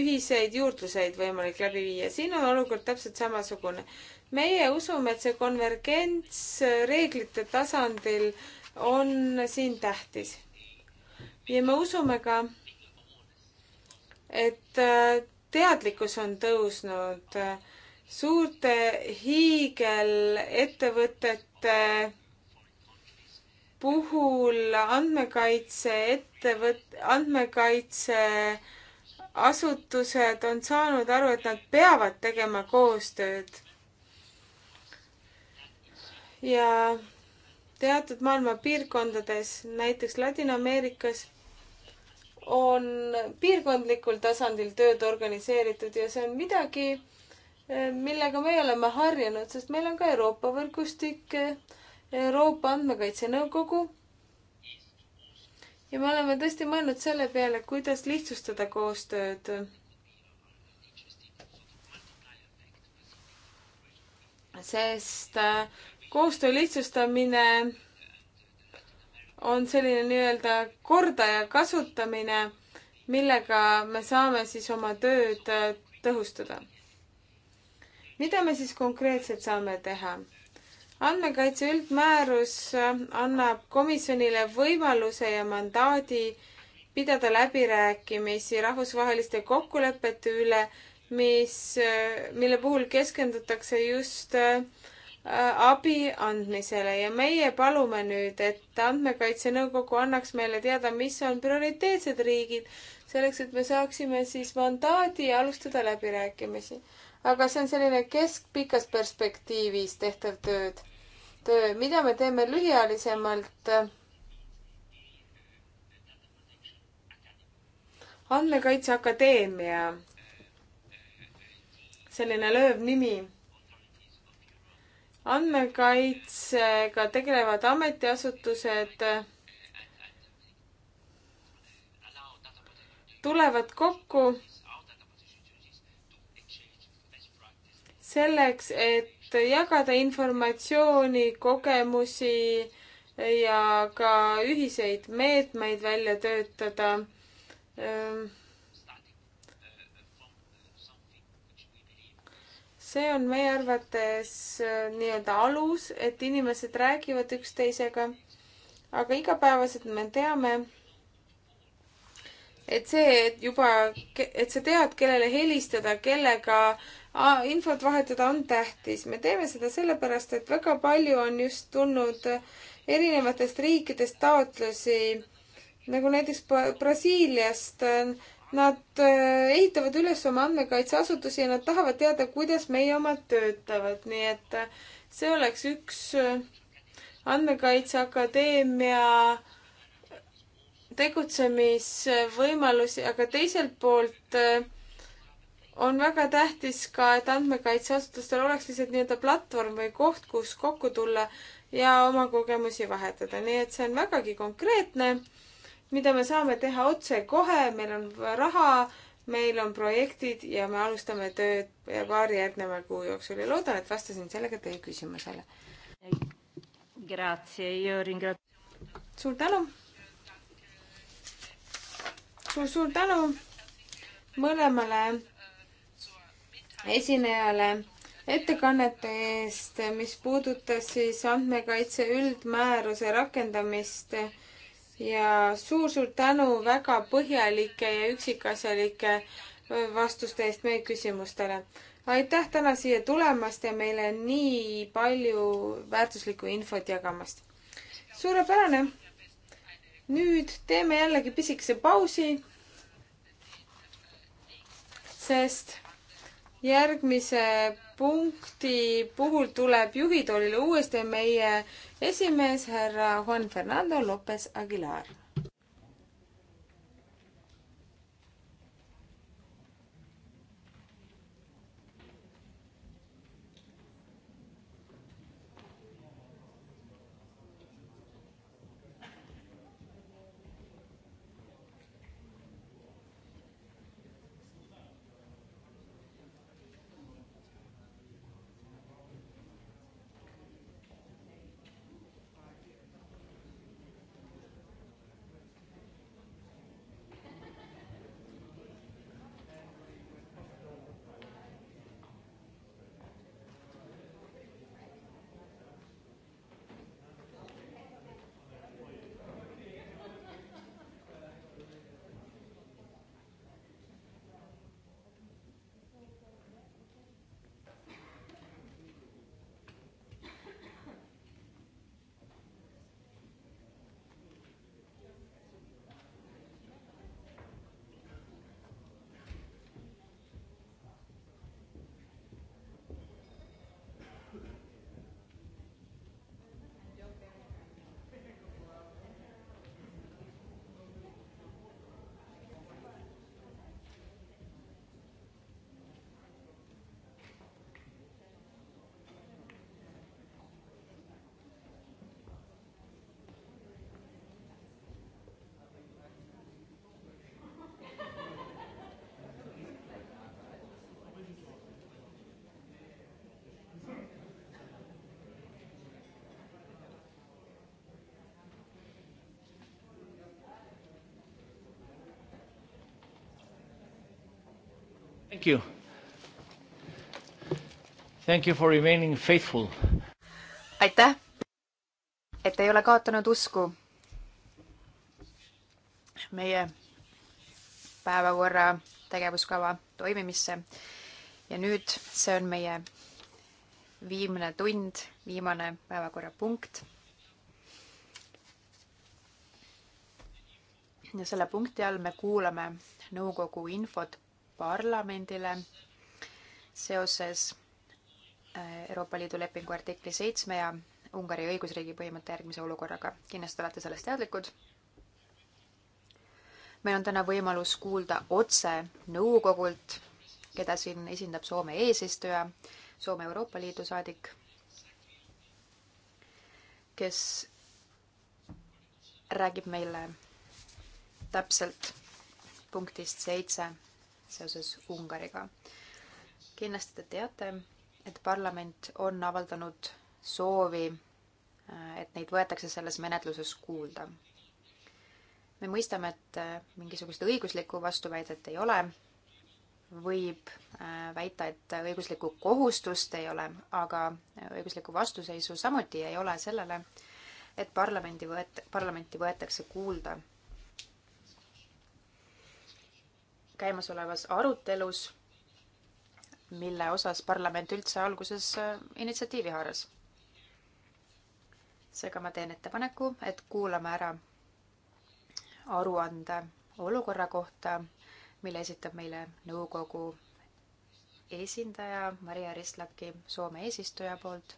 ühiseid juurdluseid võimalik läbi viia. siin on olukord täpselt samasugune. meie usume, et see konvergents reeglite tasandil on siin tähtis. ja me usume ka, et äh, teadlikkus on tõusnud suurte hiigelettevõtete puhul andmekaitse ettevõt-, andmekaitse äh, asutused on saanud aru, et nad peavad tegema koostööd. ja teatud maailma piirkondades, näiteks Ladina-Ameerikas, on piirkondlikul tasandil tööd organiseeritud ja see on midagi, millega me oleme harjunud, sest meil on ka Euroopa võrgustik, Euroopa Andmekaitse Nõukogu ja me oleme tõesti mõelnud selle peale, kuidas lihtsustada koostööd. sest äh, koostöö lihtsustamine on selline nii-öelda kordaja kasutamine, millega me saame siis oma tööd äh, tõhustada. mida me siis konkreetselt saame teha? andmekaitse üldmäärus äh, annab komisjonile võimaluse ja mandaadi pidada läbirääkimisi rahvusvaheliste kokkulepete üle, mis, äh, mille puhul keskendutakse just äh, abi andmisele ja meie palume nüüd, et Andmekaitse Nõukogu annaks meile teada, mis on prioriteetsed riigid, selleks et me saaksime siis mandaadi ja alustada läbirääkimisi aga see on selline keskpikas perspektiivis tehtav tööd, töö, mida me teeme lühiajalisemalt. andmekaitse Akadeemia, selline lööv nimi andmekaitsega tegelevad ametiasutused tulevad kokku selleks, et jagada informatsiooni, kogemusi ja ka ühiseid meetmeid välja töötada. Ehm, see on meie arvates äh, nii-öelda alus, et inimesed räägivad üksteisega, aga igapäevaselt me teame, et see, et juba, et sa tead, kellele helistada, kellega infot vahetada on tähtis. me teeme seda sellepärast, et väga palju on just tulnud erinevatest riikidest taotlusi, nagu näiteks Brasiiliast. Nad äh, ehitavad üles oma andmekaitseasutusi ja nad tahavad teada, kuidas meie omad töötavad, nii et äh, see oleks üks äh, Andmekaitse Akadeemia tegutsemisvõimalusi, aga teiselt poolt äh, on väga tähtis ka, et andmekaitseasutustel oleks lihtsalt nii-öelda platvorm või koht, kus kokku tulla ja oma kogemusi vahetada, nii et see on vägagi konkreetne, mida me saame teha otsekohe, meil on raha, meil on projektid ja me alustame tööd paari järgneva kuu jooksul ja loodan, et vastasin sellega teie küsimusele. suur tänu suur,! suur-suur tänu mõlemale esinejale ettekannete eest, mis puudutas siis andmekaitse üldmääruse rakendamist ja suur-suur tänu väga põhjalike ja üksikasjalike vastuste eest meie küsimustele. aitäh täna siia tulemast ja meile nii palju väärtuslikku infot jagamast. suurepärane. nüüd teeme jällegi pisikese pausi, sest järgmise punkti puhul tuleb juhitoolile uuesti meie esimees härra Juan Fernando Lopez Aguilar Thank you. Thank you for remaining faithful. aitäh, et ei ole kaotanud usku meie päevakorra tegevuskava toimimisse. ja nüüd see on meie viimane tund, viimane päevakorrapunkt. ja selle punkti all me kuulame nõukogu infot Parlamendile seoses äh, Euroopa Liidu lepingu artikli seitsme ja Ungari õigusriigi põhimõtte järgmise olukorraga. kindlasti olete sellest teadlikud. meil on täna võimalus kuulda otse nõukogult, keda siin esindab Soome eesistuja, Soome Euroopa Liidu saadik, kes räägib meile täpselt punktist seitse seoses Ungariga. kindlasti te teate, et parlament on avaldanud soovi, äh, et neid võetakse selles menetluses kuulda. me mõistame, et äh, mingisugust õiguslikku vastuväidet ei ole, võib äh, väita, et õiguslikku kohustust ei ole, aga õiguslikku vastuseisu samuti ei ole sellele, et parlamendi võet-, parlamenti võetakse kuulda käimasolevas arutelus, mille osas parlament üldse alguses äh, initsiatiivi haaras. seega ma teen ettepaneku, et kuulame ära aruande olukorra kohta, mille esitab meile nõukogu esindaja Maria Rislaki Soome eesistuja poolt.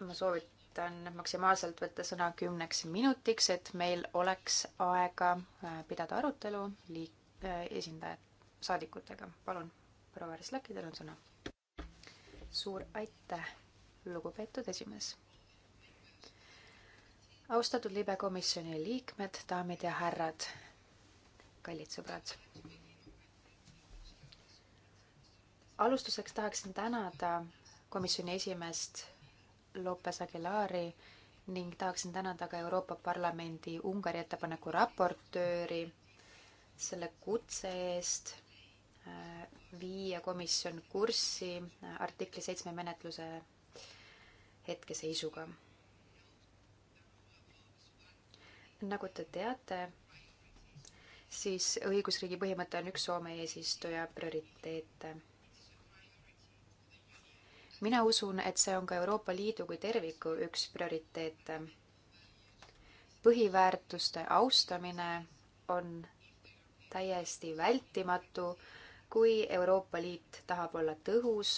ma soovit-, üritan maksimaalselt võtta sõna kümneks minutiks, et meil oleks aega äh, pidada arutelu liik-, äh, esindajad, saadikutega. palun, proua Rislaki, teil on sõna. suur aitäh, lugupeetud esimees. austatud libekomisjoni liikmed, daamid ja härrad, kallid sõbrad. alustuseks tahaksin tänada komisjoni esimeest Lopes Aguilari ning tahaksin tänada ka Euroopa Parlamendi Ungari ettepaneku raportööri selle kutse eest äh, viia komisjon kurssi äh, artikli seitsme menetluse hetkeseisuga. nagu te teate, siis õigusriigi põhimõte on üks Soome eesistuja prioriteete mina usun, et see on ka Euroopa Liidu kui terviku üks prioriteete. põhiväärtuste austamine on täiesti vältimatu, kui Euroopa Liit tahab olla tõhus,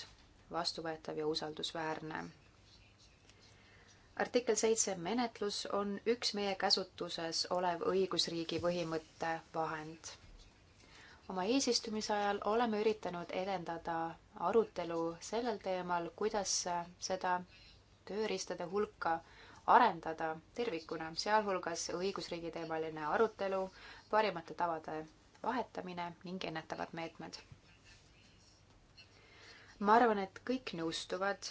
vastuvõetav ja usaldusväärne. artikkel seitse menetlus on üks meie käsutuses olev õigusriigi põhimõtte vahend oma eesistumise ajal oleme üritanud edendada arutelu sellel teemal, kuidas seda tööriistade hulka arendada tervikuna, sealhulgas õigusriigi teemaline arutelu, parimate tavade vahetamine ning ennetavad meetmed. ma arvan, et kõik nõustuvad,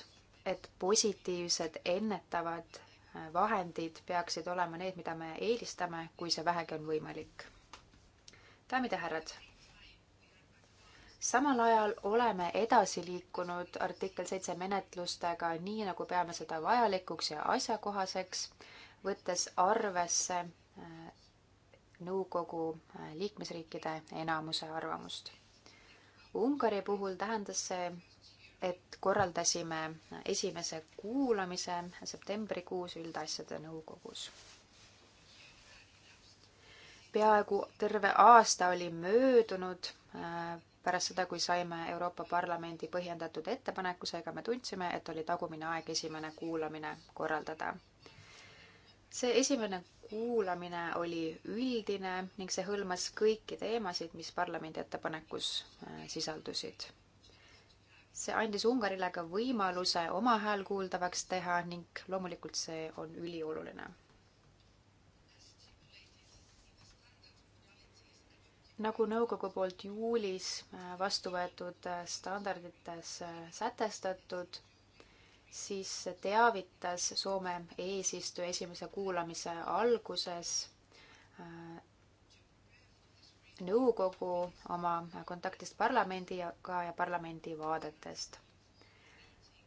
et positiivsed ennetavad äh, vahendid peaksid olema need, mida me eelistame, kui see vähegi on võimalik. daamid ja härrad samal ajal oleme edasi liikunud artikkel seitse menetlustega nii, nagu peame seda vajalikuks ja asjakohaseks, võttes arvesse äh, nõukogu äh, liikmesriikide enamuse arvamust. Ungari puhul tähendas see, et korraldasime äh, esimese kuulamise septembrikuus üldasjade nõukogus peaaegu terve aasta oli möödunud pärast seda, kui saime Euroopa Parlamendi põhjendatud ettepanekusega, me tundsime, et oli tagumine aeg esimene kuulamine korraldada. see esimene kuulamine oli üldine ning see hõlmas kõiki teemasid, mis parlamendi ettepanekus äh, sisaldusid. see andis Ungarile ka võimaluse oma hääl kuuldavaks teha ning loomulikult see on ülioluline nagu nõukogu poolt juulis äh, vastu võetud äh, standardites äh, sätestatud, siis teavitas Soome eesistuja esimese kuulamise alguses nõukogu oma kontaktist parlamendiga ja parlamendi vaadetest.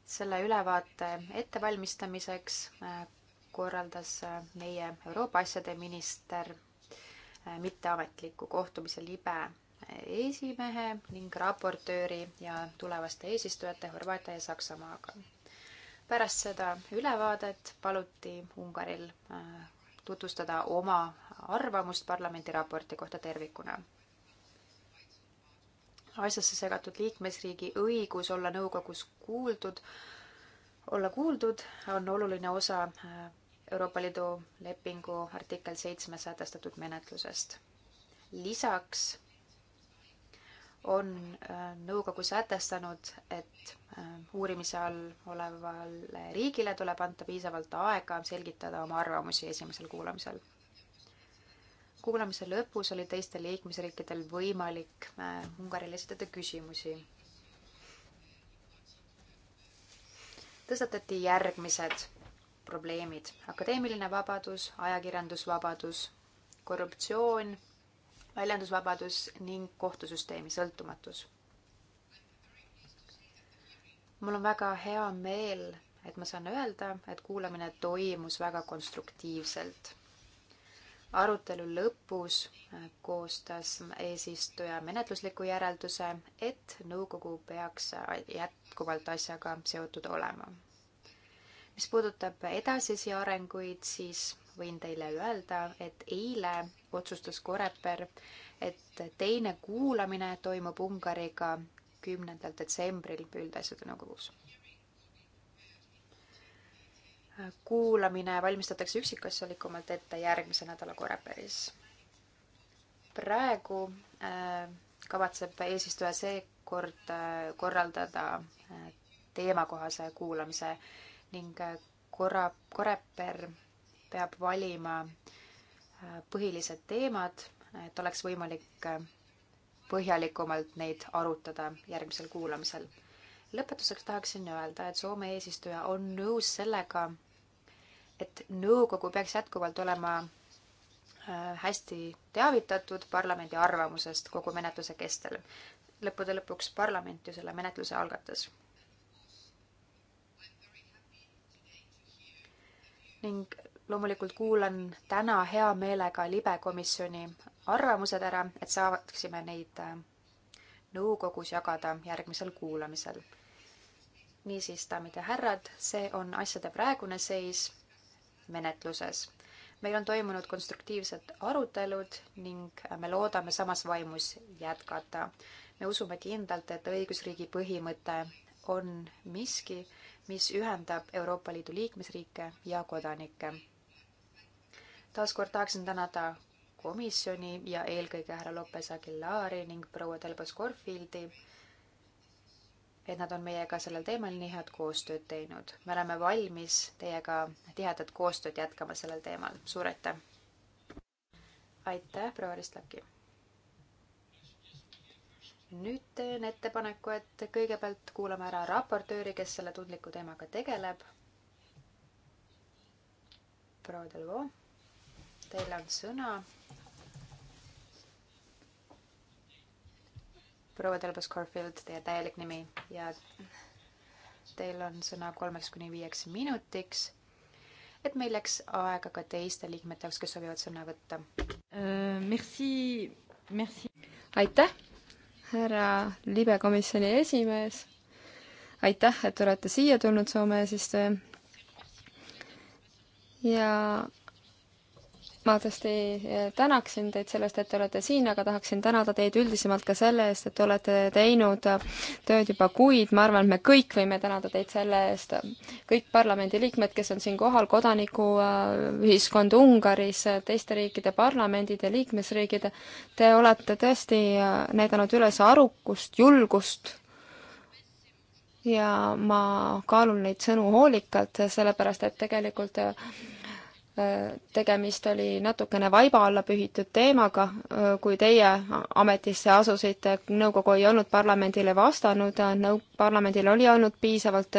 selle ülevaate ettevalmistamiseks korraldas meie Euroopa asjade minister mitteametliku kohtumise libe esimehe ning raportööri ja tulevaste eesistujate Horvaatia ja Saksamaaga. pärast seda ülevaadet paluti Ungaril äh, tutvustada oma arvamust parlamendi raporti kohta tervikuna. asjasse segatud liikmesriigi õigus olla nõukogus kuuldud, olla kuuldud on oluline osa äh, Euroopa Liidu lepingu artikkel seitsme sätestatud menetlusest. lisaks on äh, nõukogu sätestanud, et äh, uurimise all olevale riigile tuleb anda piisavalt aega selgitada oma arvamusi esimesel kuulamisel. kuulamise lõpus oli teistel liikmesriikidel võimalik äh, Ungarile esitada küsimusi. tõstatati järgmised probleemid. akadeemiline vabadus, ajakirjandusvabadus, korruptsioon, väljendusvabadus ning kohtusüsteemi sõltumatus. mul on väga hea meel, et ma saan öelda, et kuulamine toimus väga konstruktiivselt. arutelu lõpus koostas eesistuja menetlusliku järelduse, et nõukogu peaks jätkuvalt asjaga seotud olema mis puudutab edasisi arenguid, siis võin teile öelda, et eile otsustas Koreper, et teine kuulamine toimub Ungariga kümnendal detsembril üldasjade nõukogus. kuulamine valmistatakse üksikasjalikumalt ette järgmise nädala Koreperis. praegu äh, kavatseb eesistuja seekord äh, korraldada äh, teemakohase kuulamise äh, ning äh, korra, Koreper peab valima äh, põhilised teemad, et oleks võimalik äh, põhjalikumalt neid arutada järgmisel kuulamisel. lõpetuseks tahaksin öelda, et Soome eesistuja on nõus sellega, et nõukogu peaks jätkuvalt olema hästi teavitatud parlamendi arvamusest kogu menetluse kestel. lõppude lõpuks parlament ju selle menetluse algatas ning loomulikult kuulan täna hea meelega libekomisjoni arvamused ära, et saaksime neid äh, nõukogus jagada järgmisel kuulamisel. niisiis, daamid ja härrad, see on asjade praegune seis menetluses. meil on toimunud konstruktiivsed arutelud ning äh, me loodame samas vaimus jätkata. me usume kindlalt, et õigusriigi põhimõte on miski, mis ühendab Euroopa Liidu liikmesriike ja kodanikke. taaskord tahaksin tänada komisjoni ja eelkõige härra Lopes Aguilari ning proua Delbos Corfieldi, et nad on meiega sellel teemal nii head koostööd teinud. me oleme valmis teiega tihedat koostööd jätkama sellel teemal. suur aitäh! aitäh, proua Ristlaki! nüüd teen ettepaneku, et kõigepealt kuulame ära raportööri, kes selle tundliku teemaga tegeleb. proua Delvo, teil on sõna. proua Delvo Scorfield, teie täielik nimi ja teil on sõna kolmeks kuni viieks minutiks, et meil läks aega ka teiste liikmete jaoks, kes soovivad sõna võtta uh,. Merci, merci. aitäh härra libekomisjoni esimees. aitäh, et olete siia tulnud Soome eesistuja. ja ma tõesti eh, tänaksin teid sellest, et te olete siin, aga tahaksin tänada teid üldisemalt ka selle eest, et te olete teinud eh, tööd juba kuid, ma arvan, et me kõik võime tänada teid selle eest, kõik parlamendiliikmed, kes on siin kohal, kodanikuühiskond eh, Ungaris, teiste riikide parlamendid ja liikmesriigid, te olete tõesti näidanud üles arukust, julgust, ja ma kaalun neid sõnu hoolikalt, sellepärast et tegelikult Äh, tegemist oli natukene vaiba alla pühitud teemaga, äh, kui teie ametisse asusite, nõukogu ei olnud parlamendile vastanud, äh, nõu-, parlamendil oli olnud piisavalt,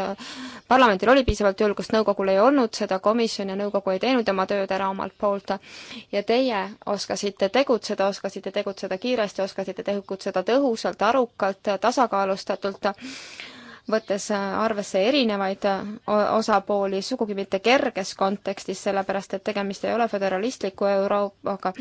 parlamendil oli piisavalt julgust, nõukogul ei olnud seda, komisjon ja nõukogu ei teinud oma tööd ära omalt poolt. ja teie oskasite tegutseda, oskasite tegutseda kiiresti, oskasite tegutseda tõhusalt, arukalt, tasakaalustatult võttes arvesse erinevaid äh, osapooli, sugugi mitte kerges kontekstis, sellepärast et tegemist ei ole föderalistliku Euroopaga,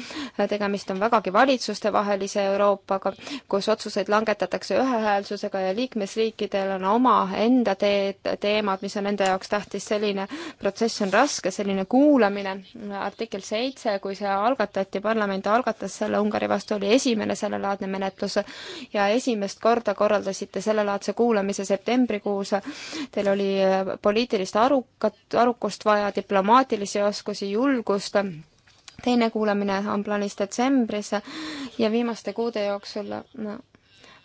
tegemist on vägagi valitsustevahelise Euroopaga, kus otsuseid langetatakse ühehäälsusega ja liikmesriikidel on omaenda teed, teemad, mis on nende jaoks tähtis, selline protsess on raske, selline kuulamine, artikkel seitse, kui see algatati, parlament algatas selle Ungari vastu, oli esimene sellelaadne menetlus ja esimest korda korraldasite sellelaadse kuulamise septembris, novembrikuus. Teil oli äh, poliitilist arukat, arukust vaja, diplomaatilisi oskusi, julgust teine kuulamine on plaanis detsembris ja viimaste kuude jooksul no,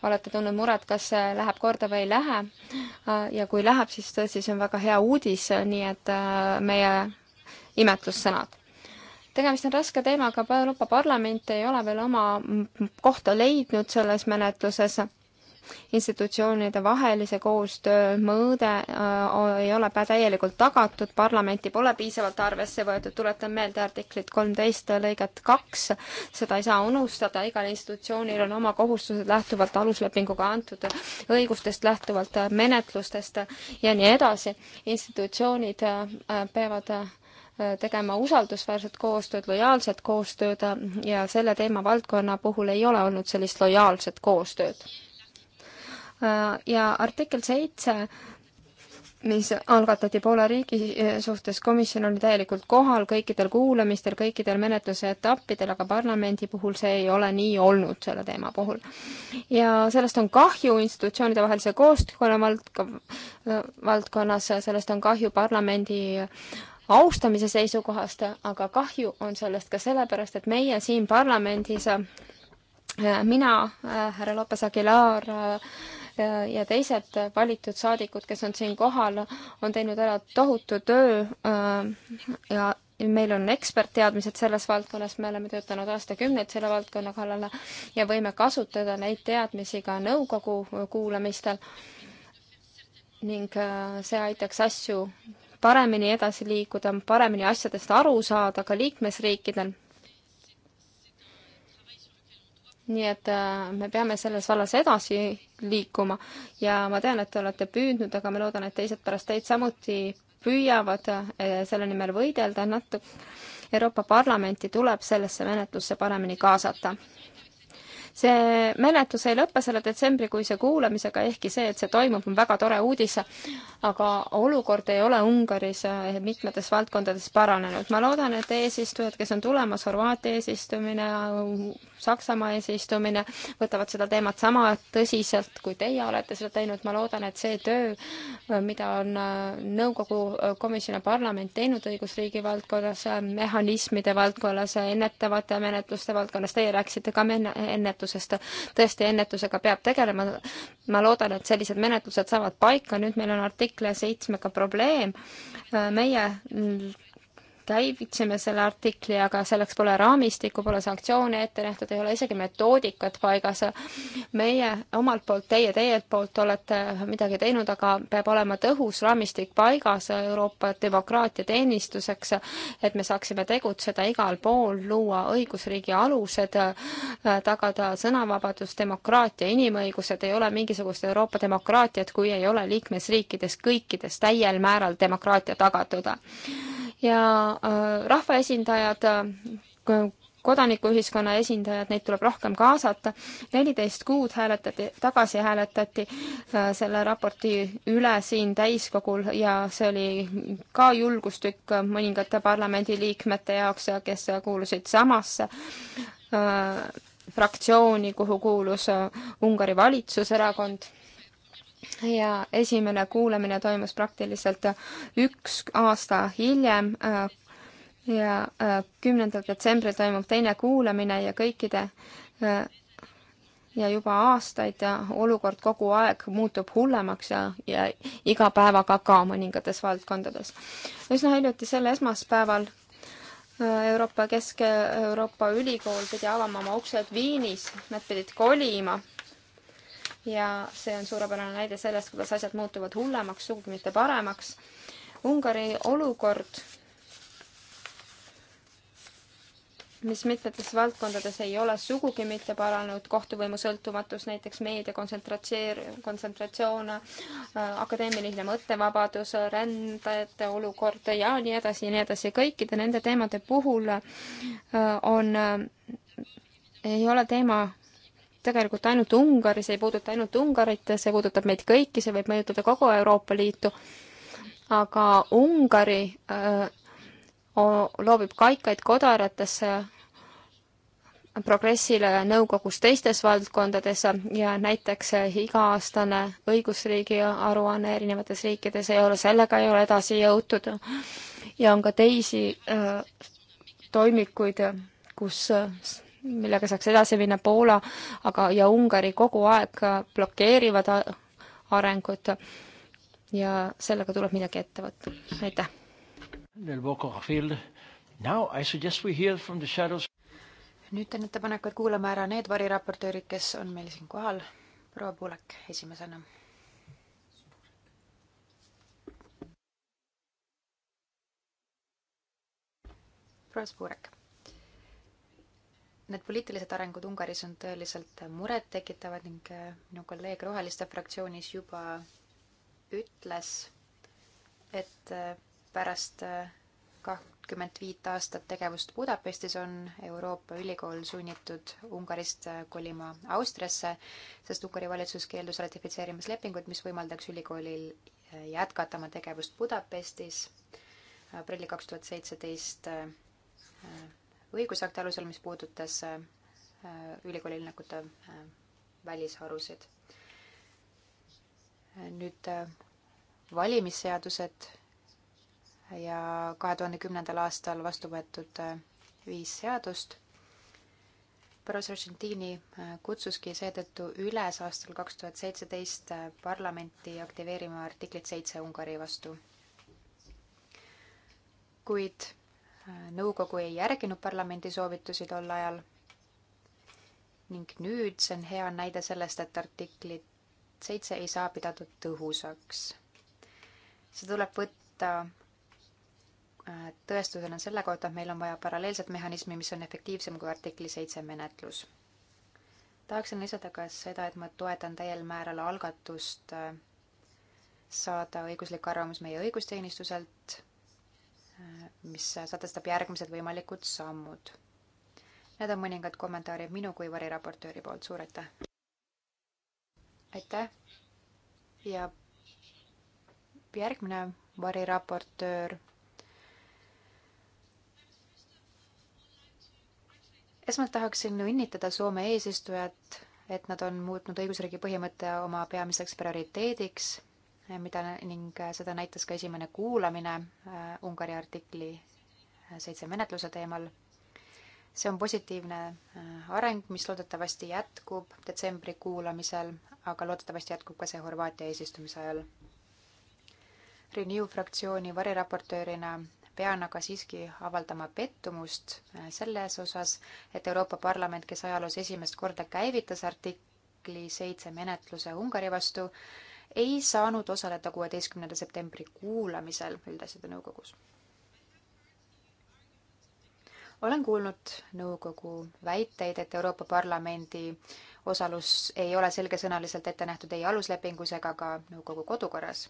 olete tundnud muret, kas see läheb korda või ei lähe. Äh, ja kui läheb, siis, siis on väga hea uudis, nii et äh, meie imetlussõnad. tegemist on raske teemaga, Euroopa Parlament ei ole veel oma kohta leidnud selles menetluses institutsioonide vahelise koostöö mõõde äh, ei ole täielikult tagatud, parlamenti pole piisavalt arvesse võetud, tuletan meelde artiklit kolmteist lõiget kaks, seda ei saa unustada, igal institutsioonil on oma kohustused lähtuvalt aluslepinguga antud õigustest, lähtuvalt menetlustest ja nii edasi. institutsioonid äh, peavad äh, tegema usaldusväärset koostööd, lojaalset koostööd ja selle teemavaldkonna puhul ei ole olnud sellist lojaalset koostööd Äh, ja artikkel seitse mis algatati Poola riigi äh, suhtes, komisjon oli täielikult kohal kõikidel kuulamistel, kõikidel menetluse etappidel, aga parlamendi puhul see ei ole nii olnud selle teema puhul. ja sellest on kahju institutsioonide vahelise koostöö valdk-, valdkonnas, sellest on kahju parlamendi austamise seisukohast, aga kahju on sellest ka sellepärast, et meie siin parlamendis, äh, mina, härra Lopes Aguilar, ja teised valitud saadikud, kes on siin kohal, on teinud ära tohutu töö äh, ja meil on ekspertteadmised selles valdkonnas, me oleme töötanud aastakümneid selle valdkonna kallale ja võime kasutada neid teadmisi ka nõukogu kuulamistel. ning äh, see aitaks asju paremini edasi liikuda, paremini asjadest aru saada ka liikmesriikidel nii et äh, me peame selles vallas edasi liikuma ja ma tean, et te olete püüdnud, aga ma loodan, et teised pärast teid samuti püüavad äh, selle nimel võidelda, natuke Euroopa Parlamenti tuleb sellesse menetlusse paremini kaasata. see menetlus ei lõpe selle detsembrikuise kuulamisega, ehkki see, et see toimub, on väga tore uudis, aga olukord ei ole Ungaris äh, mitmetes valdkondades paranenud. ma loodan, et eesistujad, kes on tulemas, Horvaatia eesistumine, Saksamaa eesistumine võtavad seda teemat sama tõsiselt, kui teie olete seda teinud. ma loodan, et see töö, mida on äh, nõukogu äh, komisjon ja parlament teinud õigusriigi valdkonnas, äh, mehhanismide valdkonnas, ennetavate menetluste valdkonnas, teie rääkisite ka ennetusest, tõesti, ennetusega peab tegelema. ma loodan, et sellised menetlused saavad paika, nüüd meil on artikli seitsmega probleem. meie käivitsime selle artikli, aga selleks pole raamistikku, pole sanktsioone ette nähtud, ei ole isegi metoodikat paigas. meie omalt poolt, teie teilt poolt olete midagi teinud, aga peab olema tõhus raamistik paigas Euroopa demokraatia teenistuseks, et me saaksime tegutseda igal pool, luua õigusriigi alused, tagada sõnavabadus, demokraatia, inimõigused, ei ole mingisugust Euroopa demokraatiat, kui ei ole liikmesriikides kõikides täiel määral demokraatia tagatud ja äh, rahvaesindajad, äh, kodanikuühiskonna esindajad, neid tuleb rohkem kaasata. neliteist kuud hääletati, tagasi hääletati äh, selle raporti üle siin täiskogul ja see oli ka julgustükk mõningate parlamendiliikmete jaoks, kes kuulusid samasse fraktsiooni, kuhu kuulus Ungari valitsuserakond ja esimene kuulamine toimus praktiliselt üks aasta hiljem äh, ja äh, kümnendal detsembril toimub teine kuulamine ja kõikide äh, ja juba aastaid ja olukord kogu aeg muutub hullemaks ja, ja iga päevaga ka mõningates valdkondades. üsna hiljuti sel esmaspäeval Euroopa Kesk-Euroopa Ülikool pidi avama oma uksed Viinis, nad pidid kolima ja see on suurepärane näide sellest, kuidas asjad muutuvad hullemaks, sugugi mitte paremaks. Ungari olukord, mis mitmetes valdkondades ei ole sugugi mitte paranenud, kohtuvõimu sõltumatus, näiteks meedia kontsentratsioon, kontsentratsioon, äh, akadeemiline mõttevabadus, rändajate olukord ja nii edasi ja nii edasi, kõikide nende teemade puhul äh, on, äh, ei ole teema tegelikult ainult Ungari, see ei puuduta ainult Ungarit, see puudutab meid kõiki, see võib mõjutada kogu Euroopa Liitu, aga Ungari öö, loobib kaikaid kodaratesse progressile nõukogus teistes valdkondades ja näiteks iga-aastane õigusriigi aruanne erinevates riikides ei ole, sellega ei ole edasi jõutud. ja on ka teisi äh, toimikuid, kus äh, millega saaks edasi minna Poola, aga, ja Ungari kogu aeg blokeerivad arengut ja sellega tuleb midagi ette võtta, aitäh. nüüd teen ettepaneku, et kuulame ära need variraportöörid, kes on meil siin kohal. proua Puulek esimesena Prasburek. Need poliitilised arengud Ungaris on tõeliselt murettekitavad ning äh, minu kolleeg Roheliste fraktsioonis juba ütles, et äh, pärast äh, kakskümmend viit aastat tegevust Budapestis on Euroopa ülikool sunnitud Ungarist kolima Austriasse, sest Ungari valitsus keeldus ratifitseerimas lepingut, mis võimaldaks ülikoolil jätkata oma tegevust Budapestis. aprilli kaks tuhat seitseteist õigusakti alusel, mis puudutas äh, äh, ülikooli linnakute äh, välisharusid. nüüd valimisseadused ja kahe tuhande kümnendal aastal vastu võetud viis seadust. Pärast Argentiini kutsuski seetõttu üles aastal kaks tuhat seitseteist parlamenti aktiveerima artiklit seitse Ungari vastu. kuid nõukogu ei järginud parlamendi soovitusi tol ajal. ning nüüd see on hea näide sellest, et artiklit seitse ei saa pidada tõhusaks. see tuleb võtta äh, tõestusena selle kohta, et meil on vaja paralleelset mehhanismi, mis on efektiivsem kui artikli seitse menetlus. tahaksin lisada ka seda, et ma toetan täiel määral algatust äh, saada õiguslik arvamus meie õigusteenistuselt mis sätestab järgmised võimalikud sammud. Need on mõningad kommentaarid minu kui variraportööri poolt, suur aitäh! aitäh! ja järgmine variraportöör esmalt tahaksin õnnitleda Soome eesistujat, et nad on muutnud õigusriigi põhimõtte oma peamiseks prioriteediks Eh, mida ning eh, seda näitas ka esimene kuulamine eh, Ungari artikli seitse menetluse teemal. see on positiivne areng, mis loodetavasti jätkub detsembri kuulamisel, aga loodetavasti jätkub ka see Horvaatia eesistumise ajal. Renew fraktsiooni variraportöörina pean aga siiski avaldama pettumust selles osas, et Euroopa Parlament, kes ajaloos esimest korda käivitas artikli seitse menetluse Ungari vastu, ei saanud osaleda kuueteistkümnenda septembri kuulamisel üldasjade nõukogus. olen kuulnud nõukogu väiteid, et Euroopa Parlamendi osalus ei ole selgesõnaliselt ette nähtud ei aluslepingus ega ka nõukogu kodukorras.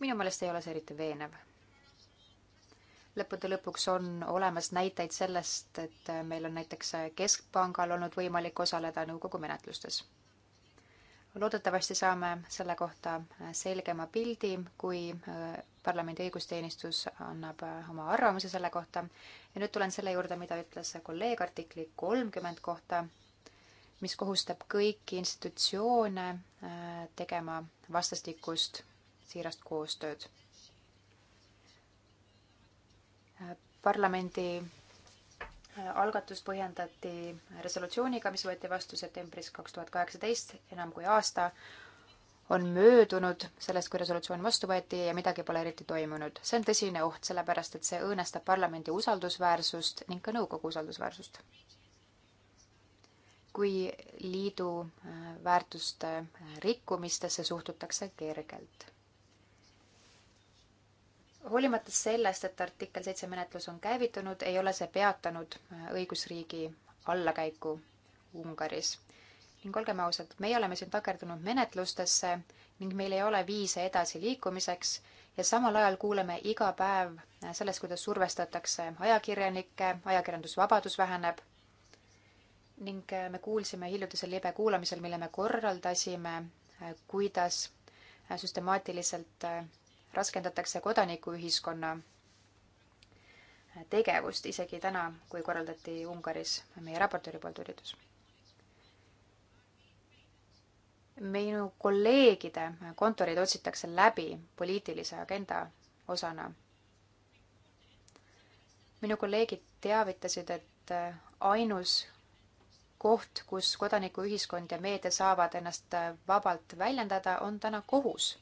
minu meelest ei ole see eriti veenev lõppude lõpuks on olemas näiteid sellest, et meil on näiteks Keskpangal olnud võimalik osaleda nõukogu menetlustes loodetavasti saame selle kohta selgema pildi, kui äh, parlamendi õigusteenistus annab äh, oma arvamuse selle kohta. ja nüüd tulen selle juurde, mida ütles kolleeg artikli kolmkümmend kohta, mis kohustab kõiki institutsioone äh, tegema vastastikust siirast koostööd. parlamendi algatust põhjendati resolutsiooniga, mis võeti vastu septembris kaks tuhat kaheksateist, enam kui aasta on möödunud sellest, kui resolutsioon vastu võeti ja midagi pole eriti toimunud. see on tõsine oht, sellepärast et see õõnestab parlamendi usaldusväärsust ning ka nõukogu usaldusväärsust. kui liidu äh, väärtuste äh, rikkumistesse suhtutakse kergelt hoolimata sellest, et artikkel seitse menetlus on käivitunud, ei ole see peatanud äh, õigusriigi allakäiku Ungaris. ning olgem ausad, meie oleme siin takerdunud menetlustesse ning meil ei ole viise edasiliikumiseks ja samal ajal kuuleme iga päev äh, sellest, kuidas survestatakse ajakirjanikke, ajakirjandusvabadus väheneb. ning äh, me kuulsime hiljutisel libe kuulamisel, mille me korraldasime, kuidas süstemaatiliselt raskendatakse kodanikuühiskonna tegevust isegi täna, kui korraldati Ungaris meie raportööri poolt üritus. minu kolleegide kontorid otsitakse läbi poliitilise agenda osana. minu kolleegid teavitasid, et ainus koht, kus kodanikuühiskond ja meedia saavad ennast vabalt väljendada, on täna kohus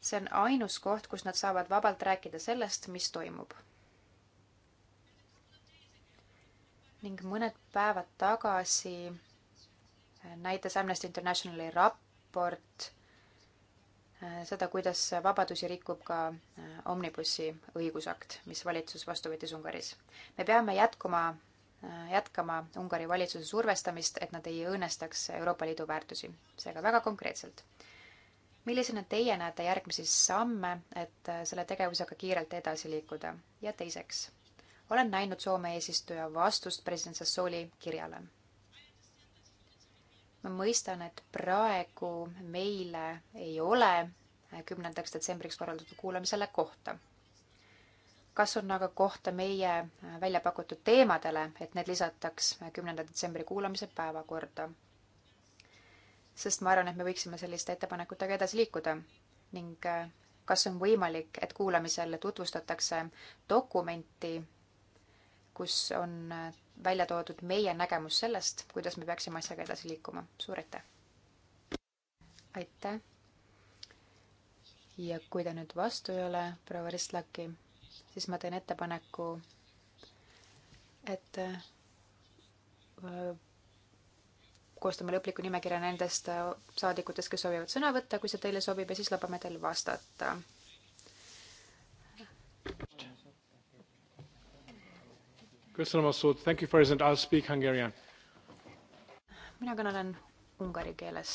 see on ainus koht, kus nad saavad vabalt rääkida sellest, mis toimub. ning mõned päevad tagasi äh, näitas Amnesty Internationali raport äh, seda, kuidas vabadusi rikub ka äh, omnibussi õigusakt, mis valitsus vastu võttis Ungaris. me peame jätkuma, jätkama Ungari valitsuse survestamist, et nad ei õõnestaks Euroopa Liidu väärtusi, seega väga konkreetselt millisena teie näete järgmisi samme, et äh, selle tegevusega kiirelt edasi liikuda? ja teiseks, olen näinud Soome eesistuja vastust president Sassoli kirjale. ma mõistan, et praegu meile ei ole äh, kümnendaks detsembriks korraldatud kuulamisele kohta. kas on aga kohta meie äh, välja pakutud teemadele, et need lisataks kümnenda detsembri kuulamise päevakorda? sest ma arvan, et me võiksime selliste ettepanekutega edasi liikuda ning äh, kas on võimalik, et kuulamisel tutvustatakse dokumenti, kus on äh, välja toodud meie nägemus sellest, kuidas me peaksime asjaga edasi liikuma. suur aitäh! aitäh! ja kui te nüüd vastu ei ole, proua Ristlaki, siis ma teen ettepaneku, et äh, koostame lõpliku nimekirja nendest äh, saadikutest, kes soovivad sõna võtta, kui see teile sobib ja siis lubame teil vastata. mina kõnelen ungari keeles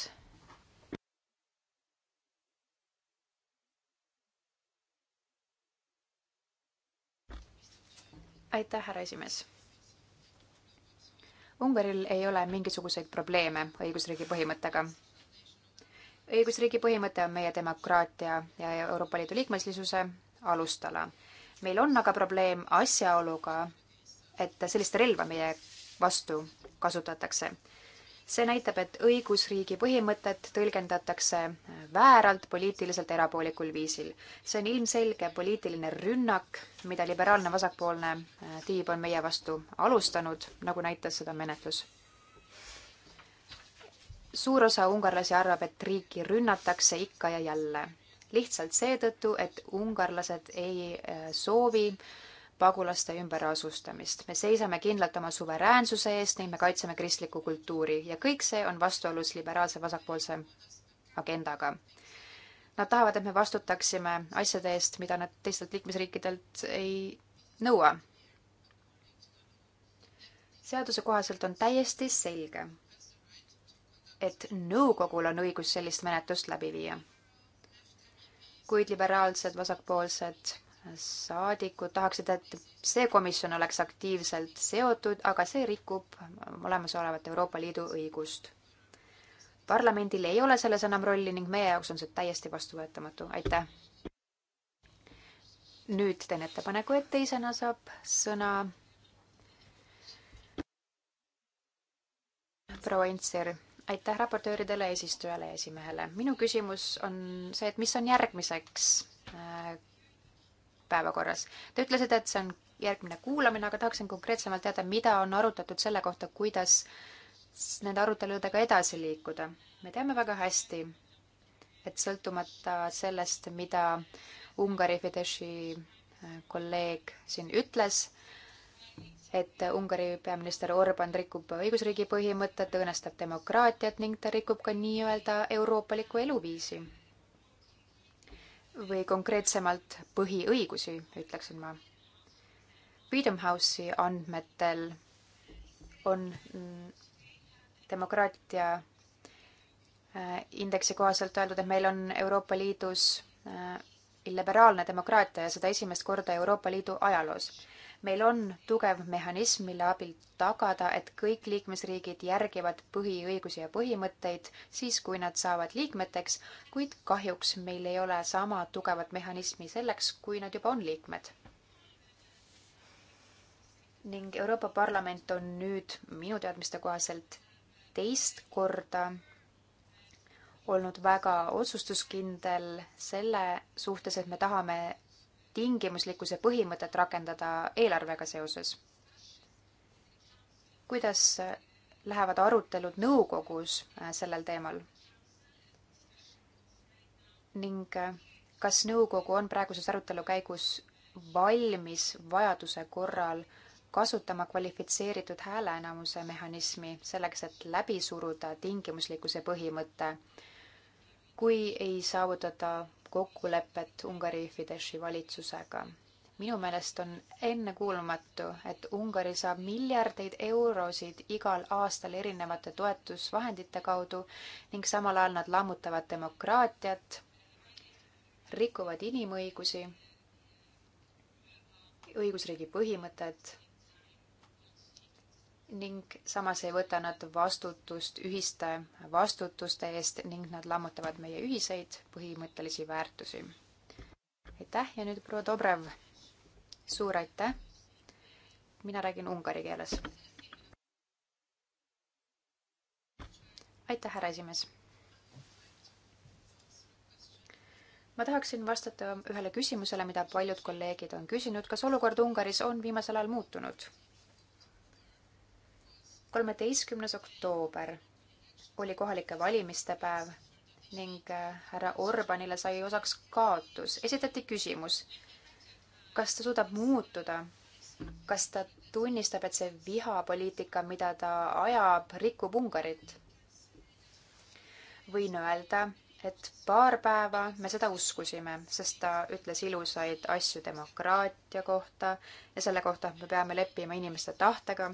aitäh, härra esimees. Ungaril ei ole mingisuguseid probleeme õigusriigi põhimõttega. õigusriigi põhimõte on meie demokraatia ja Euroopa Liidu liikmeslisuse alustala. meil on aga probleem asjaoluga, et sellist relva, mille vastu kasutatakse see näitab, et õigusriigi põhimõtet tõlgendatakse vääralt, poliitiliselt erapoolikul viisil. see on ilmselge poliitiline rünnak, mida liberaalne vasakpoolne äh, tiib on meie vastu alustanud, nagu näitas seda menetlus. suur osa ungarlasi arvab, et riiki rünnatakse ikka ja jälle, lihtsalt seetõttu, et ungarlased ei äh, soovi äh, pagulaste ümberasustamist. me seisame kindlalt oma suveräänsuse eest ning me kaitseme kristlikku kultuuri ja kõik see on vastuolus liberaalse vasakpoolse agendaga. Nad tahavad, et me vastutaksime asjade eest, mida nad teistelt liikmesriikidelt ei nõua. seaduse kohaselt on täiesti selge, et nõukogul on õigus sellist menetlust läbi viia kuid liberaalsed vasakpoolsed saadikud tahaksid, et see komisjon oleks aktiivselt seotud, aga see rikub olemasolevat Euroopa Liidu õigust. parlamendil ei ole selles enam rolli ning meie jaoks on see täiesti vastuvõetamatu, aitäh. nüüd teen ettepaneku, et teisena saab sõna proua Intser aitäh raportööridele, eesistujale ja esimehele. minu küsimus on see, et mis on järgmiseks päevakorras. Te ütlesite, et see on järgmine kuulamine, aga tahaksin konkreetsemalt teada, mida on arutatud selle kohta, kuidas nende aruteludega edasi liikuda. me teame väga hästi, et sõltumata sellest, mida Ungari Fideszi äh, kolleeg siin ütles, et Ungari peaminister Orban rikub õigusriigi põhimõtet, õõnestab demokraatiat ning ta rikub ka nii-öelda euroopalikku eluviisi või konkreetsemalt põhiõigusi, ütleksin ma. Freedom House'i andmetel on mm, demokraatia äh, indeksi kohaselt öeldud, et meil on Euroopa Liidus äh, liberaalne demokraatia ja seda esimest korda Euroopa Liidu ajaloos meil on tugev mehhanism, mille abil tagada, et kõik liikmesriigid järgivad põhiõigusi ja põhimõtteid siis, kui nad saavad liikmeteks, kuid kahjuks meil ei ole sama tugevat mehhanismi selleks, kui nad juba on liikmed ning Euroopa Parlament on nüüd minu teadmiste kohaselt teist korda olnud väga otsustuskindel selle suhtes, et me tahame tingimuslikkuse põhimõtet rakendada eelarvega seoses? kuidas lähevad arutelud nõukogus äh, sellel teemal? ning äh, kas nõukogu on praeguses arutelu käigus valmis vajaduse korral kasutama kvalifitseeritud hääleenamuse mehhanismi selleks, et läbi suruda tingimuslikkuse põhimõte, kui ei saavutata kokkulepet Ungari Fideszi valitsusega. minu meelest on ennekuulmatu, et Ungari saab miljardeid eurosid igal aastal erinevate toetusvahendite kaudu ning samal ajal nad lammutavad demokraatiat, rikuvad inimõigusi, õigusriigi põhimõtet ning samas ei võta nad vastutust ühiste vastutuste eest ning nad lammutavad meie ühiseid põhimõttelisi väärtusi. aitäh ja nüüd proua Dobrev, suur aitäh. mina räägin ungari keeles. aitäh, härra esimees. ma tahaksin vastata ühele küsimusele, mida paljud kolleegid on küsinud, kas olukord Ungaris on viimasel ajal muutunud kolmeteistkümnes oktoober oli kohalike valimiste päev ning äh, härra Orbanile sai osaks kaotus. esitati küsimus, kas ta suudab muutuda, kas ta tunnistab, et see vihapoliitika, mida ta ajab, rikub Ungarit. võin öelda, et paar päeva me seda uskusime, sest ta ütles ilusaid asju demokraatia kohta ja selle kohta, et me peame leppima inimeste tahtega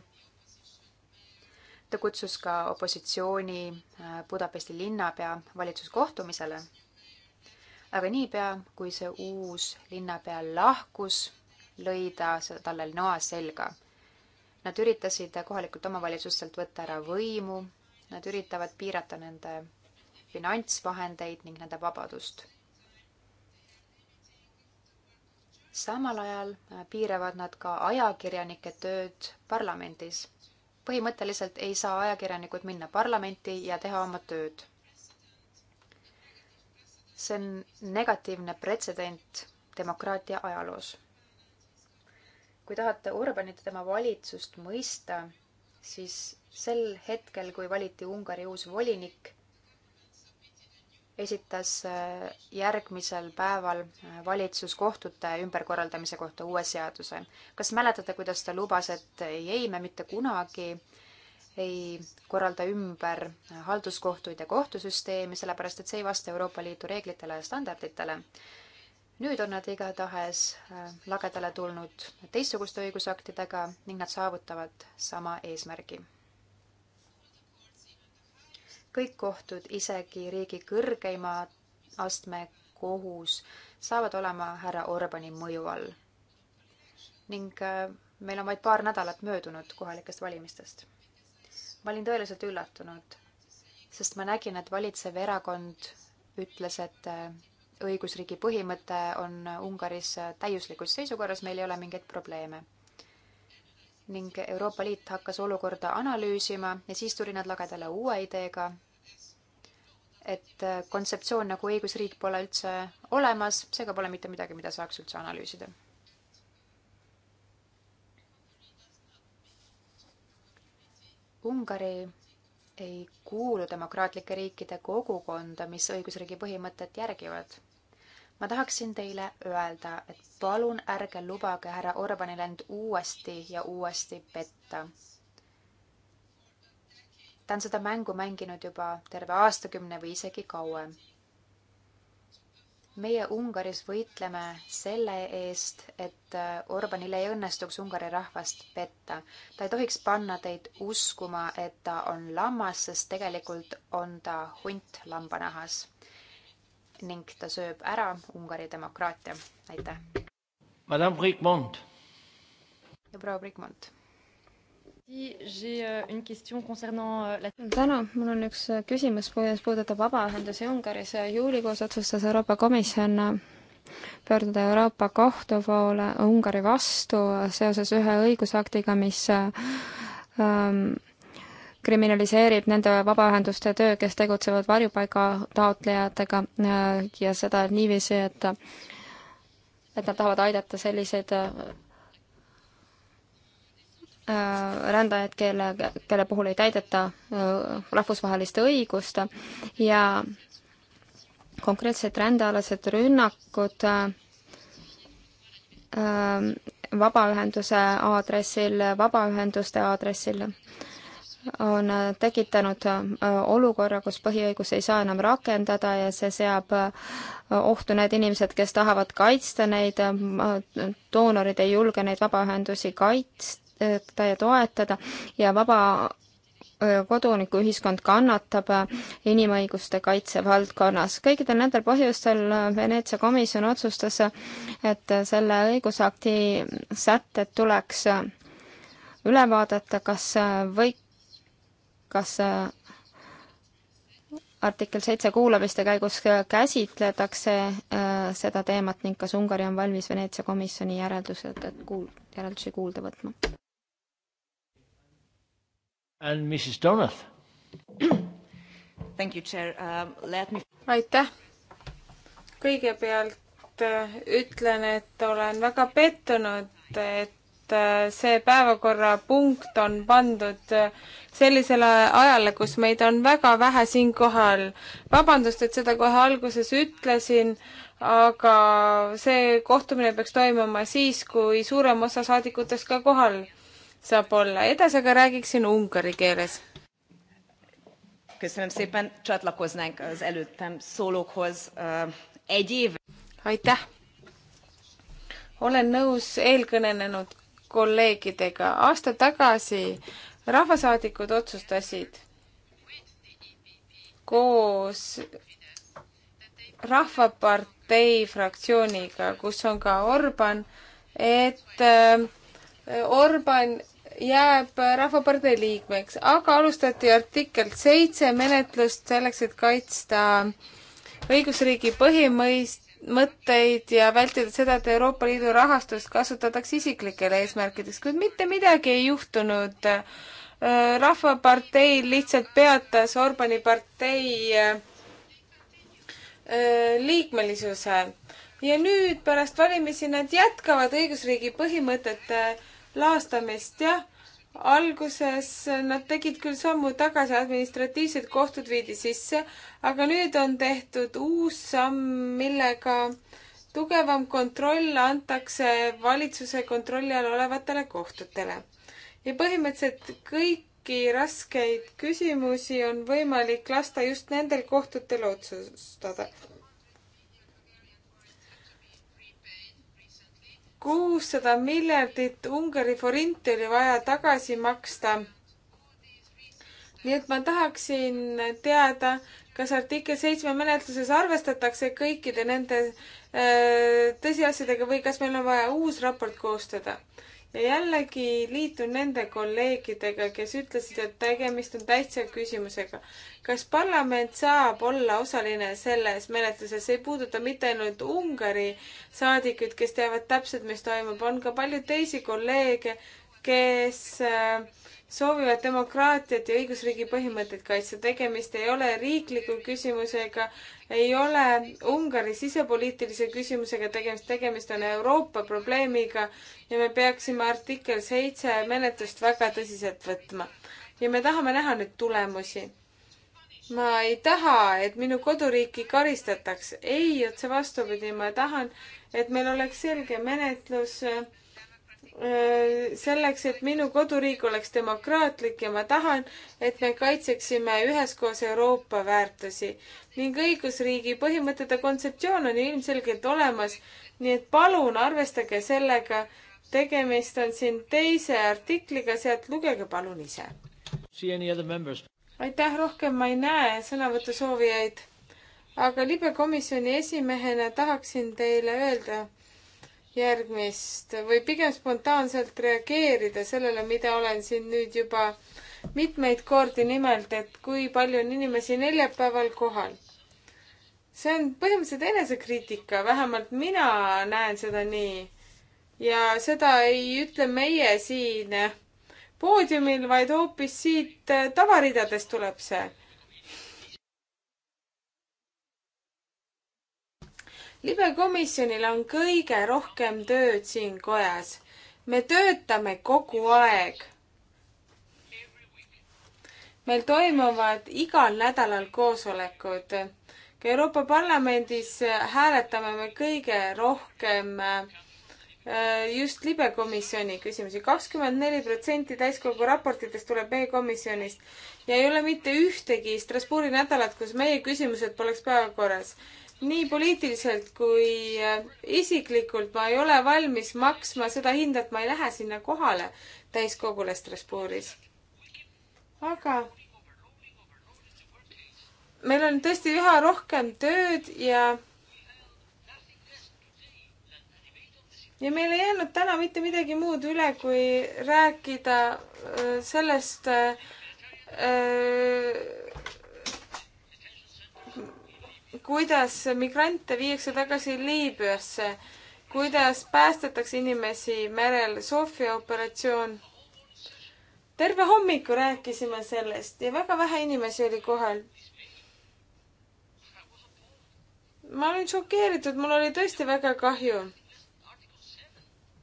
ta kutsus ka opositsiooni äh, Budapesti linnapea valitsuskohtumisele. aga niipea, kui see uus linnapea lahkus, lõi ta talle noa selga. Nad üritasid kohalikult omavalitsustelt võtta ära võimu, nad üritavad piirata nende finantsvahendeid ning nende vabadust. samal ajal äh, piiravad nad ka ajakirjanike tööd parlamendis põhimõtteliselt ei saa ajakirjanikud minna parlamenti ja teha oma tööd. see on negatiivne pretsedent demokraatia ajaloos. kui tahate Orbanit ja tema valitsust mõista, siis sel hetkel, kui valiti Ungari uus volinik, esitas äh, järgmisel päeval äh, valitsus kohtute ümberkorraldamise kohta uue seaduse. kas mäletate, kuidas ta lubas, et ei, ei, me mitte kunagi ei korralda ümber äh, halduskohtuid ja kohtusüsteemi, sellepärast et see ei vasta Euroopa Liidu reeglitele ja standarditele. nüüd on nad igatahes lagedale tulnud teistsuguste õigusaktidega ning nad saavutavad sama eesmärgi kõik kohtud, isegi riigi kõrgeima astme kohus, saavad olema härra Orbani mõju all. ning äh, meil on vaid paar nädalat möödunud kohalikest valimistest. ma olin tõeliselt üllatunud, sest ma nägin, et valitsev erakond ütles, et äh, õigusriigi põhimõte on Ungaris äh, täiuslikus seisukorras, meil ei ole mingeid probleeme ning Euroopa Liit hakkas olukorda analüüsima ja siis tuli nad lagedale uue ideega, et kontseptsioon nagu õigusriik pole üldse olemas, seega pole mitte midagi, mida saaks üldse analüüsida. Ungari ei kuulu demokraatlike riikide kogukonda, mis õigusriigi põhimõtet järgivad ma tahaksin teile öelda, et palun ärge lubage härra Orbanil end uuesti ja uuesti petta. ta on seda mängu mänginud juba terve aastakümne või isegi kauem. meie Ungaris võitleme selle eest, et Orbanil ei õnnestuks Ungari rahvast petta. ta ei tohiks panna teid uskuma, et ta on lammas, sest tegelikult on ta hunt lambanahas ning ta sööb ära Ungari demokraatia. aitäh. Madame Brigmont. ja proua Brigmont. Euh, euh, tänu, mul on üks äh, küsimus, mis puudutab vabaühendusi Ungaris. juulikuus otsustas Euroopa Komisjon äh, pöörduda Euroopa Kohtu poole Ungari vastu seoses ühe õigusaktiga, mis äh, ähm, kriminaliseerib nende vabaühenduste töö, kes tegutsevad varjupaiga taotlejatega äh, ja seda niiviisi, et et nad tahavad aidata selliseid äh, äh, rändajaid, kelle, kelle puhul ei täideta rahvusvahelist õigust ja konkreetsed rändealased rünnakud vabaühenduse aadressil, vabaühenduste aadressil on äh, tekitanud äh, olukorra, kus põhiõigusi ei saa enam rakendada ja see seab äh, ohtu need inimesed, kes tahavad kaitsta neid, doonorid ei julge neid vabaühendusi kaitsta ja toetada ja vaba kodanikuühiskond kannatab inimõiguste kaitse valdkonnas. kõikidel nendel põhjustel Veneetsia komisjon otsustas, et selle õigusakti sätted tuleks üle vaadata, kas võik-, kas äh, artikkel seitse kuulamiste käigus äh, käsitletakse äh, seda teemat ning kas Ungari on valmis Veneetsia komisjoni järeldused, et kuul-, järeldusi kuulda võtma? And Mrs Donath. Thank you, chair um,. Let me. aitäh. kõigepealt ütlen, et olen väga pettunud, et Äh, see päevakorrapunkt on pandud äh, sellisele ajale, kus meid on väga vähe siinkohal. vabandust, et seda kohe alguses ütlesin, aga see kohtumine peaks toimuma siis, kui suurem osa saadikutest ka kohal saab olla. edasi aga räägiksin ungari keeles. aitäh! olen nõus eelkõnelenud kolleegidega. aasta tagasi rahvasaadikud otsustasid koos Rahvapartei fraktsiooniga, kus on ka Orban, et äh, Orban jääb Rahvapartei liikmeks, aga alustati artikkel seitse menetlust selleks, et kaitsta õigusriigi põhimõist-, mõtteid ja vältida seda, et Euroopa Liidu rahastust kasutatakse isiklikel eesmärkideks, kuid mitte midagi ei juhtunud. rahvapartei lihtsalt peatas Orbani partei äh, liikmelisuse ja nüüd pärast valimisi nad jätkavad õigusriigi põhimõtete laastamist, jah alguses nad tegid küll sammu tagasi, administratiivsed kohtud viidi sisse, aga nüüd on tehtud uus samm, millega tugevam kontroll antakse valitsuse kontrolli all olevatele kohtutele. ja põhimõtteliselt kõiki raskeid küsimusi on võimalik lasta just nendel kohtutel otsustada kuussada miljardit Ungari forinti oli vaja tagasi maksta. nii et ma tahaksin teada, kas artikkel seitsme menetluses arvestatakse kõikide nende äh, tõsiasjadega või kas meil on vaja uus raport koostada ja jällegi liitun nende kolleegidega, kes ütlesid, et tegemist on täitsa küsimusega. kas parlament saab olla osaline selles menetluses, ei puuduta mitte ainult Ungari saadikuid, kes teavad täpselt, mis toimub, on ka palju teisi kolleege, kes äh, soovivad demokraatiat ja õigusriigi põhimõtteid kaitsta. tegemist ei ole riikliku küsimusega, ei ole Ungari sisepoliitilise küsimusega tegemist, tegemist on Euroopa probleemiga ja me peaksime artikkel seitse menetlust väga tõsiselt võtma. ja me tahame näha nüüd tulemusi. ma ei taha, et minu koduriiki karistataks. ei, otse vastupidi, ma tahan, et meil oleks selge menetlus äh, Äh, selleks, et minu koduriik oleks demokraatlik ja ma tahan, et me kaitseksime üheskoos Euroopa väärtusi ning õigusriigi põhimõtete kontseptsioon on ju ilmselgelt olemas, nii et palun arvestage sellega, tegemist on siin teise artikliga, sealt lugege palun ise. aitäh, rohkem ma ei näe sõnavõtusoovijaid, aga libekomisjoni esimehena tahaksin teile öelda järgmist või pigem spontaanselt reageerida sellele, mida olen siin nüüd juba mitmeid kordi nimelt, et kui palju on inimesi neljapäeval kohal. see on põhimõtteliselt enesekriitika, vähemalt mina näen seda nii. ja seda ei ütle meie siin poodiumil, vaid hoopis siit tavaridadest tuleb see libekomisjonil on kõige rohkem tööd siin kojas. me töötame kogu aeg. meil toimuvad igal nädalal koosolekud. ka Euroopa Parlamendis hääletame me kõige rohkem äh, just libekomisjoni küsimusi. kakskümmend neli protsenti täiskogu raportitest tuleb meie komisjonist ja ei ole mitte ühtegi Strasbourgi nädalat, kus meie küsimused poleks päevakorras nii poliitiliselt kui äh, isiklikult ma ei ole valmis maksma seda hinda, et ma ei lähe sinna kohale täiskogule Strasbourgis. aga meil on tõesti üha rohkem tööd ja ja meil ei jäänud täna mitte midagi muud üle, kui rääkida äh, sellest äh, äh kuidas migrante viiakse tagasi Liibüasse, kuidas päästetakse inimesi merel, Sofia operatsioon. terve hommiku rääkisime sellest ja väga vähe inimesi oli kohal. ma olin šokeeritud, mul oli tõesti väga kahju.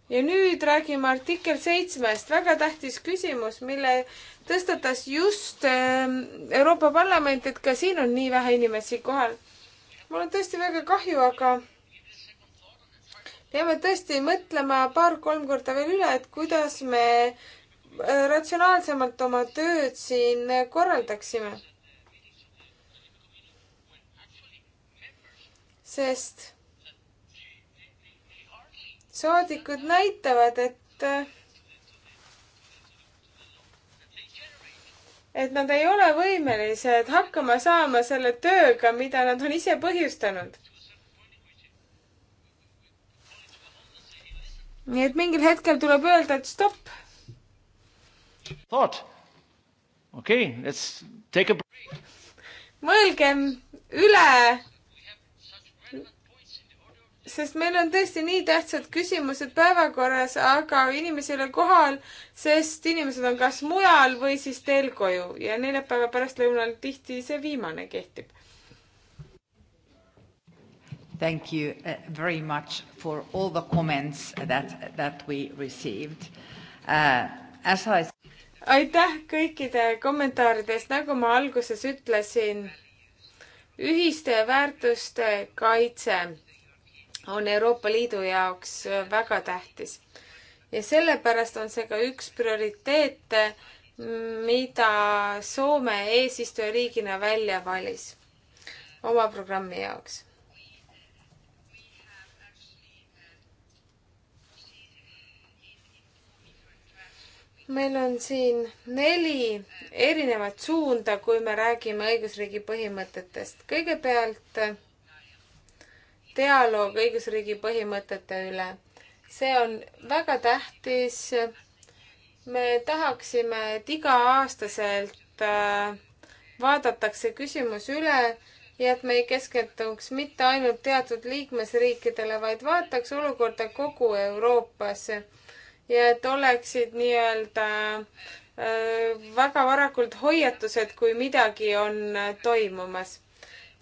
ja nüüd räägime artikkel seitsmest, väga tähtis küsimus, mille tõstatas just ehm, Euroopa Parlament, et ka siin on nii vähe inimesi kohal mul on tõesti väga kahju, aga peame tõesti mõtlema paar-kolm korda veel üle, et kuidas me äh, ratsionaalsemalt oma tööd siin korraldaksime. sest saadikud näitavad, et äh, et nad ei ole võimelised hakkama saama selle tööga, mida nad on ise põhjustanud. nii et mingil hetkel tuleb öelda, et stopp. Thought. okei okay,, let's take a. mõelgem üle sest meil on tõesti nii tähtsad küsimused päevakorras, aga inimesi ei ole kohal, sest inimesed on kas mujal või siis teel koju ja neljapäeva pärastlõunal tihti see viimane kehtib. Thank you uh, very much for all the comments that, that we received uh,. As I aitäh kõikide kommentaaride eest, nagu ma alguses ütlesin, ühiste väärtuste kaitse on Euroopa Liidu jaoks väga tähtis. ja sellepärast on see ka üks prioriteete, mida Soome eesistujariigina välja valis oma programmi jaoks meil on siin neli erinevat suunda, kui me räägime õigusriigi põhimõtetest. kõigepealt dialoog õigusriigi põhimõtete üle. see on väga tähtis. me tahaksime, et iga-aastaselt äh, vaadatakse küsimus üle ja et me ei keskenduks mitte ainult teatud liikmesriikidele, vaid vaataks olukorda kogu Euroopas ja et oleksid nii-öelda äh, väga varakult hoiatused, kui midagi on äh, toimumas.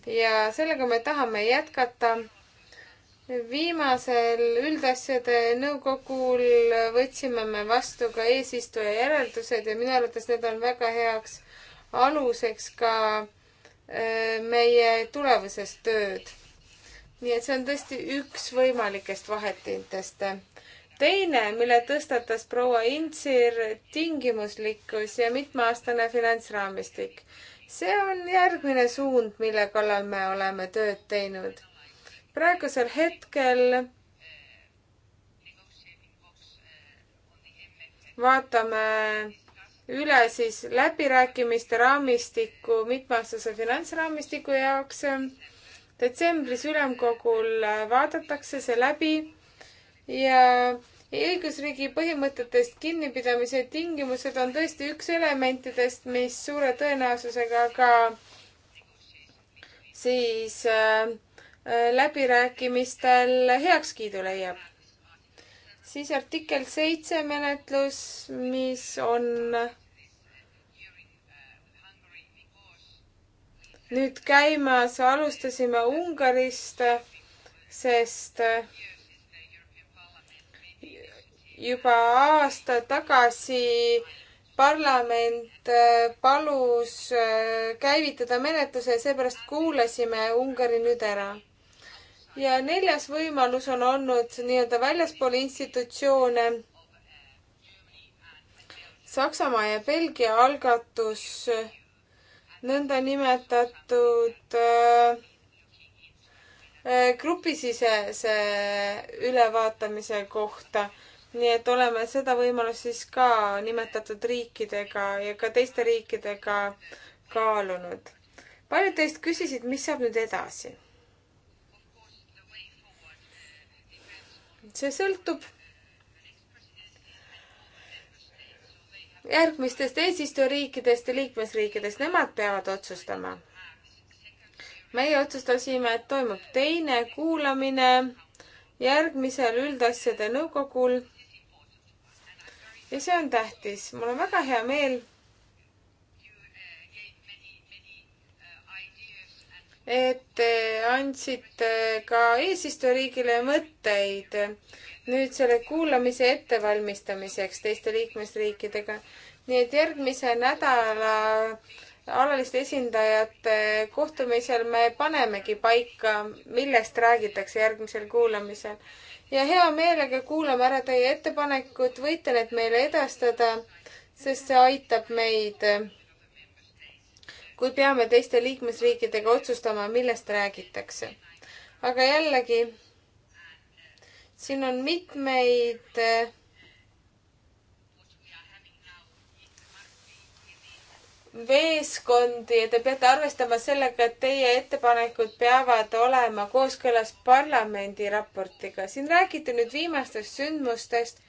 ja sellega me tahame jätkata viimasel üldasjade nõukogul võtsime me vastu ka eesistuja järeldused ja minu arvates need on väga heaks aluseks ka äh, meie tulevases tööd. nii et see on tõesti üks võimalikest vahetintest. teine, mille tõstatas proua Intsir, tingimuslikkus ja mitmeaastane finantsraamistik. see on järgmine suund, mille kallal me oleme tööd teinud praegusel hetkel vaatame üle siis läbirääkimiste raamistiku mitmeaastase finantsraamistiku jaoks. detsembris ülemkogul vaadatakse see läbi ja õigusriigi põhimõtetest kinnipidamise tingimused on tõesti üks elementidest, mis suure tõenäosusega ka siis äh, Äh, läbirääkimistel heakskiidu leiab. siis artikkel seitse menetlus, mis on nüüd käimas, alustasime Ungarist, sest juba aasta tagasi parlament äh, palus äh, käivitada menetluse ja seepärast kuulasime Ungari nüüd ära ja neljas võimalus on olnud nii-öelda väljaspool institutsioone Saksamaa ja Belgia algatus nõndanimetatud äh, äh, grupisisese ülevaatamise kohta. nii et oleme seda võimalust siis ka nimetatud riikidega ja ka teiste riikidega kaalunud. paljud teist küsisid, mis saab nüüd edasi see sõltub järgmistest eesistujariikidest ja liikmesriikidest, nemad peavad otsustama. meie otsustasime, et toimub teine kuulamine järgmisel üldasjade nõukogul. ja see on tähtis, mul on väga hea meel et te andsite ka eesistujariigile mõtteid nüüd selle kuulamise ettevalmistamiseks teiste liikmesriikidega. nii et järgmise nädala alaliste esindajate kohtumisel me panemegi paika, millest räägitakse järgmisel kuulamisel. ja hea meelega kuulame ära teie ettepanekud, võite need meile edastada, sest see aitab meid kui peame teiste liikmesriikidega otsustama, millest räägitakse. aga jällegi, siin on mitmeid meeskondi äh, ja te peate arvestama sellega, et teie ettepanekud peavad olema kooskõlas parlamendi raportiga. siin räägiti nüüd viimastest sündmustest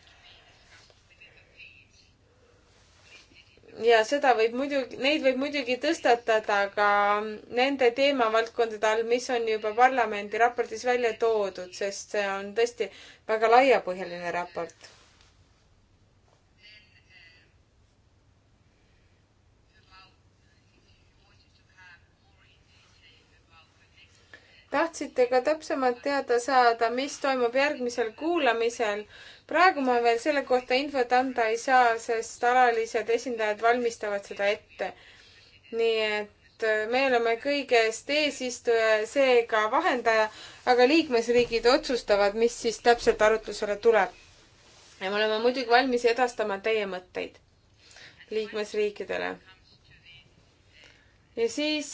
ja seda võib muidugi, neid võib muidugi tõstatada ka nende teemavaldkondade all, mis on juba parlamendi raportis välja toodud, sest see on tõesti väga laiapõhjaline raport. tahtsite ka täpsemalt teada saada, mis toimub järgmisel kuulamisel praegu ma veel selle kohta infot anda ei saa, sest alalised esindajad valmistavad seda ette. nii et äh, me oleme kõigest eesistuja ja seega vahendaja, aga liikmesriigid otsustavad, mis siis täpselt arutlusele tuleb. ja me oleme muidugi valmis edastama teie mõtteid liikmesriikidele. ja siis,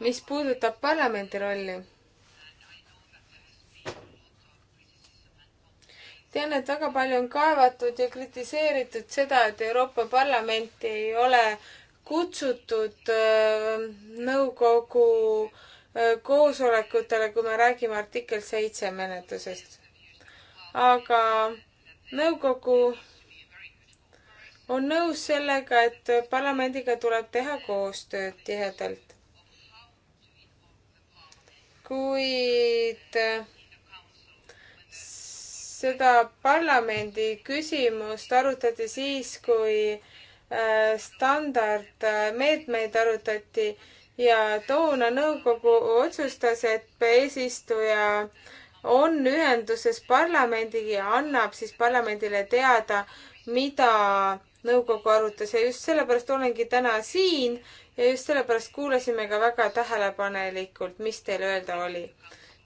mis puudutab parlamendi rolli tean, et väga palju on kaevatud ja kritiseeritud seda, et Euroopa Parlamenti ei ole kutsutud äh, nõukogu äh, koosolekutele, kui me räägime artikkel seitse menetlusest. aga nõukogu on nõus sellega, et parlamendiga tuleb teha koostööd tihedalt. kuid äh, seda parlamendi küsimust arutati siis, kui äh, standardmeetmeid arutati ja toona nõukogu otsustas, et eesistuja on ühenduses parlamendiga ja annab siis parlamendile teada, mida nõukogu arutas ja just sellepärast olengi täna siin ja just sellepärast kuulasime ka väga tähelepanelikult, mis teil öelda oli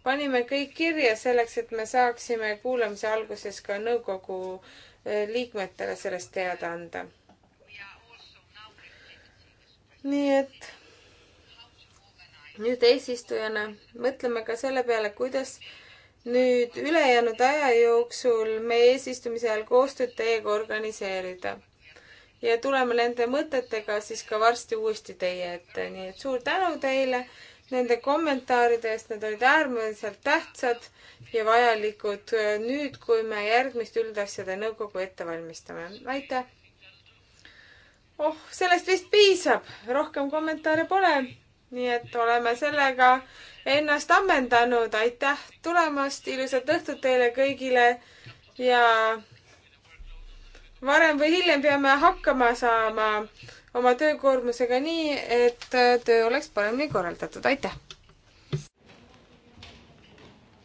panime kõik kirja selleks, et me saaksime kuulamise alguses ka nõukogu eh, liikmetele sellest teada anda. nii et nüüd eesistujana mõtleme ka selle peale, kuidas nüüd ülejäänud aja jooksul meie eesistumise ajal koostööd teiega organiseerida. ja tuleme nende mõtetega siis ka varsti uuesti teie ette, nii et suur tänu teile nende kommentaaride eest, need olid äärmiselt tähtsad ja vajalikud äh, nüüd, kui me järgmist üldasjade nõukogu ette valmistame. aitäh! oh, sellest vist piisab, rohkem kommentaare pole. nii et oleme sellega ennast ammendanud, aitäh tulemast, ilusat õhtut teile kõigile ja varem või hiljem peame hakkama saama oma töökoormusega nii, et töö oleks paremini korraldatud, aitäh!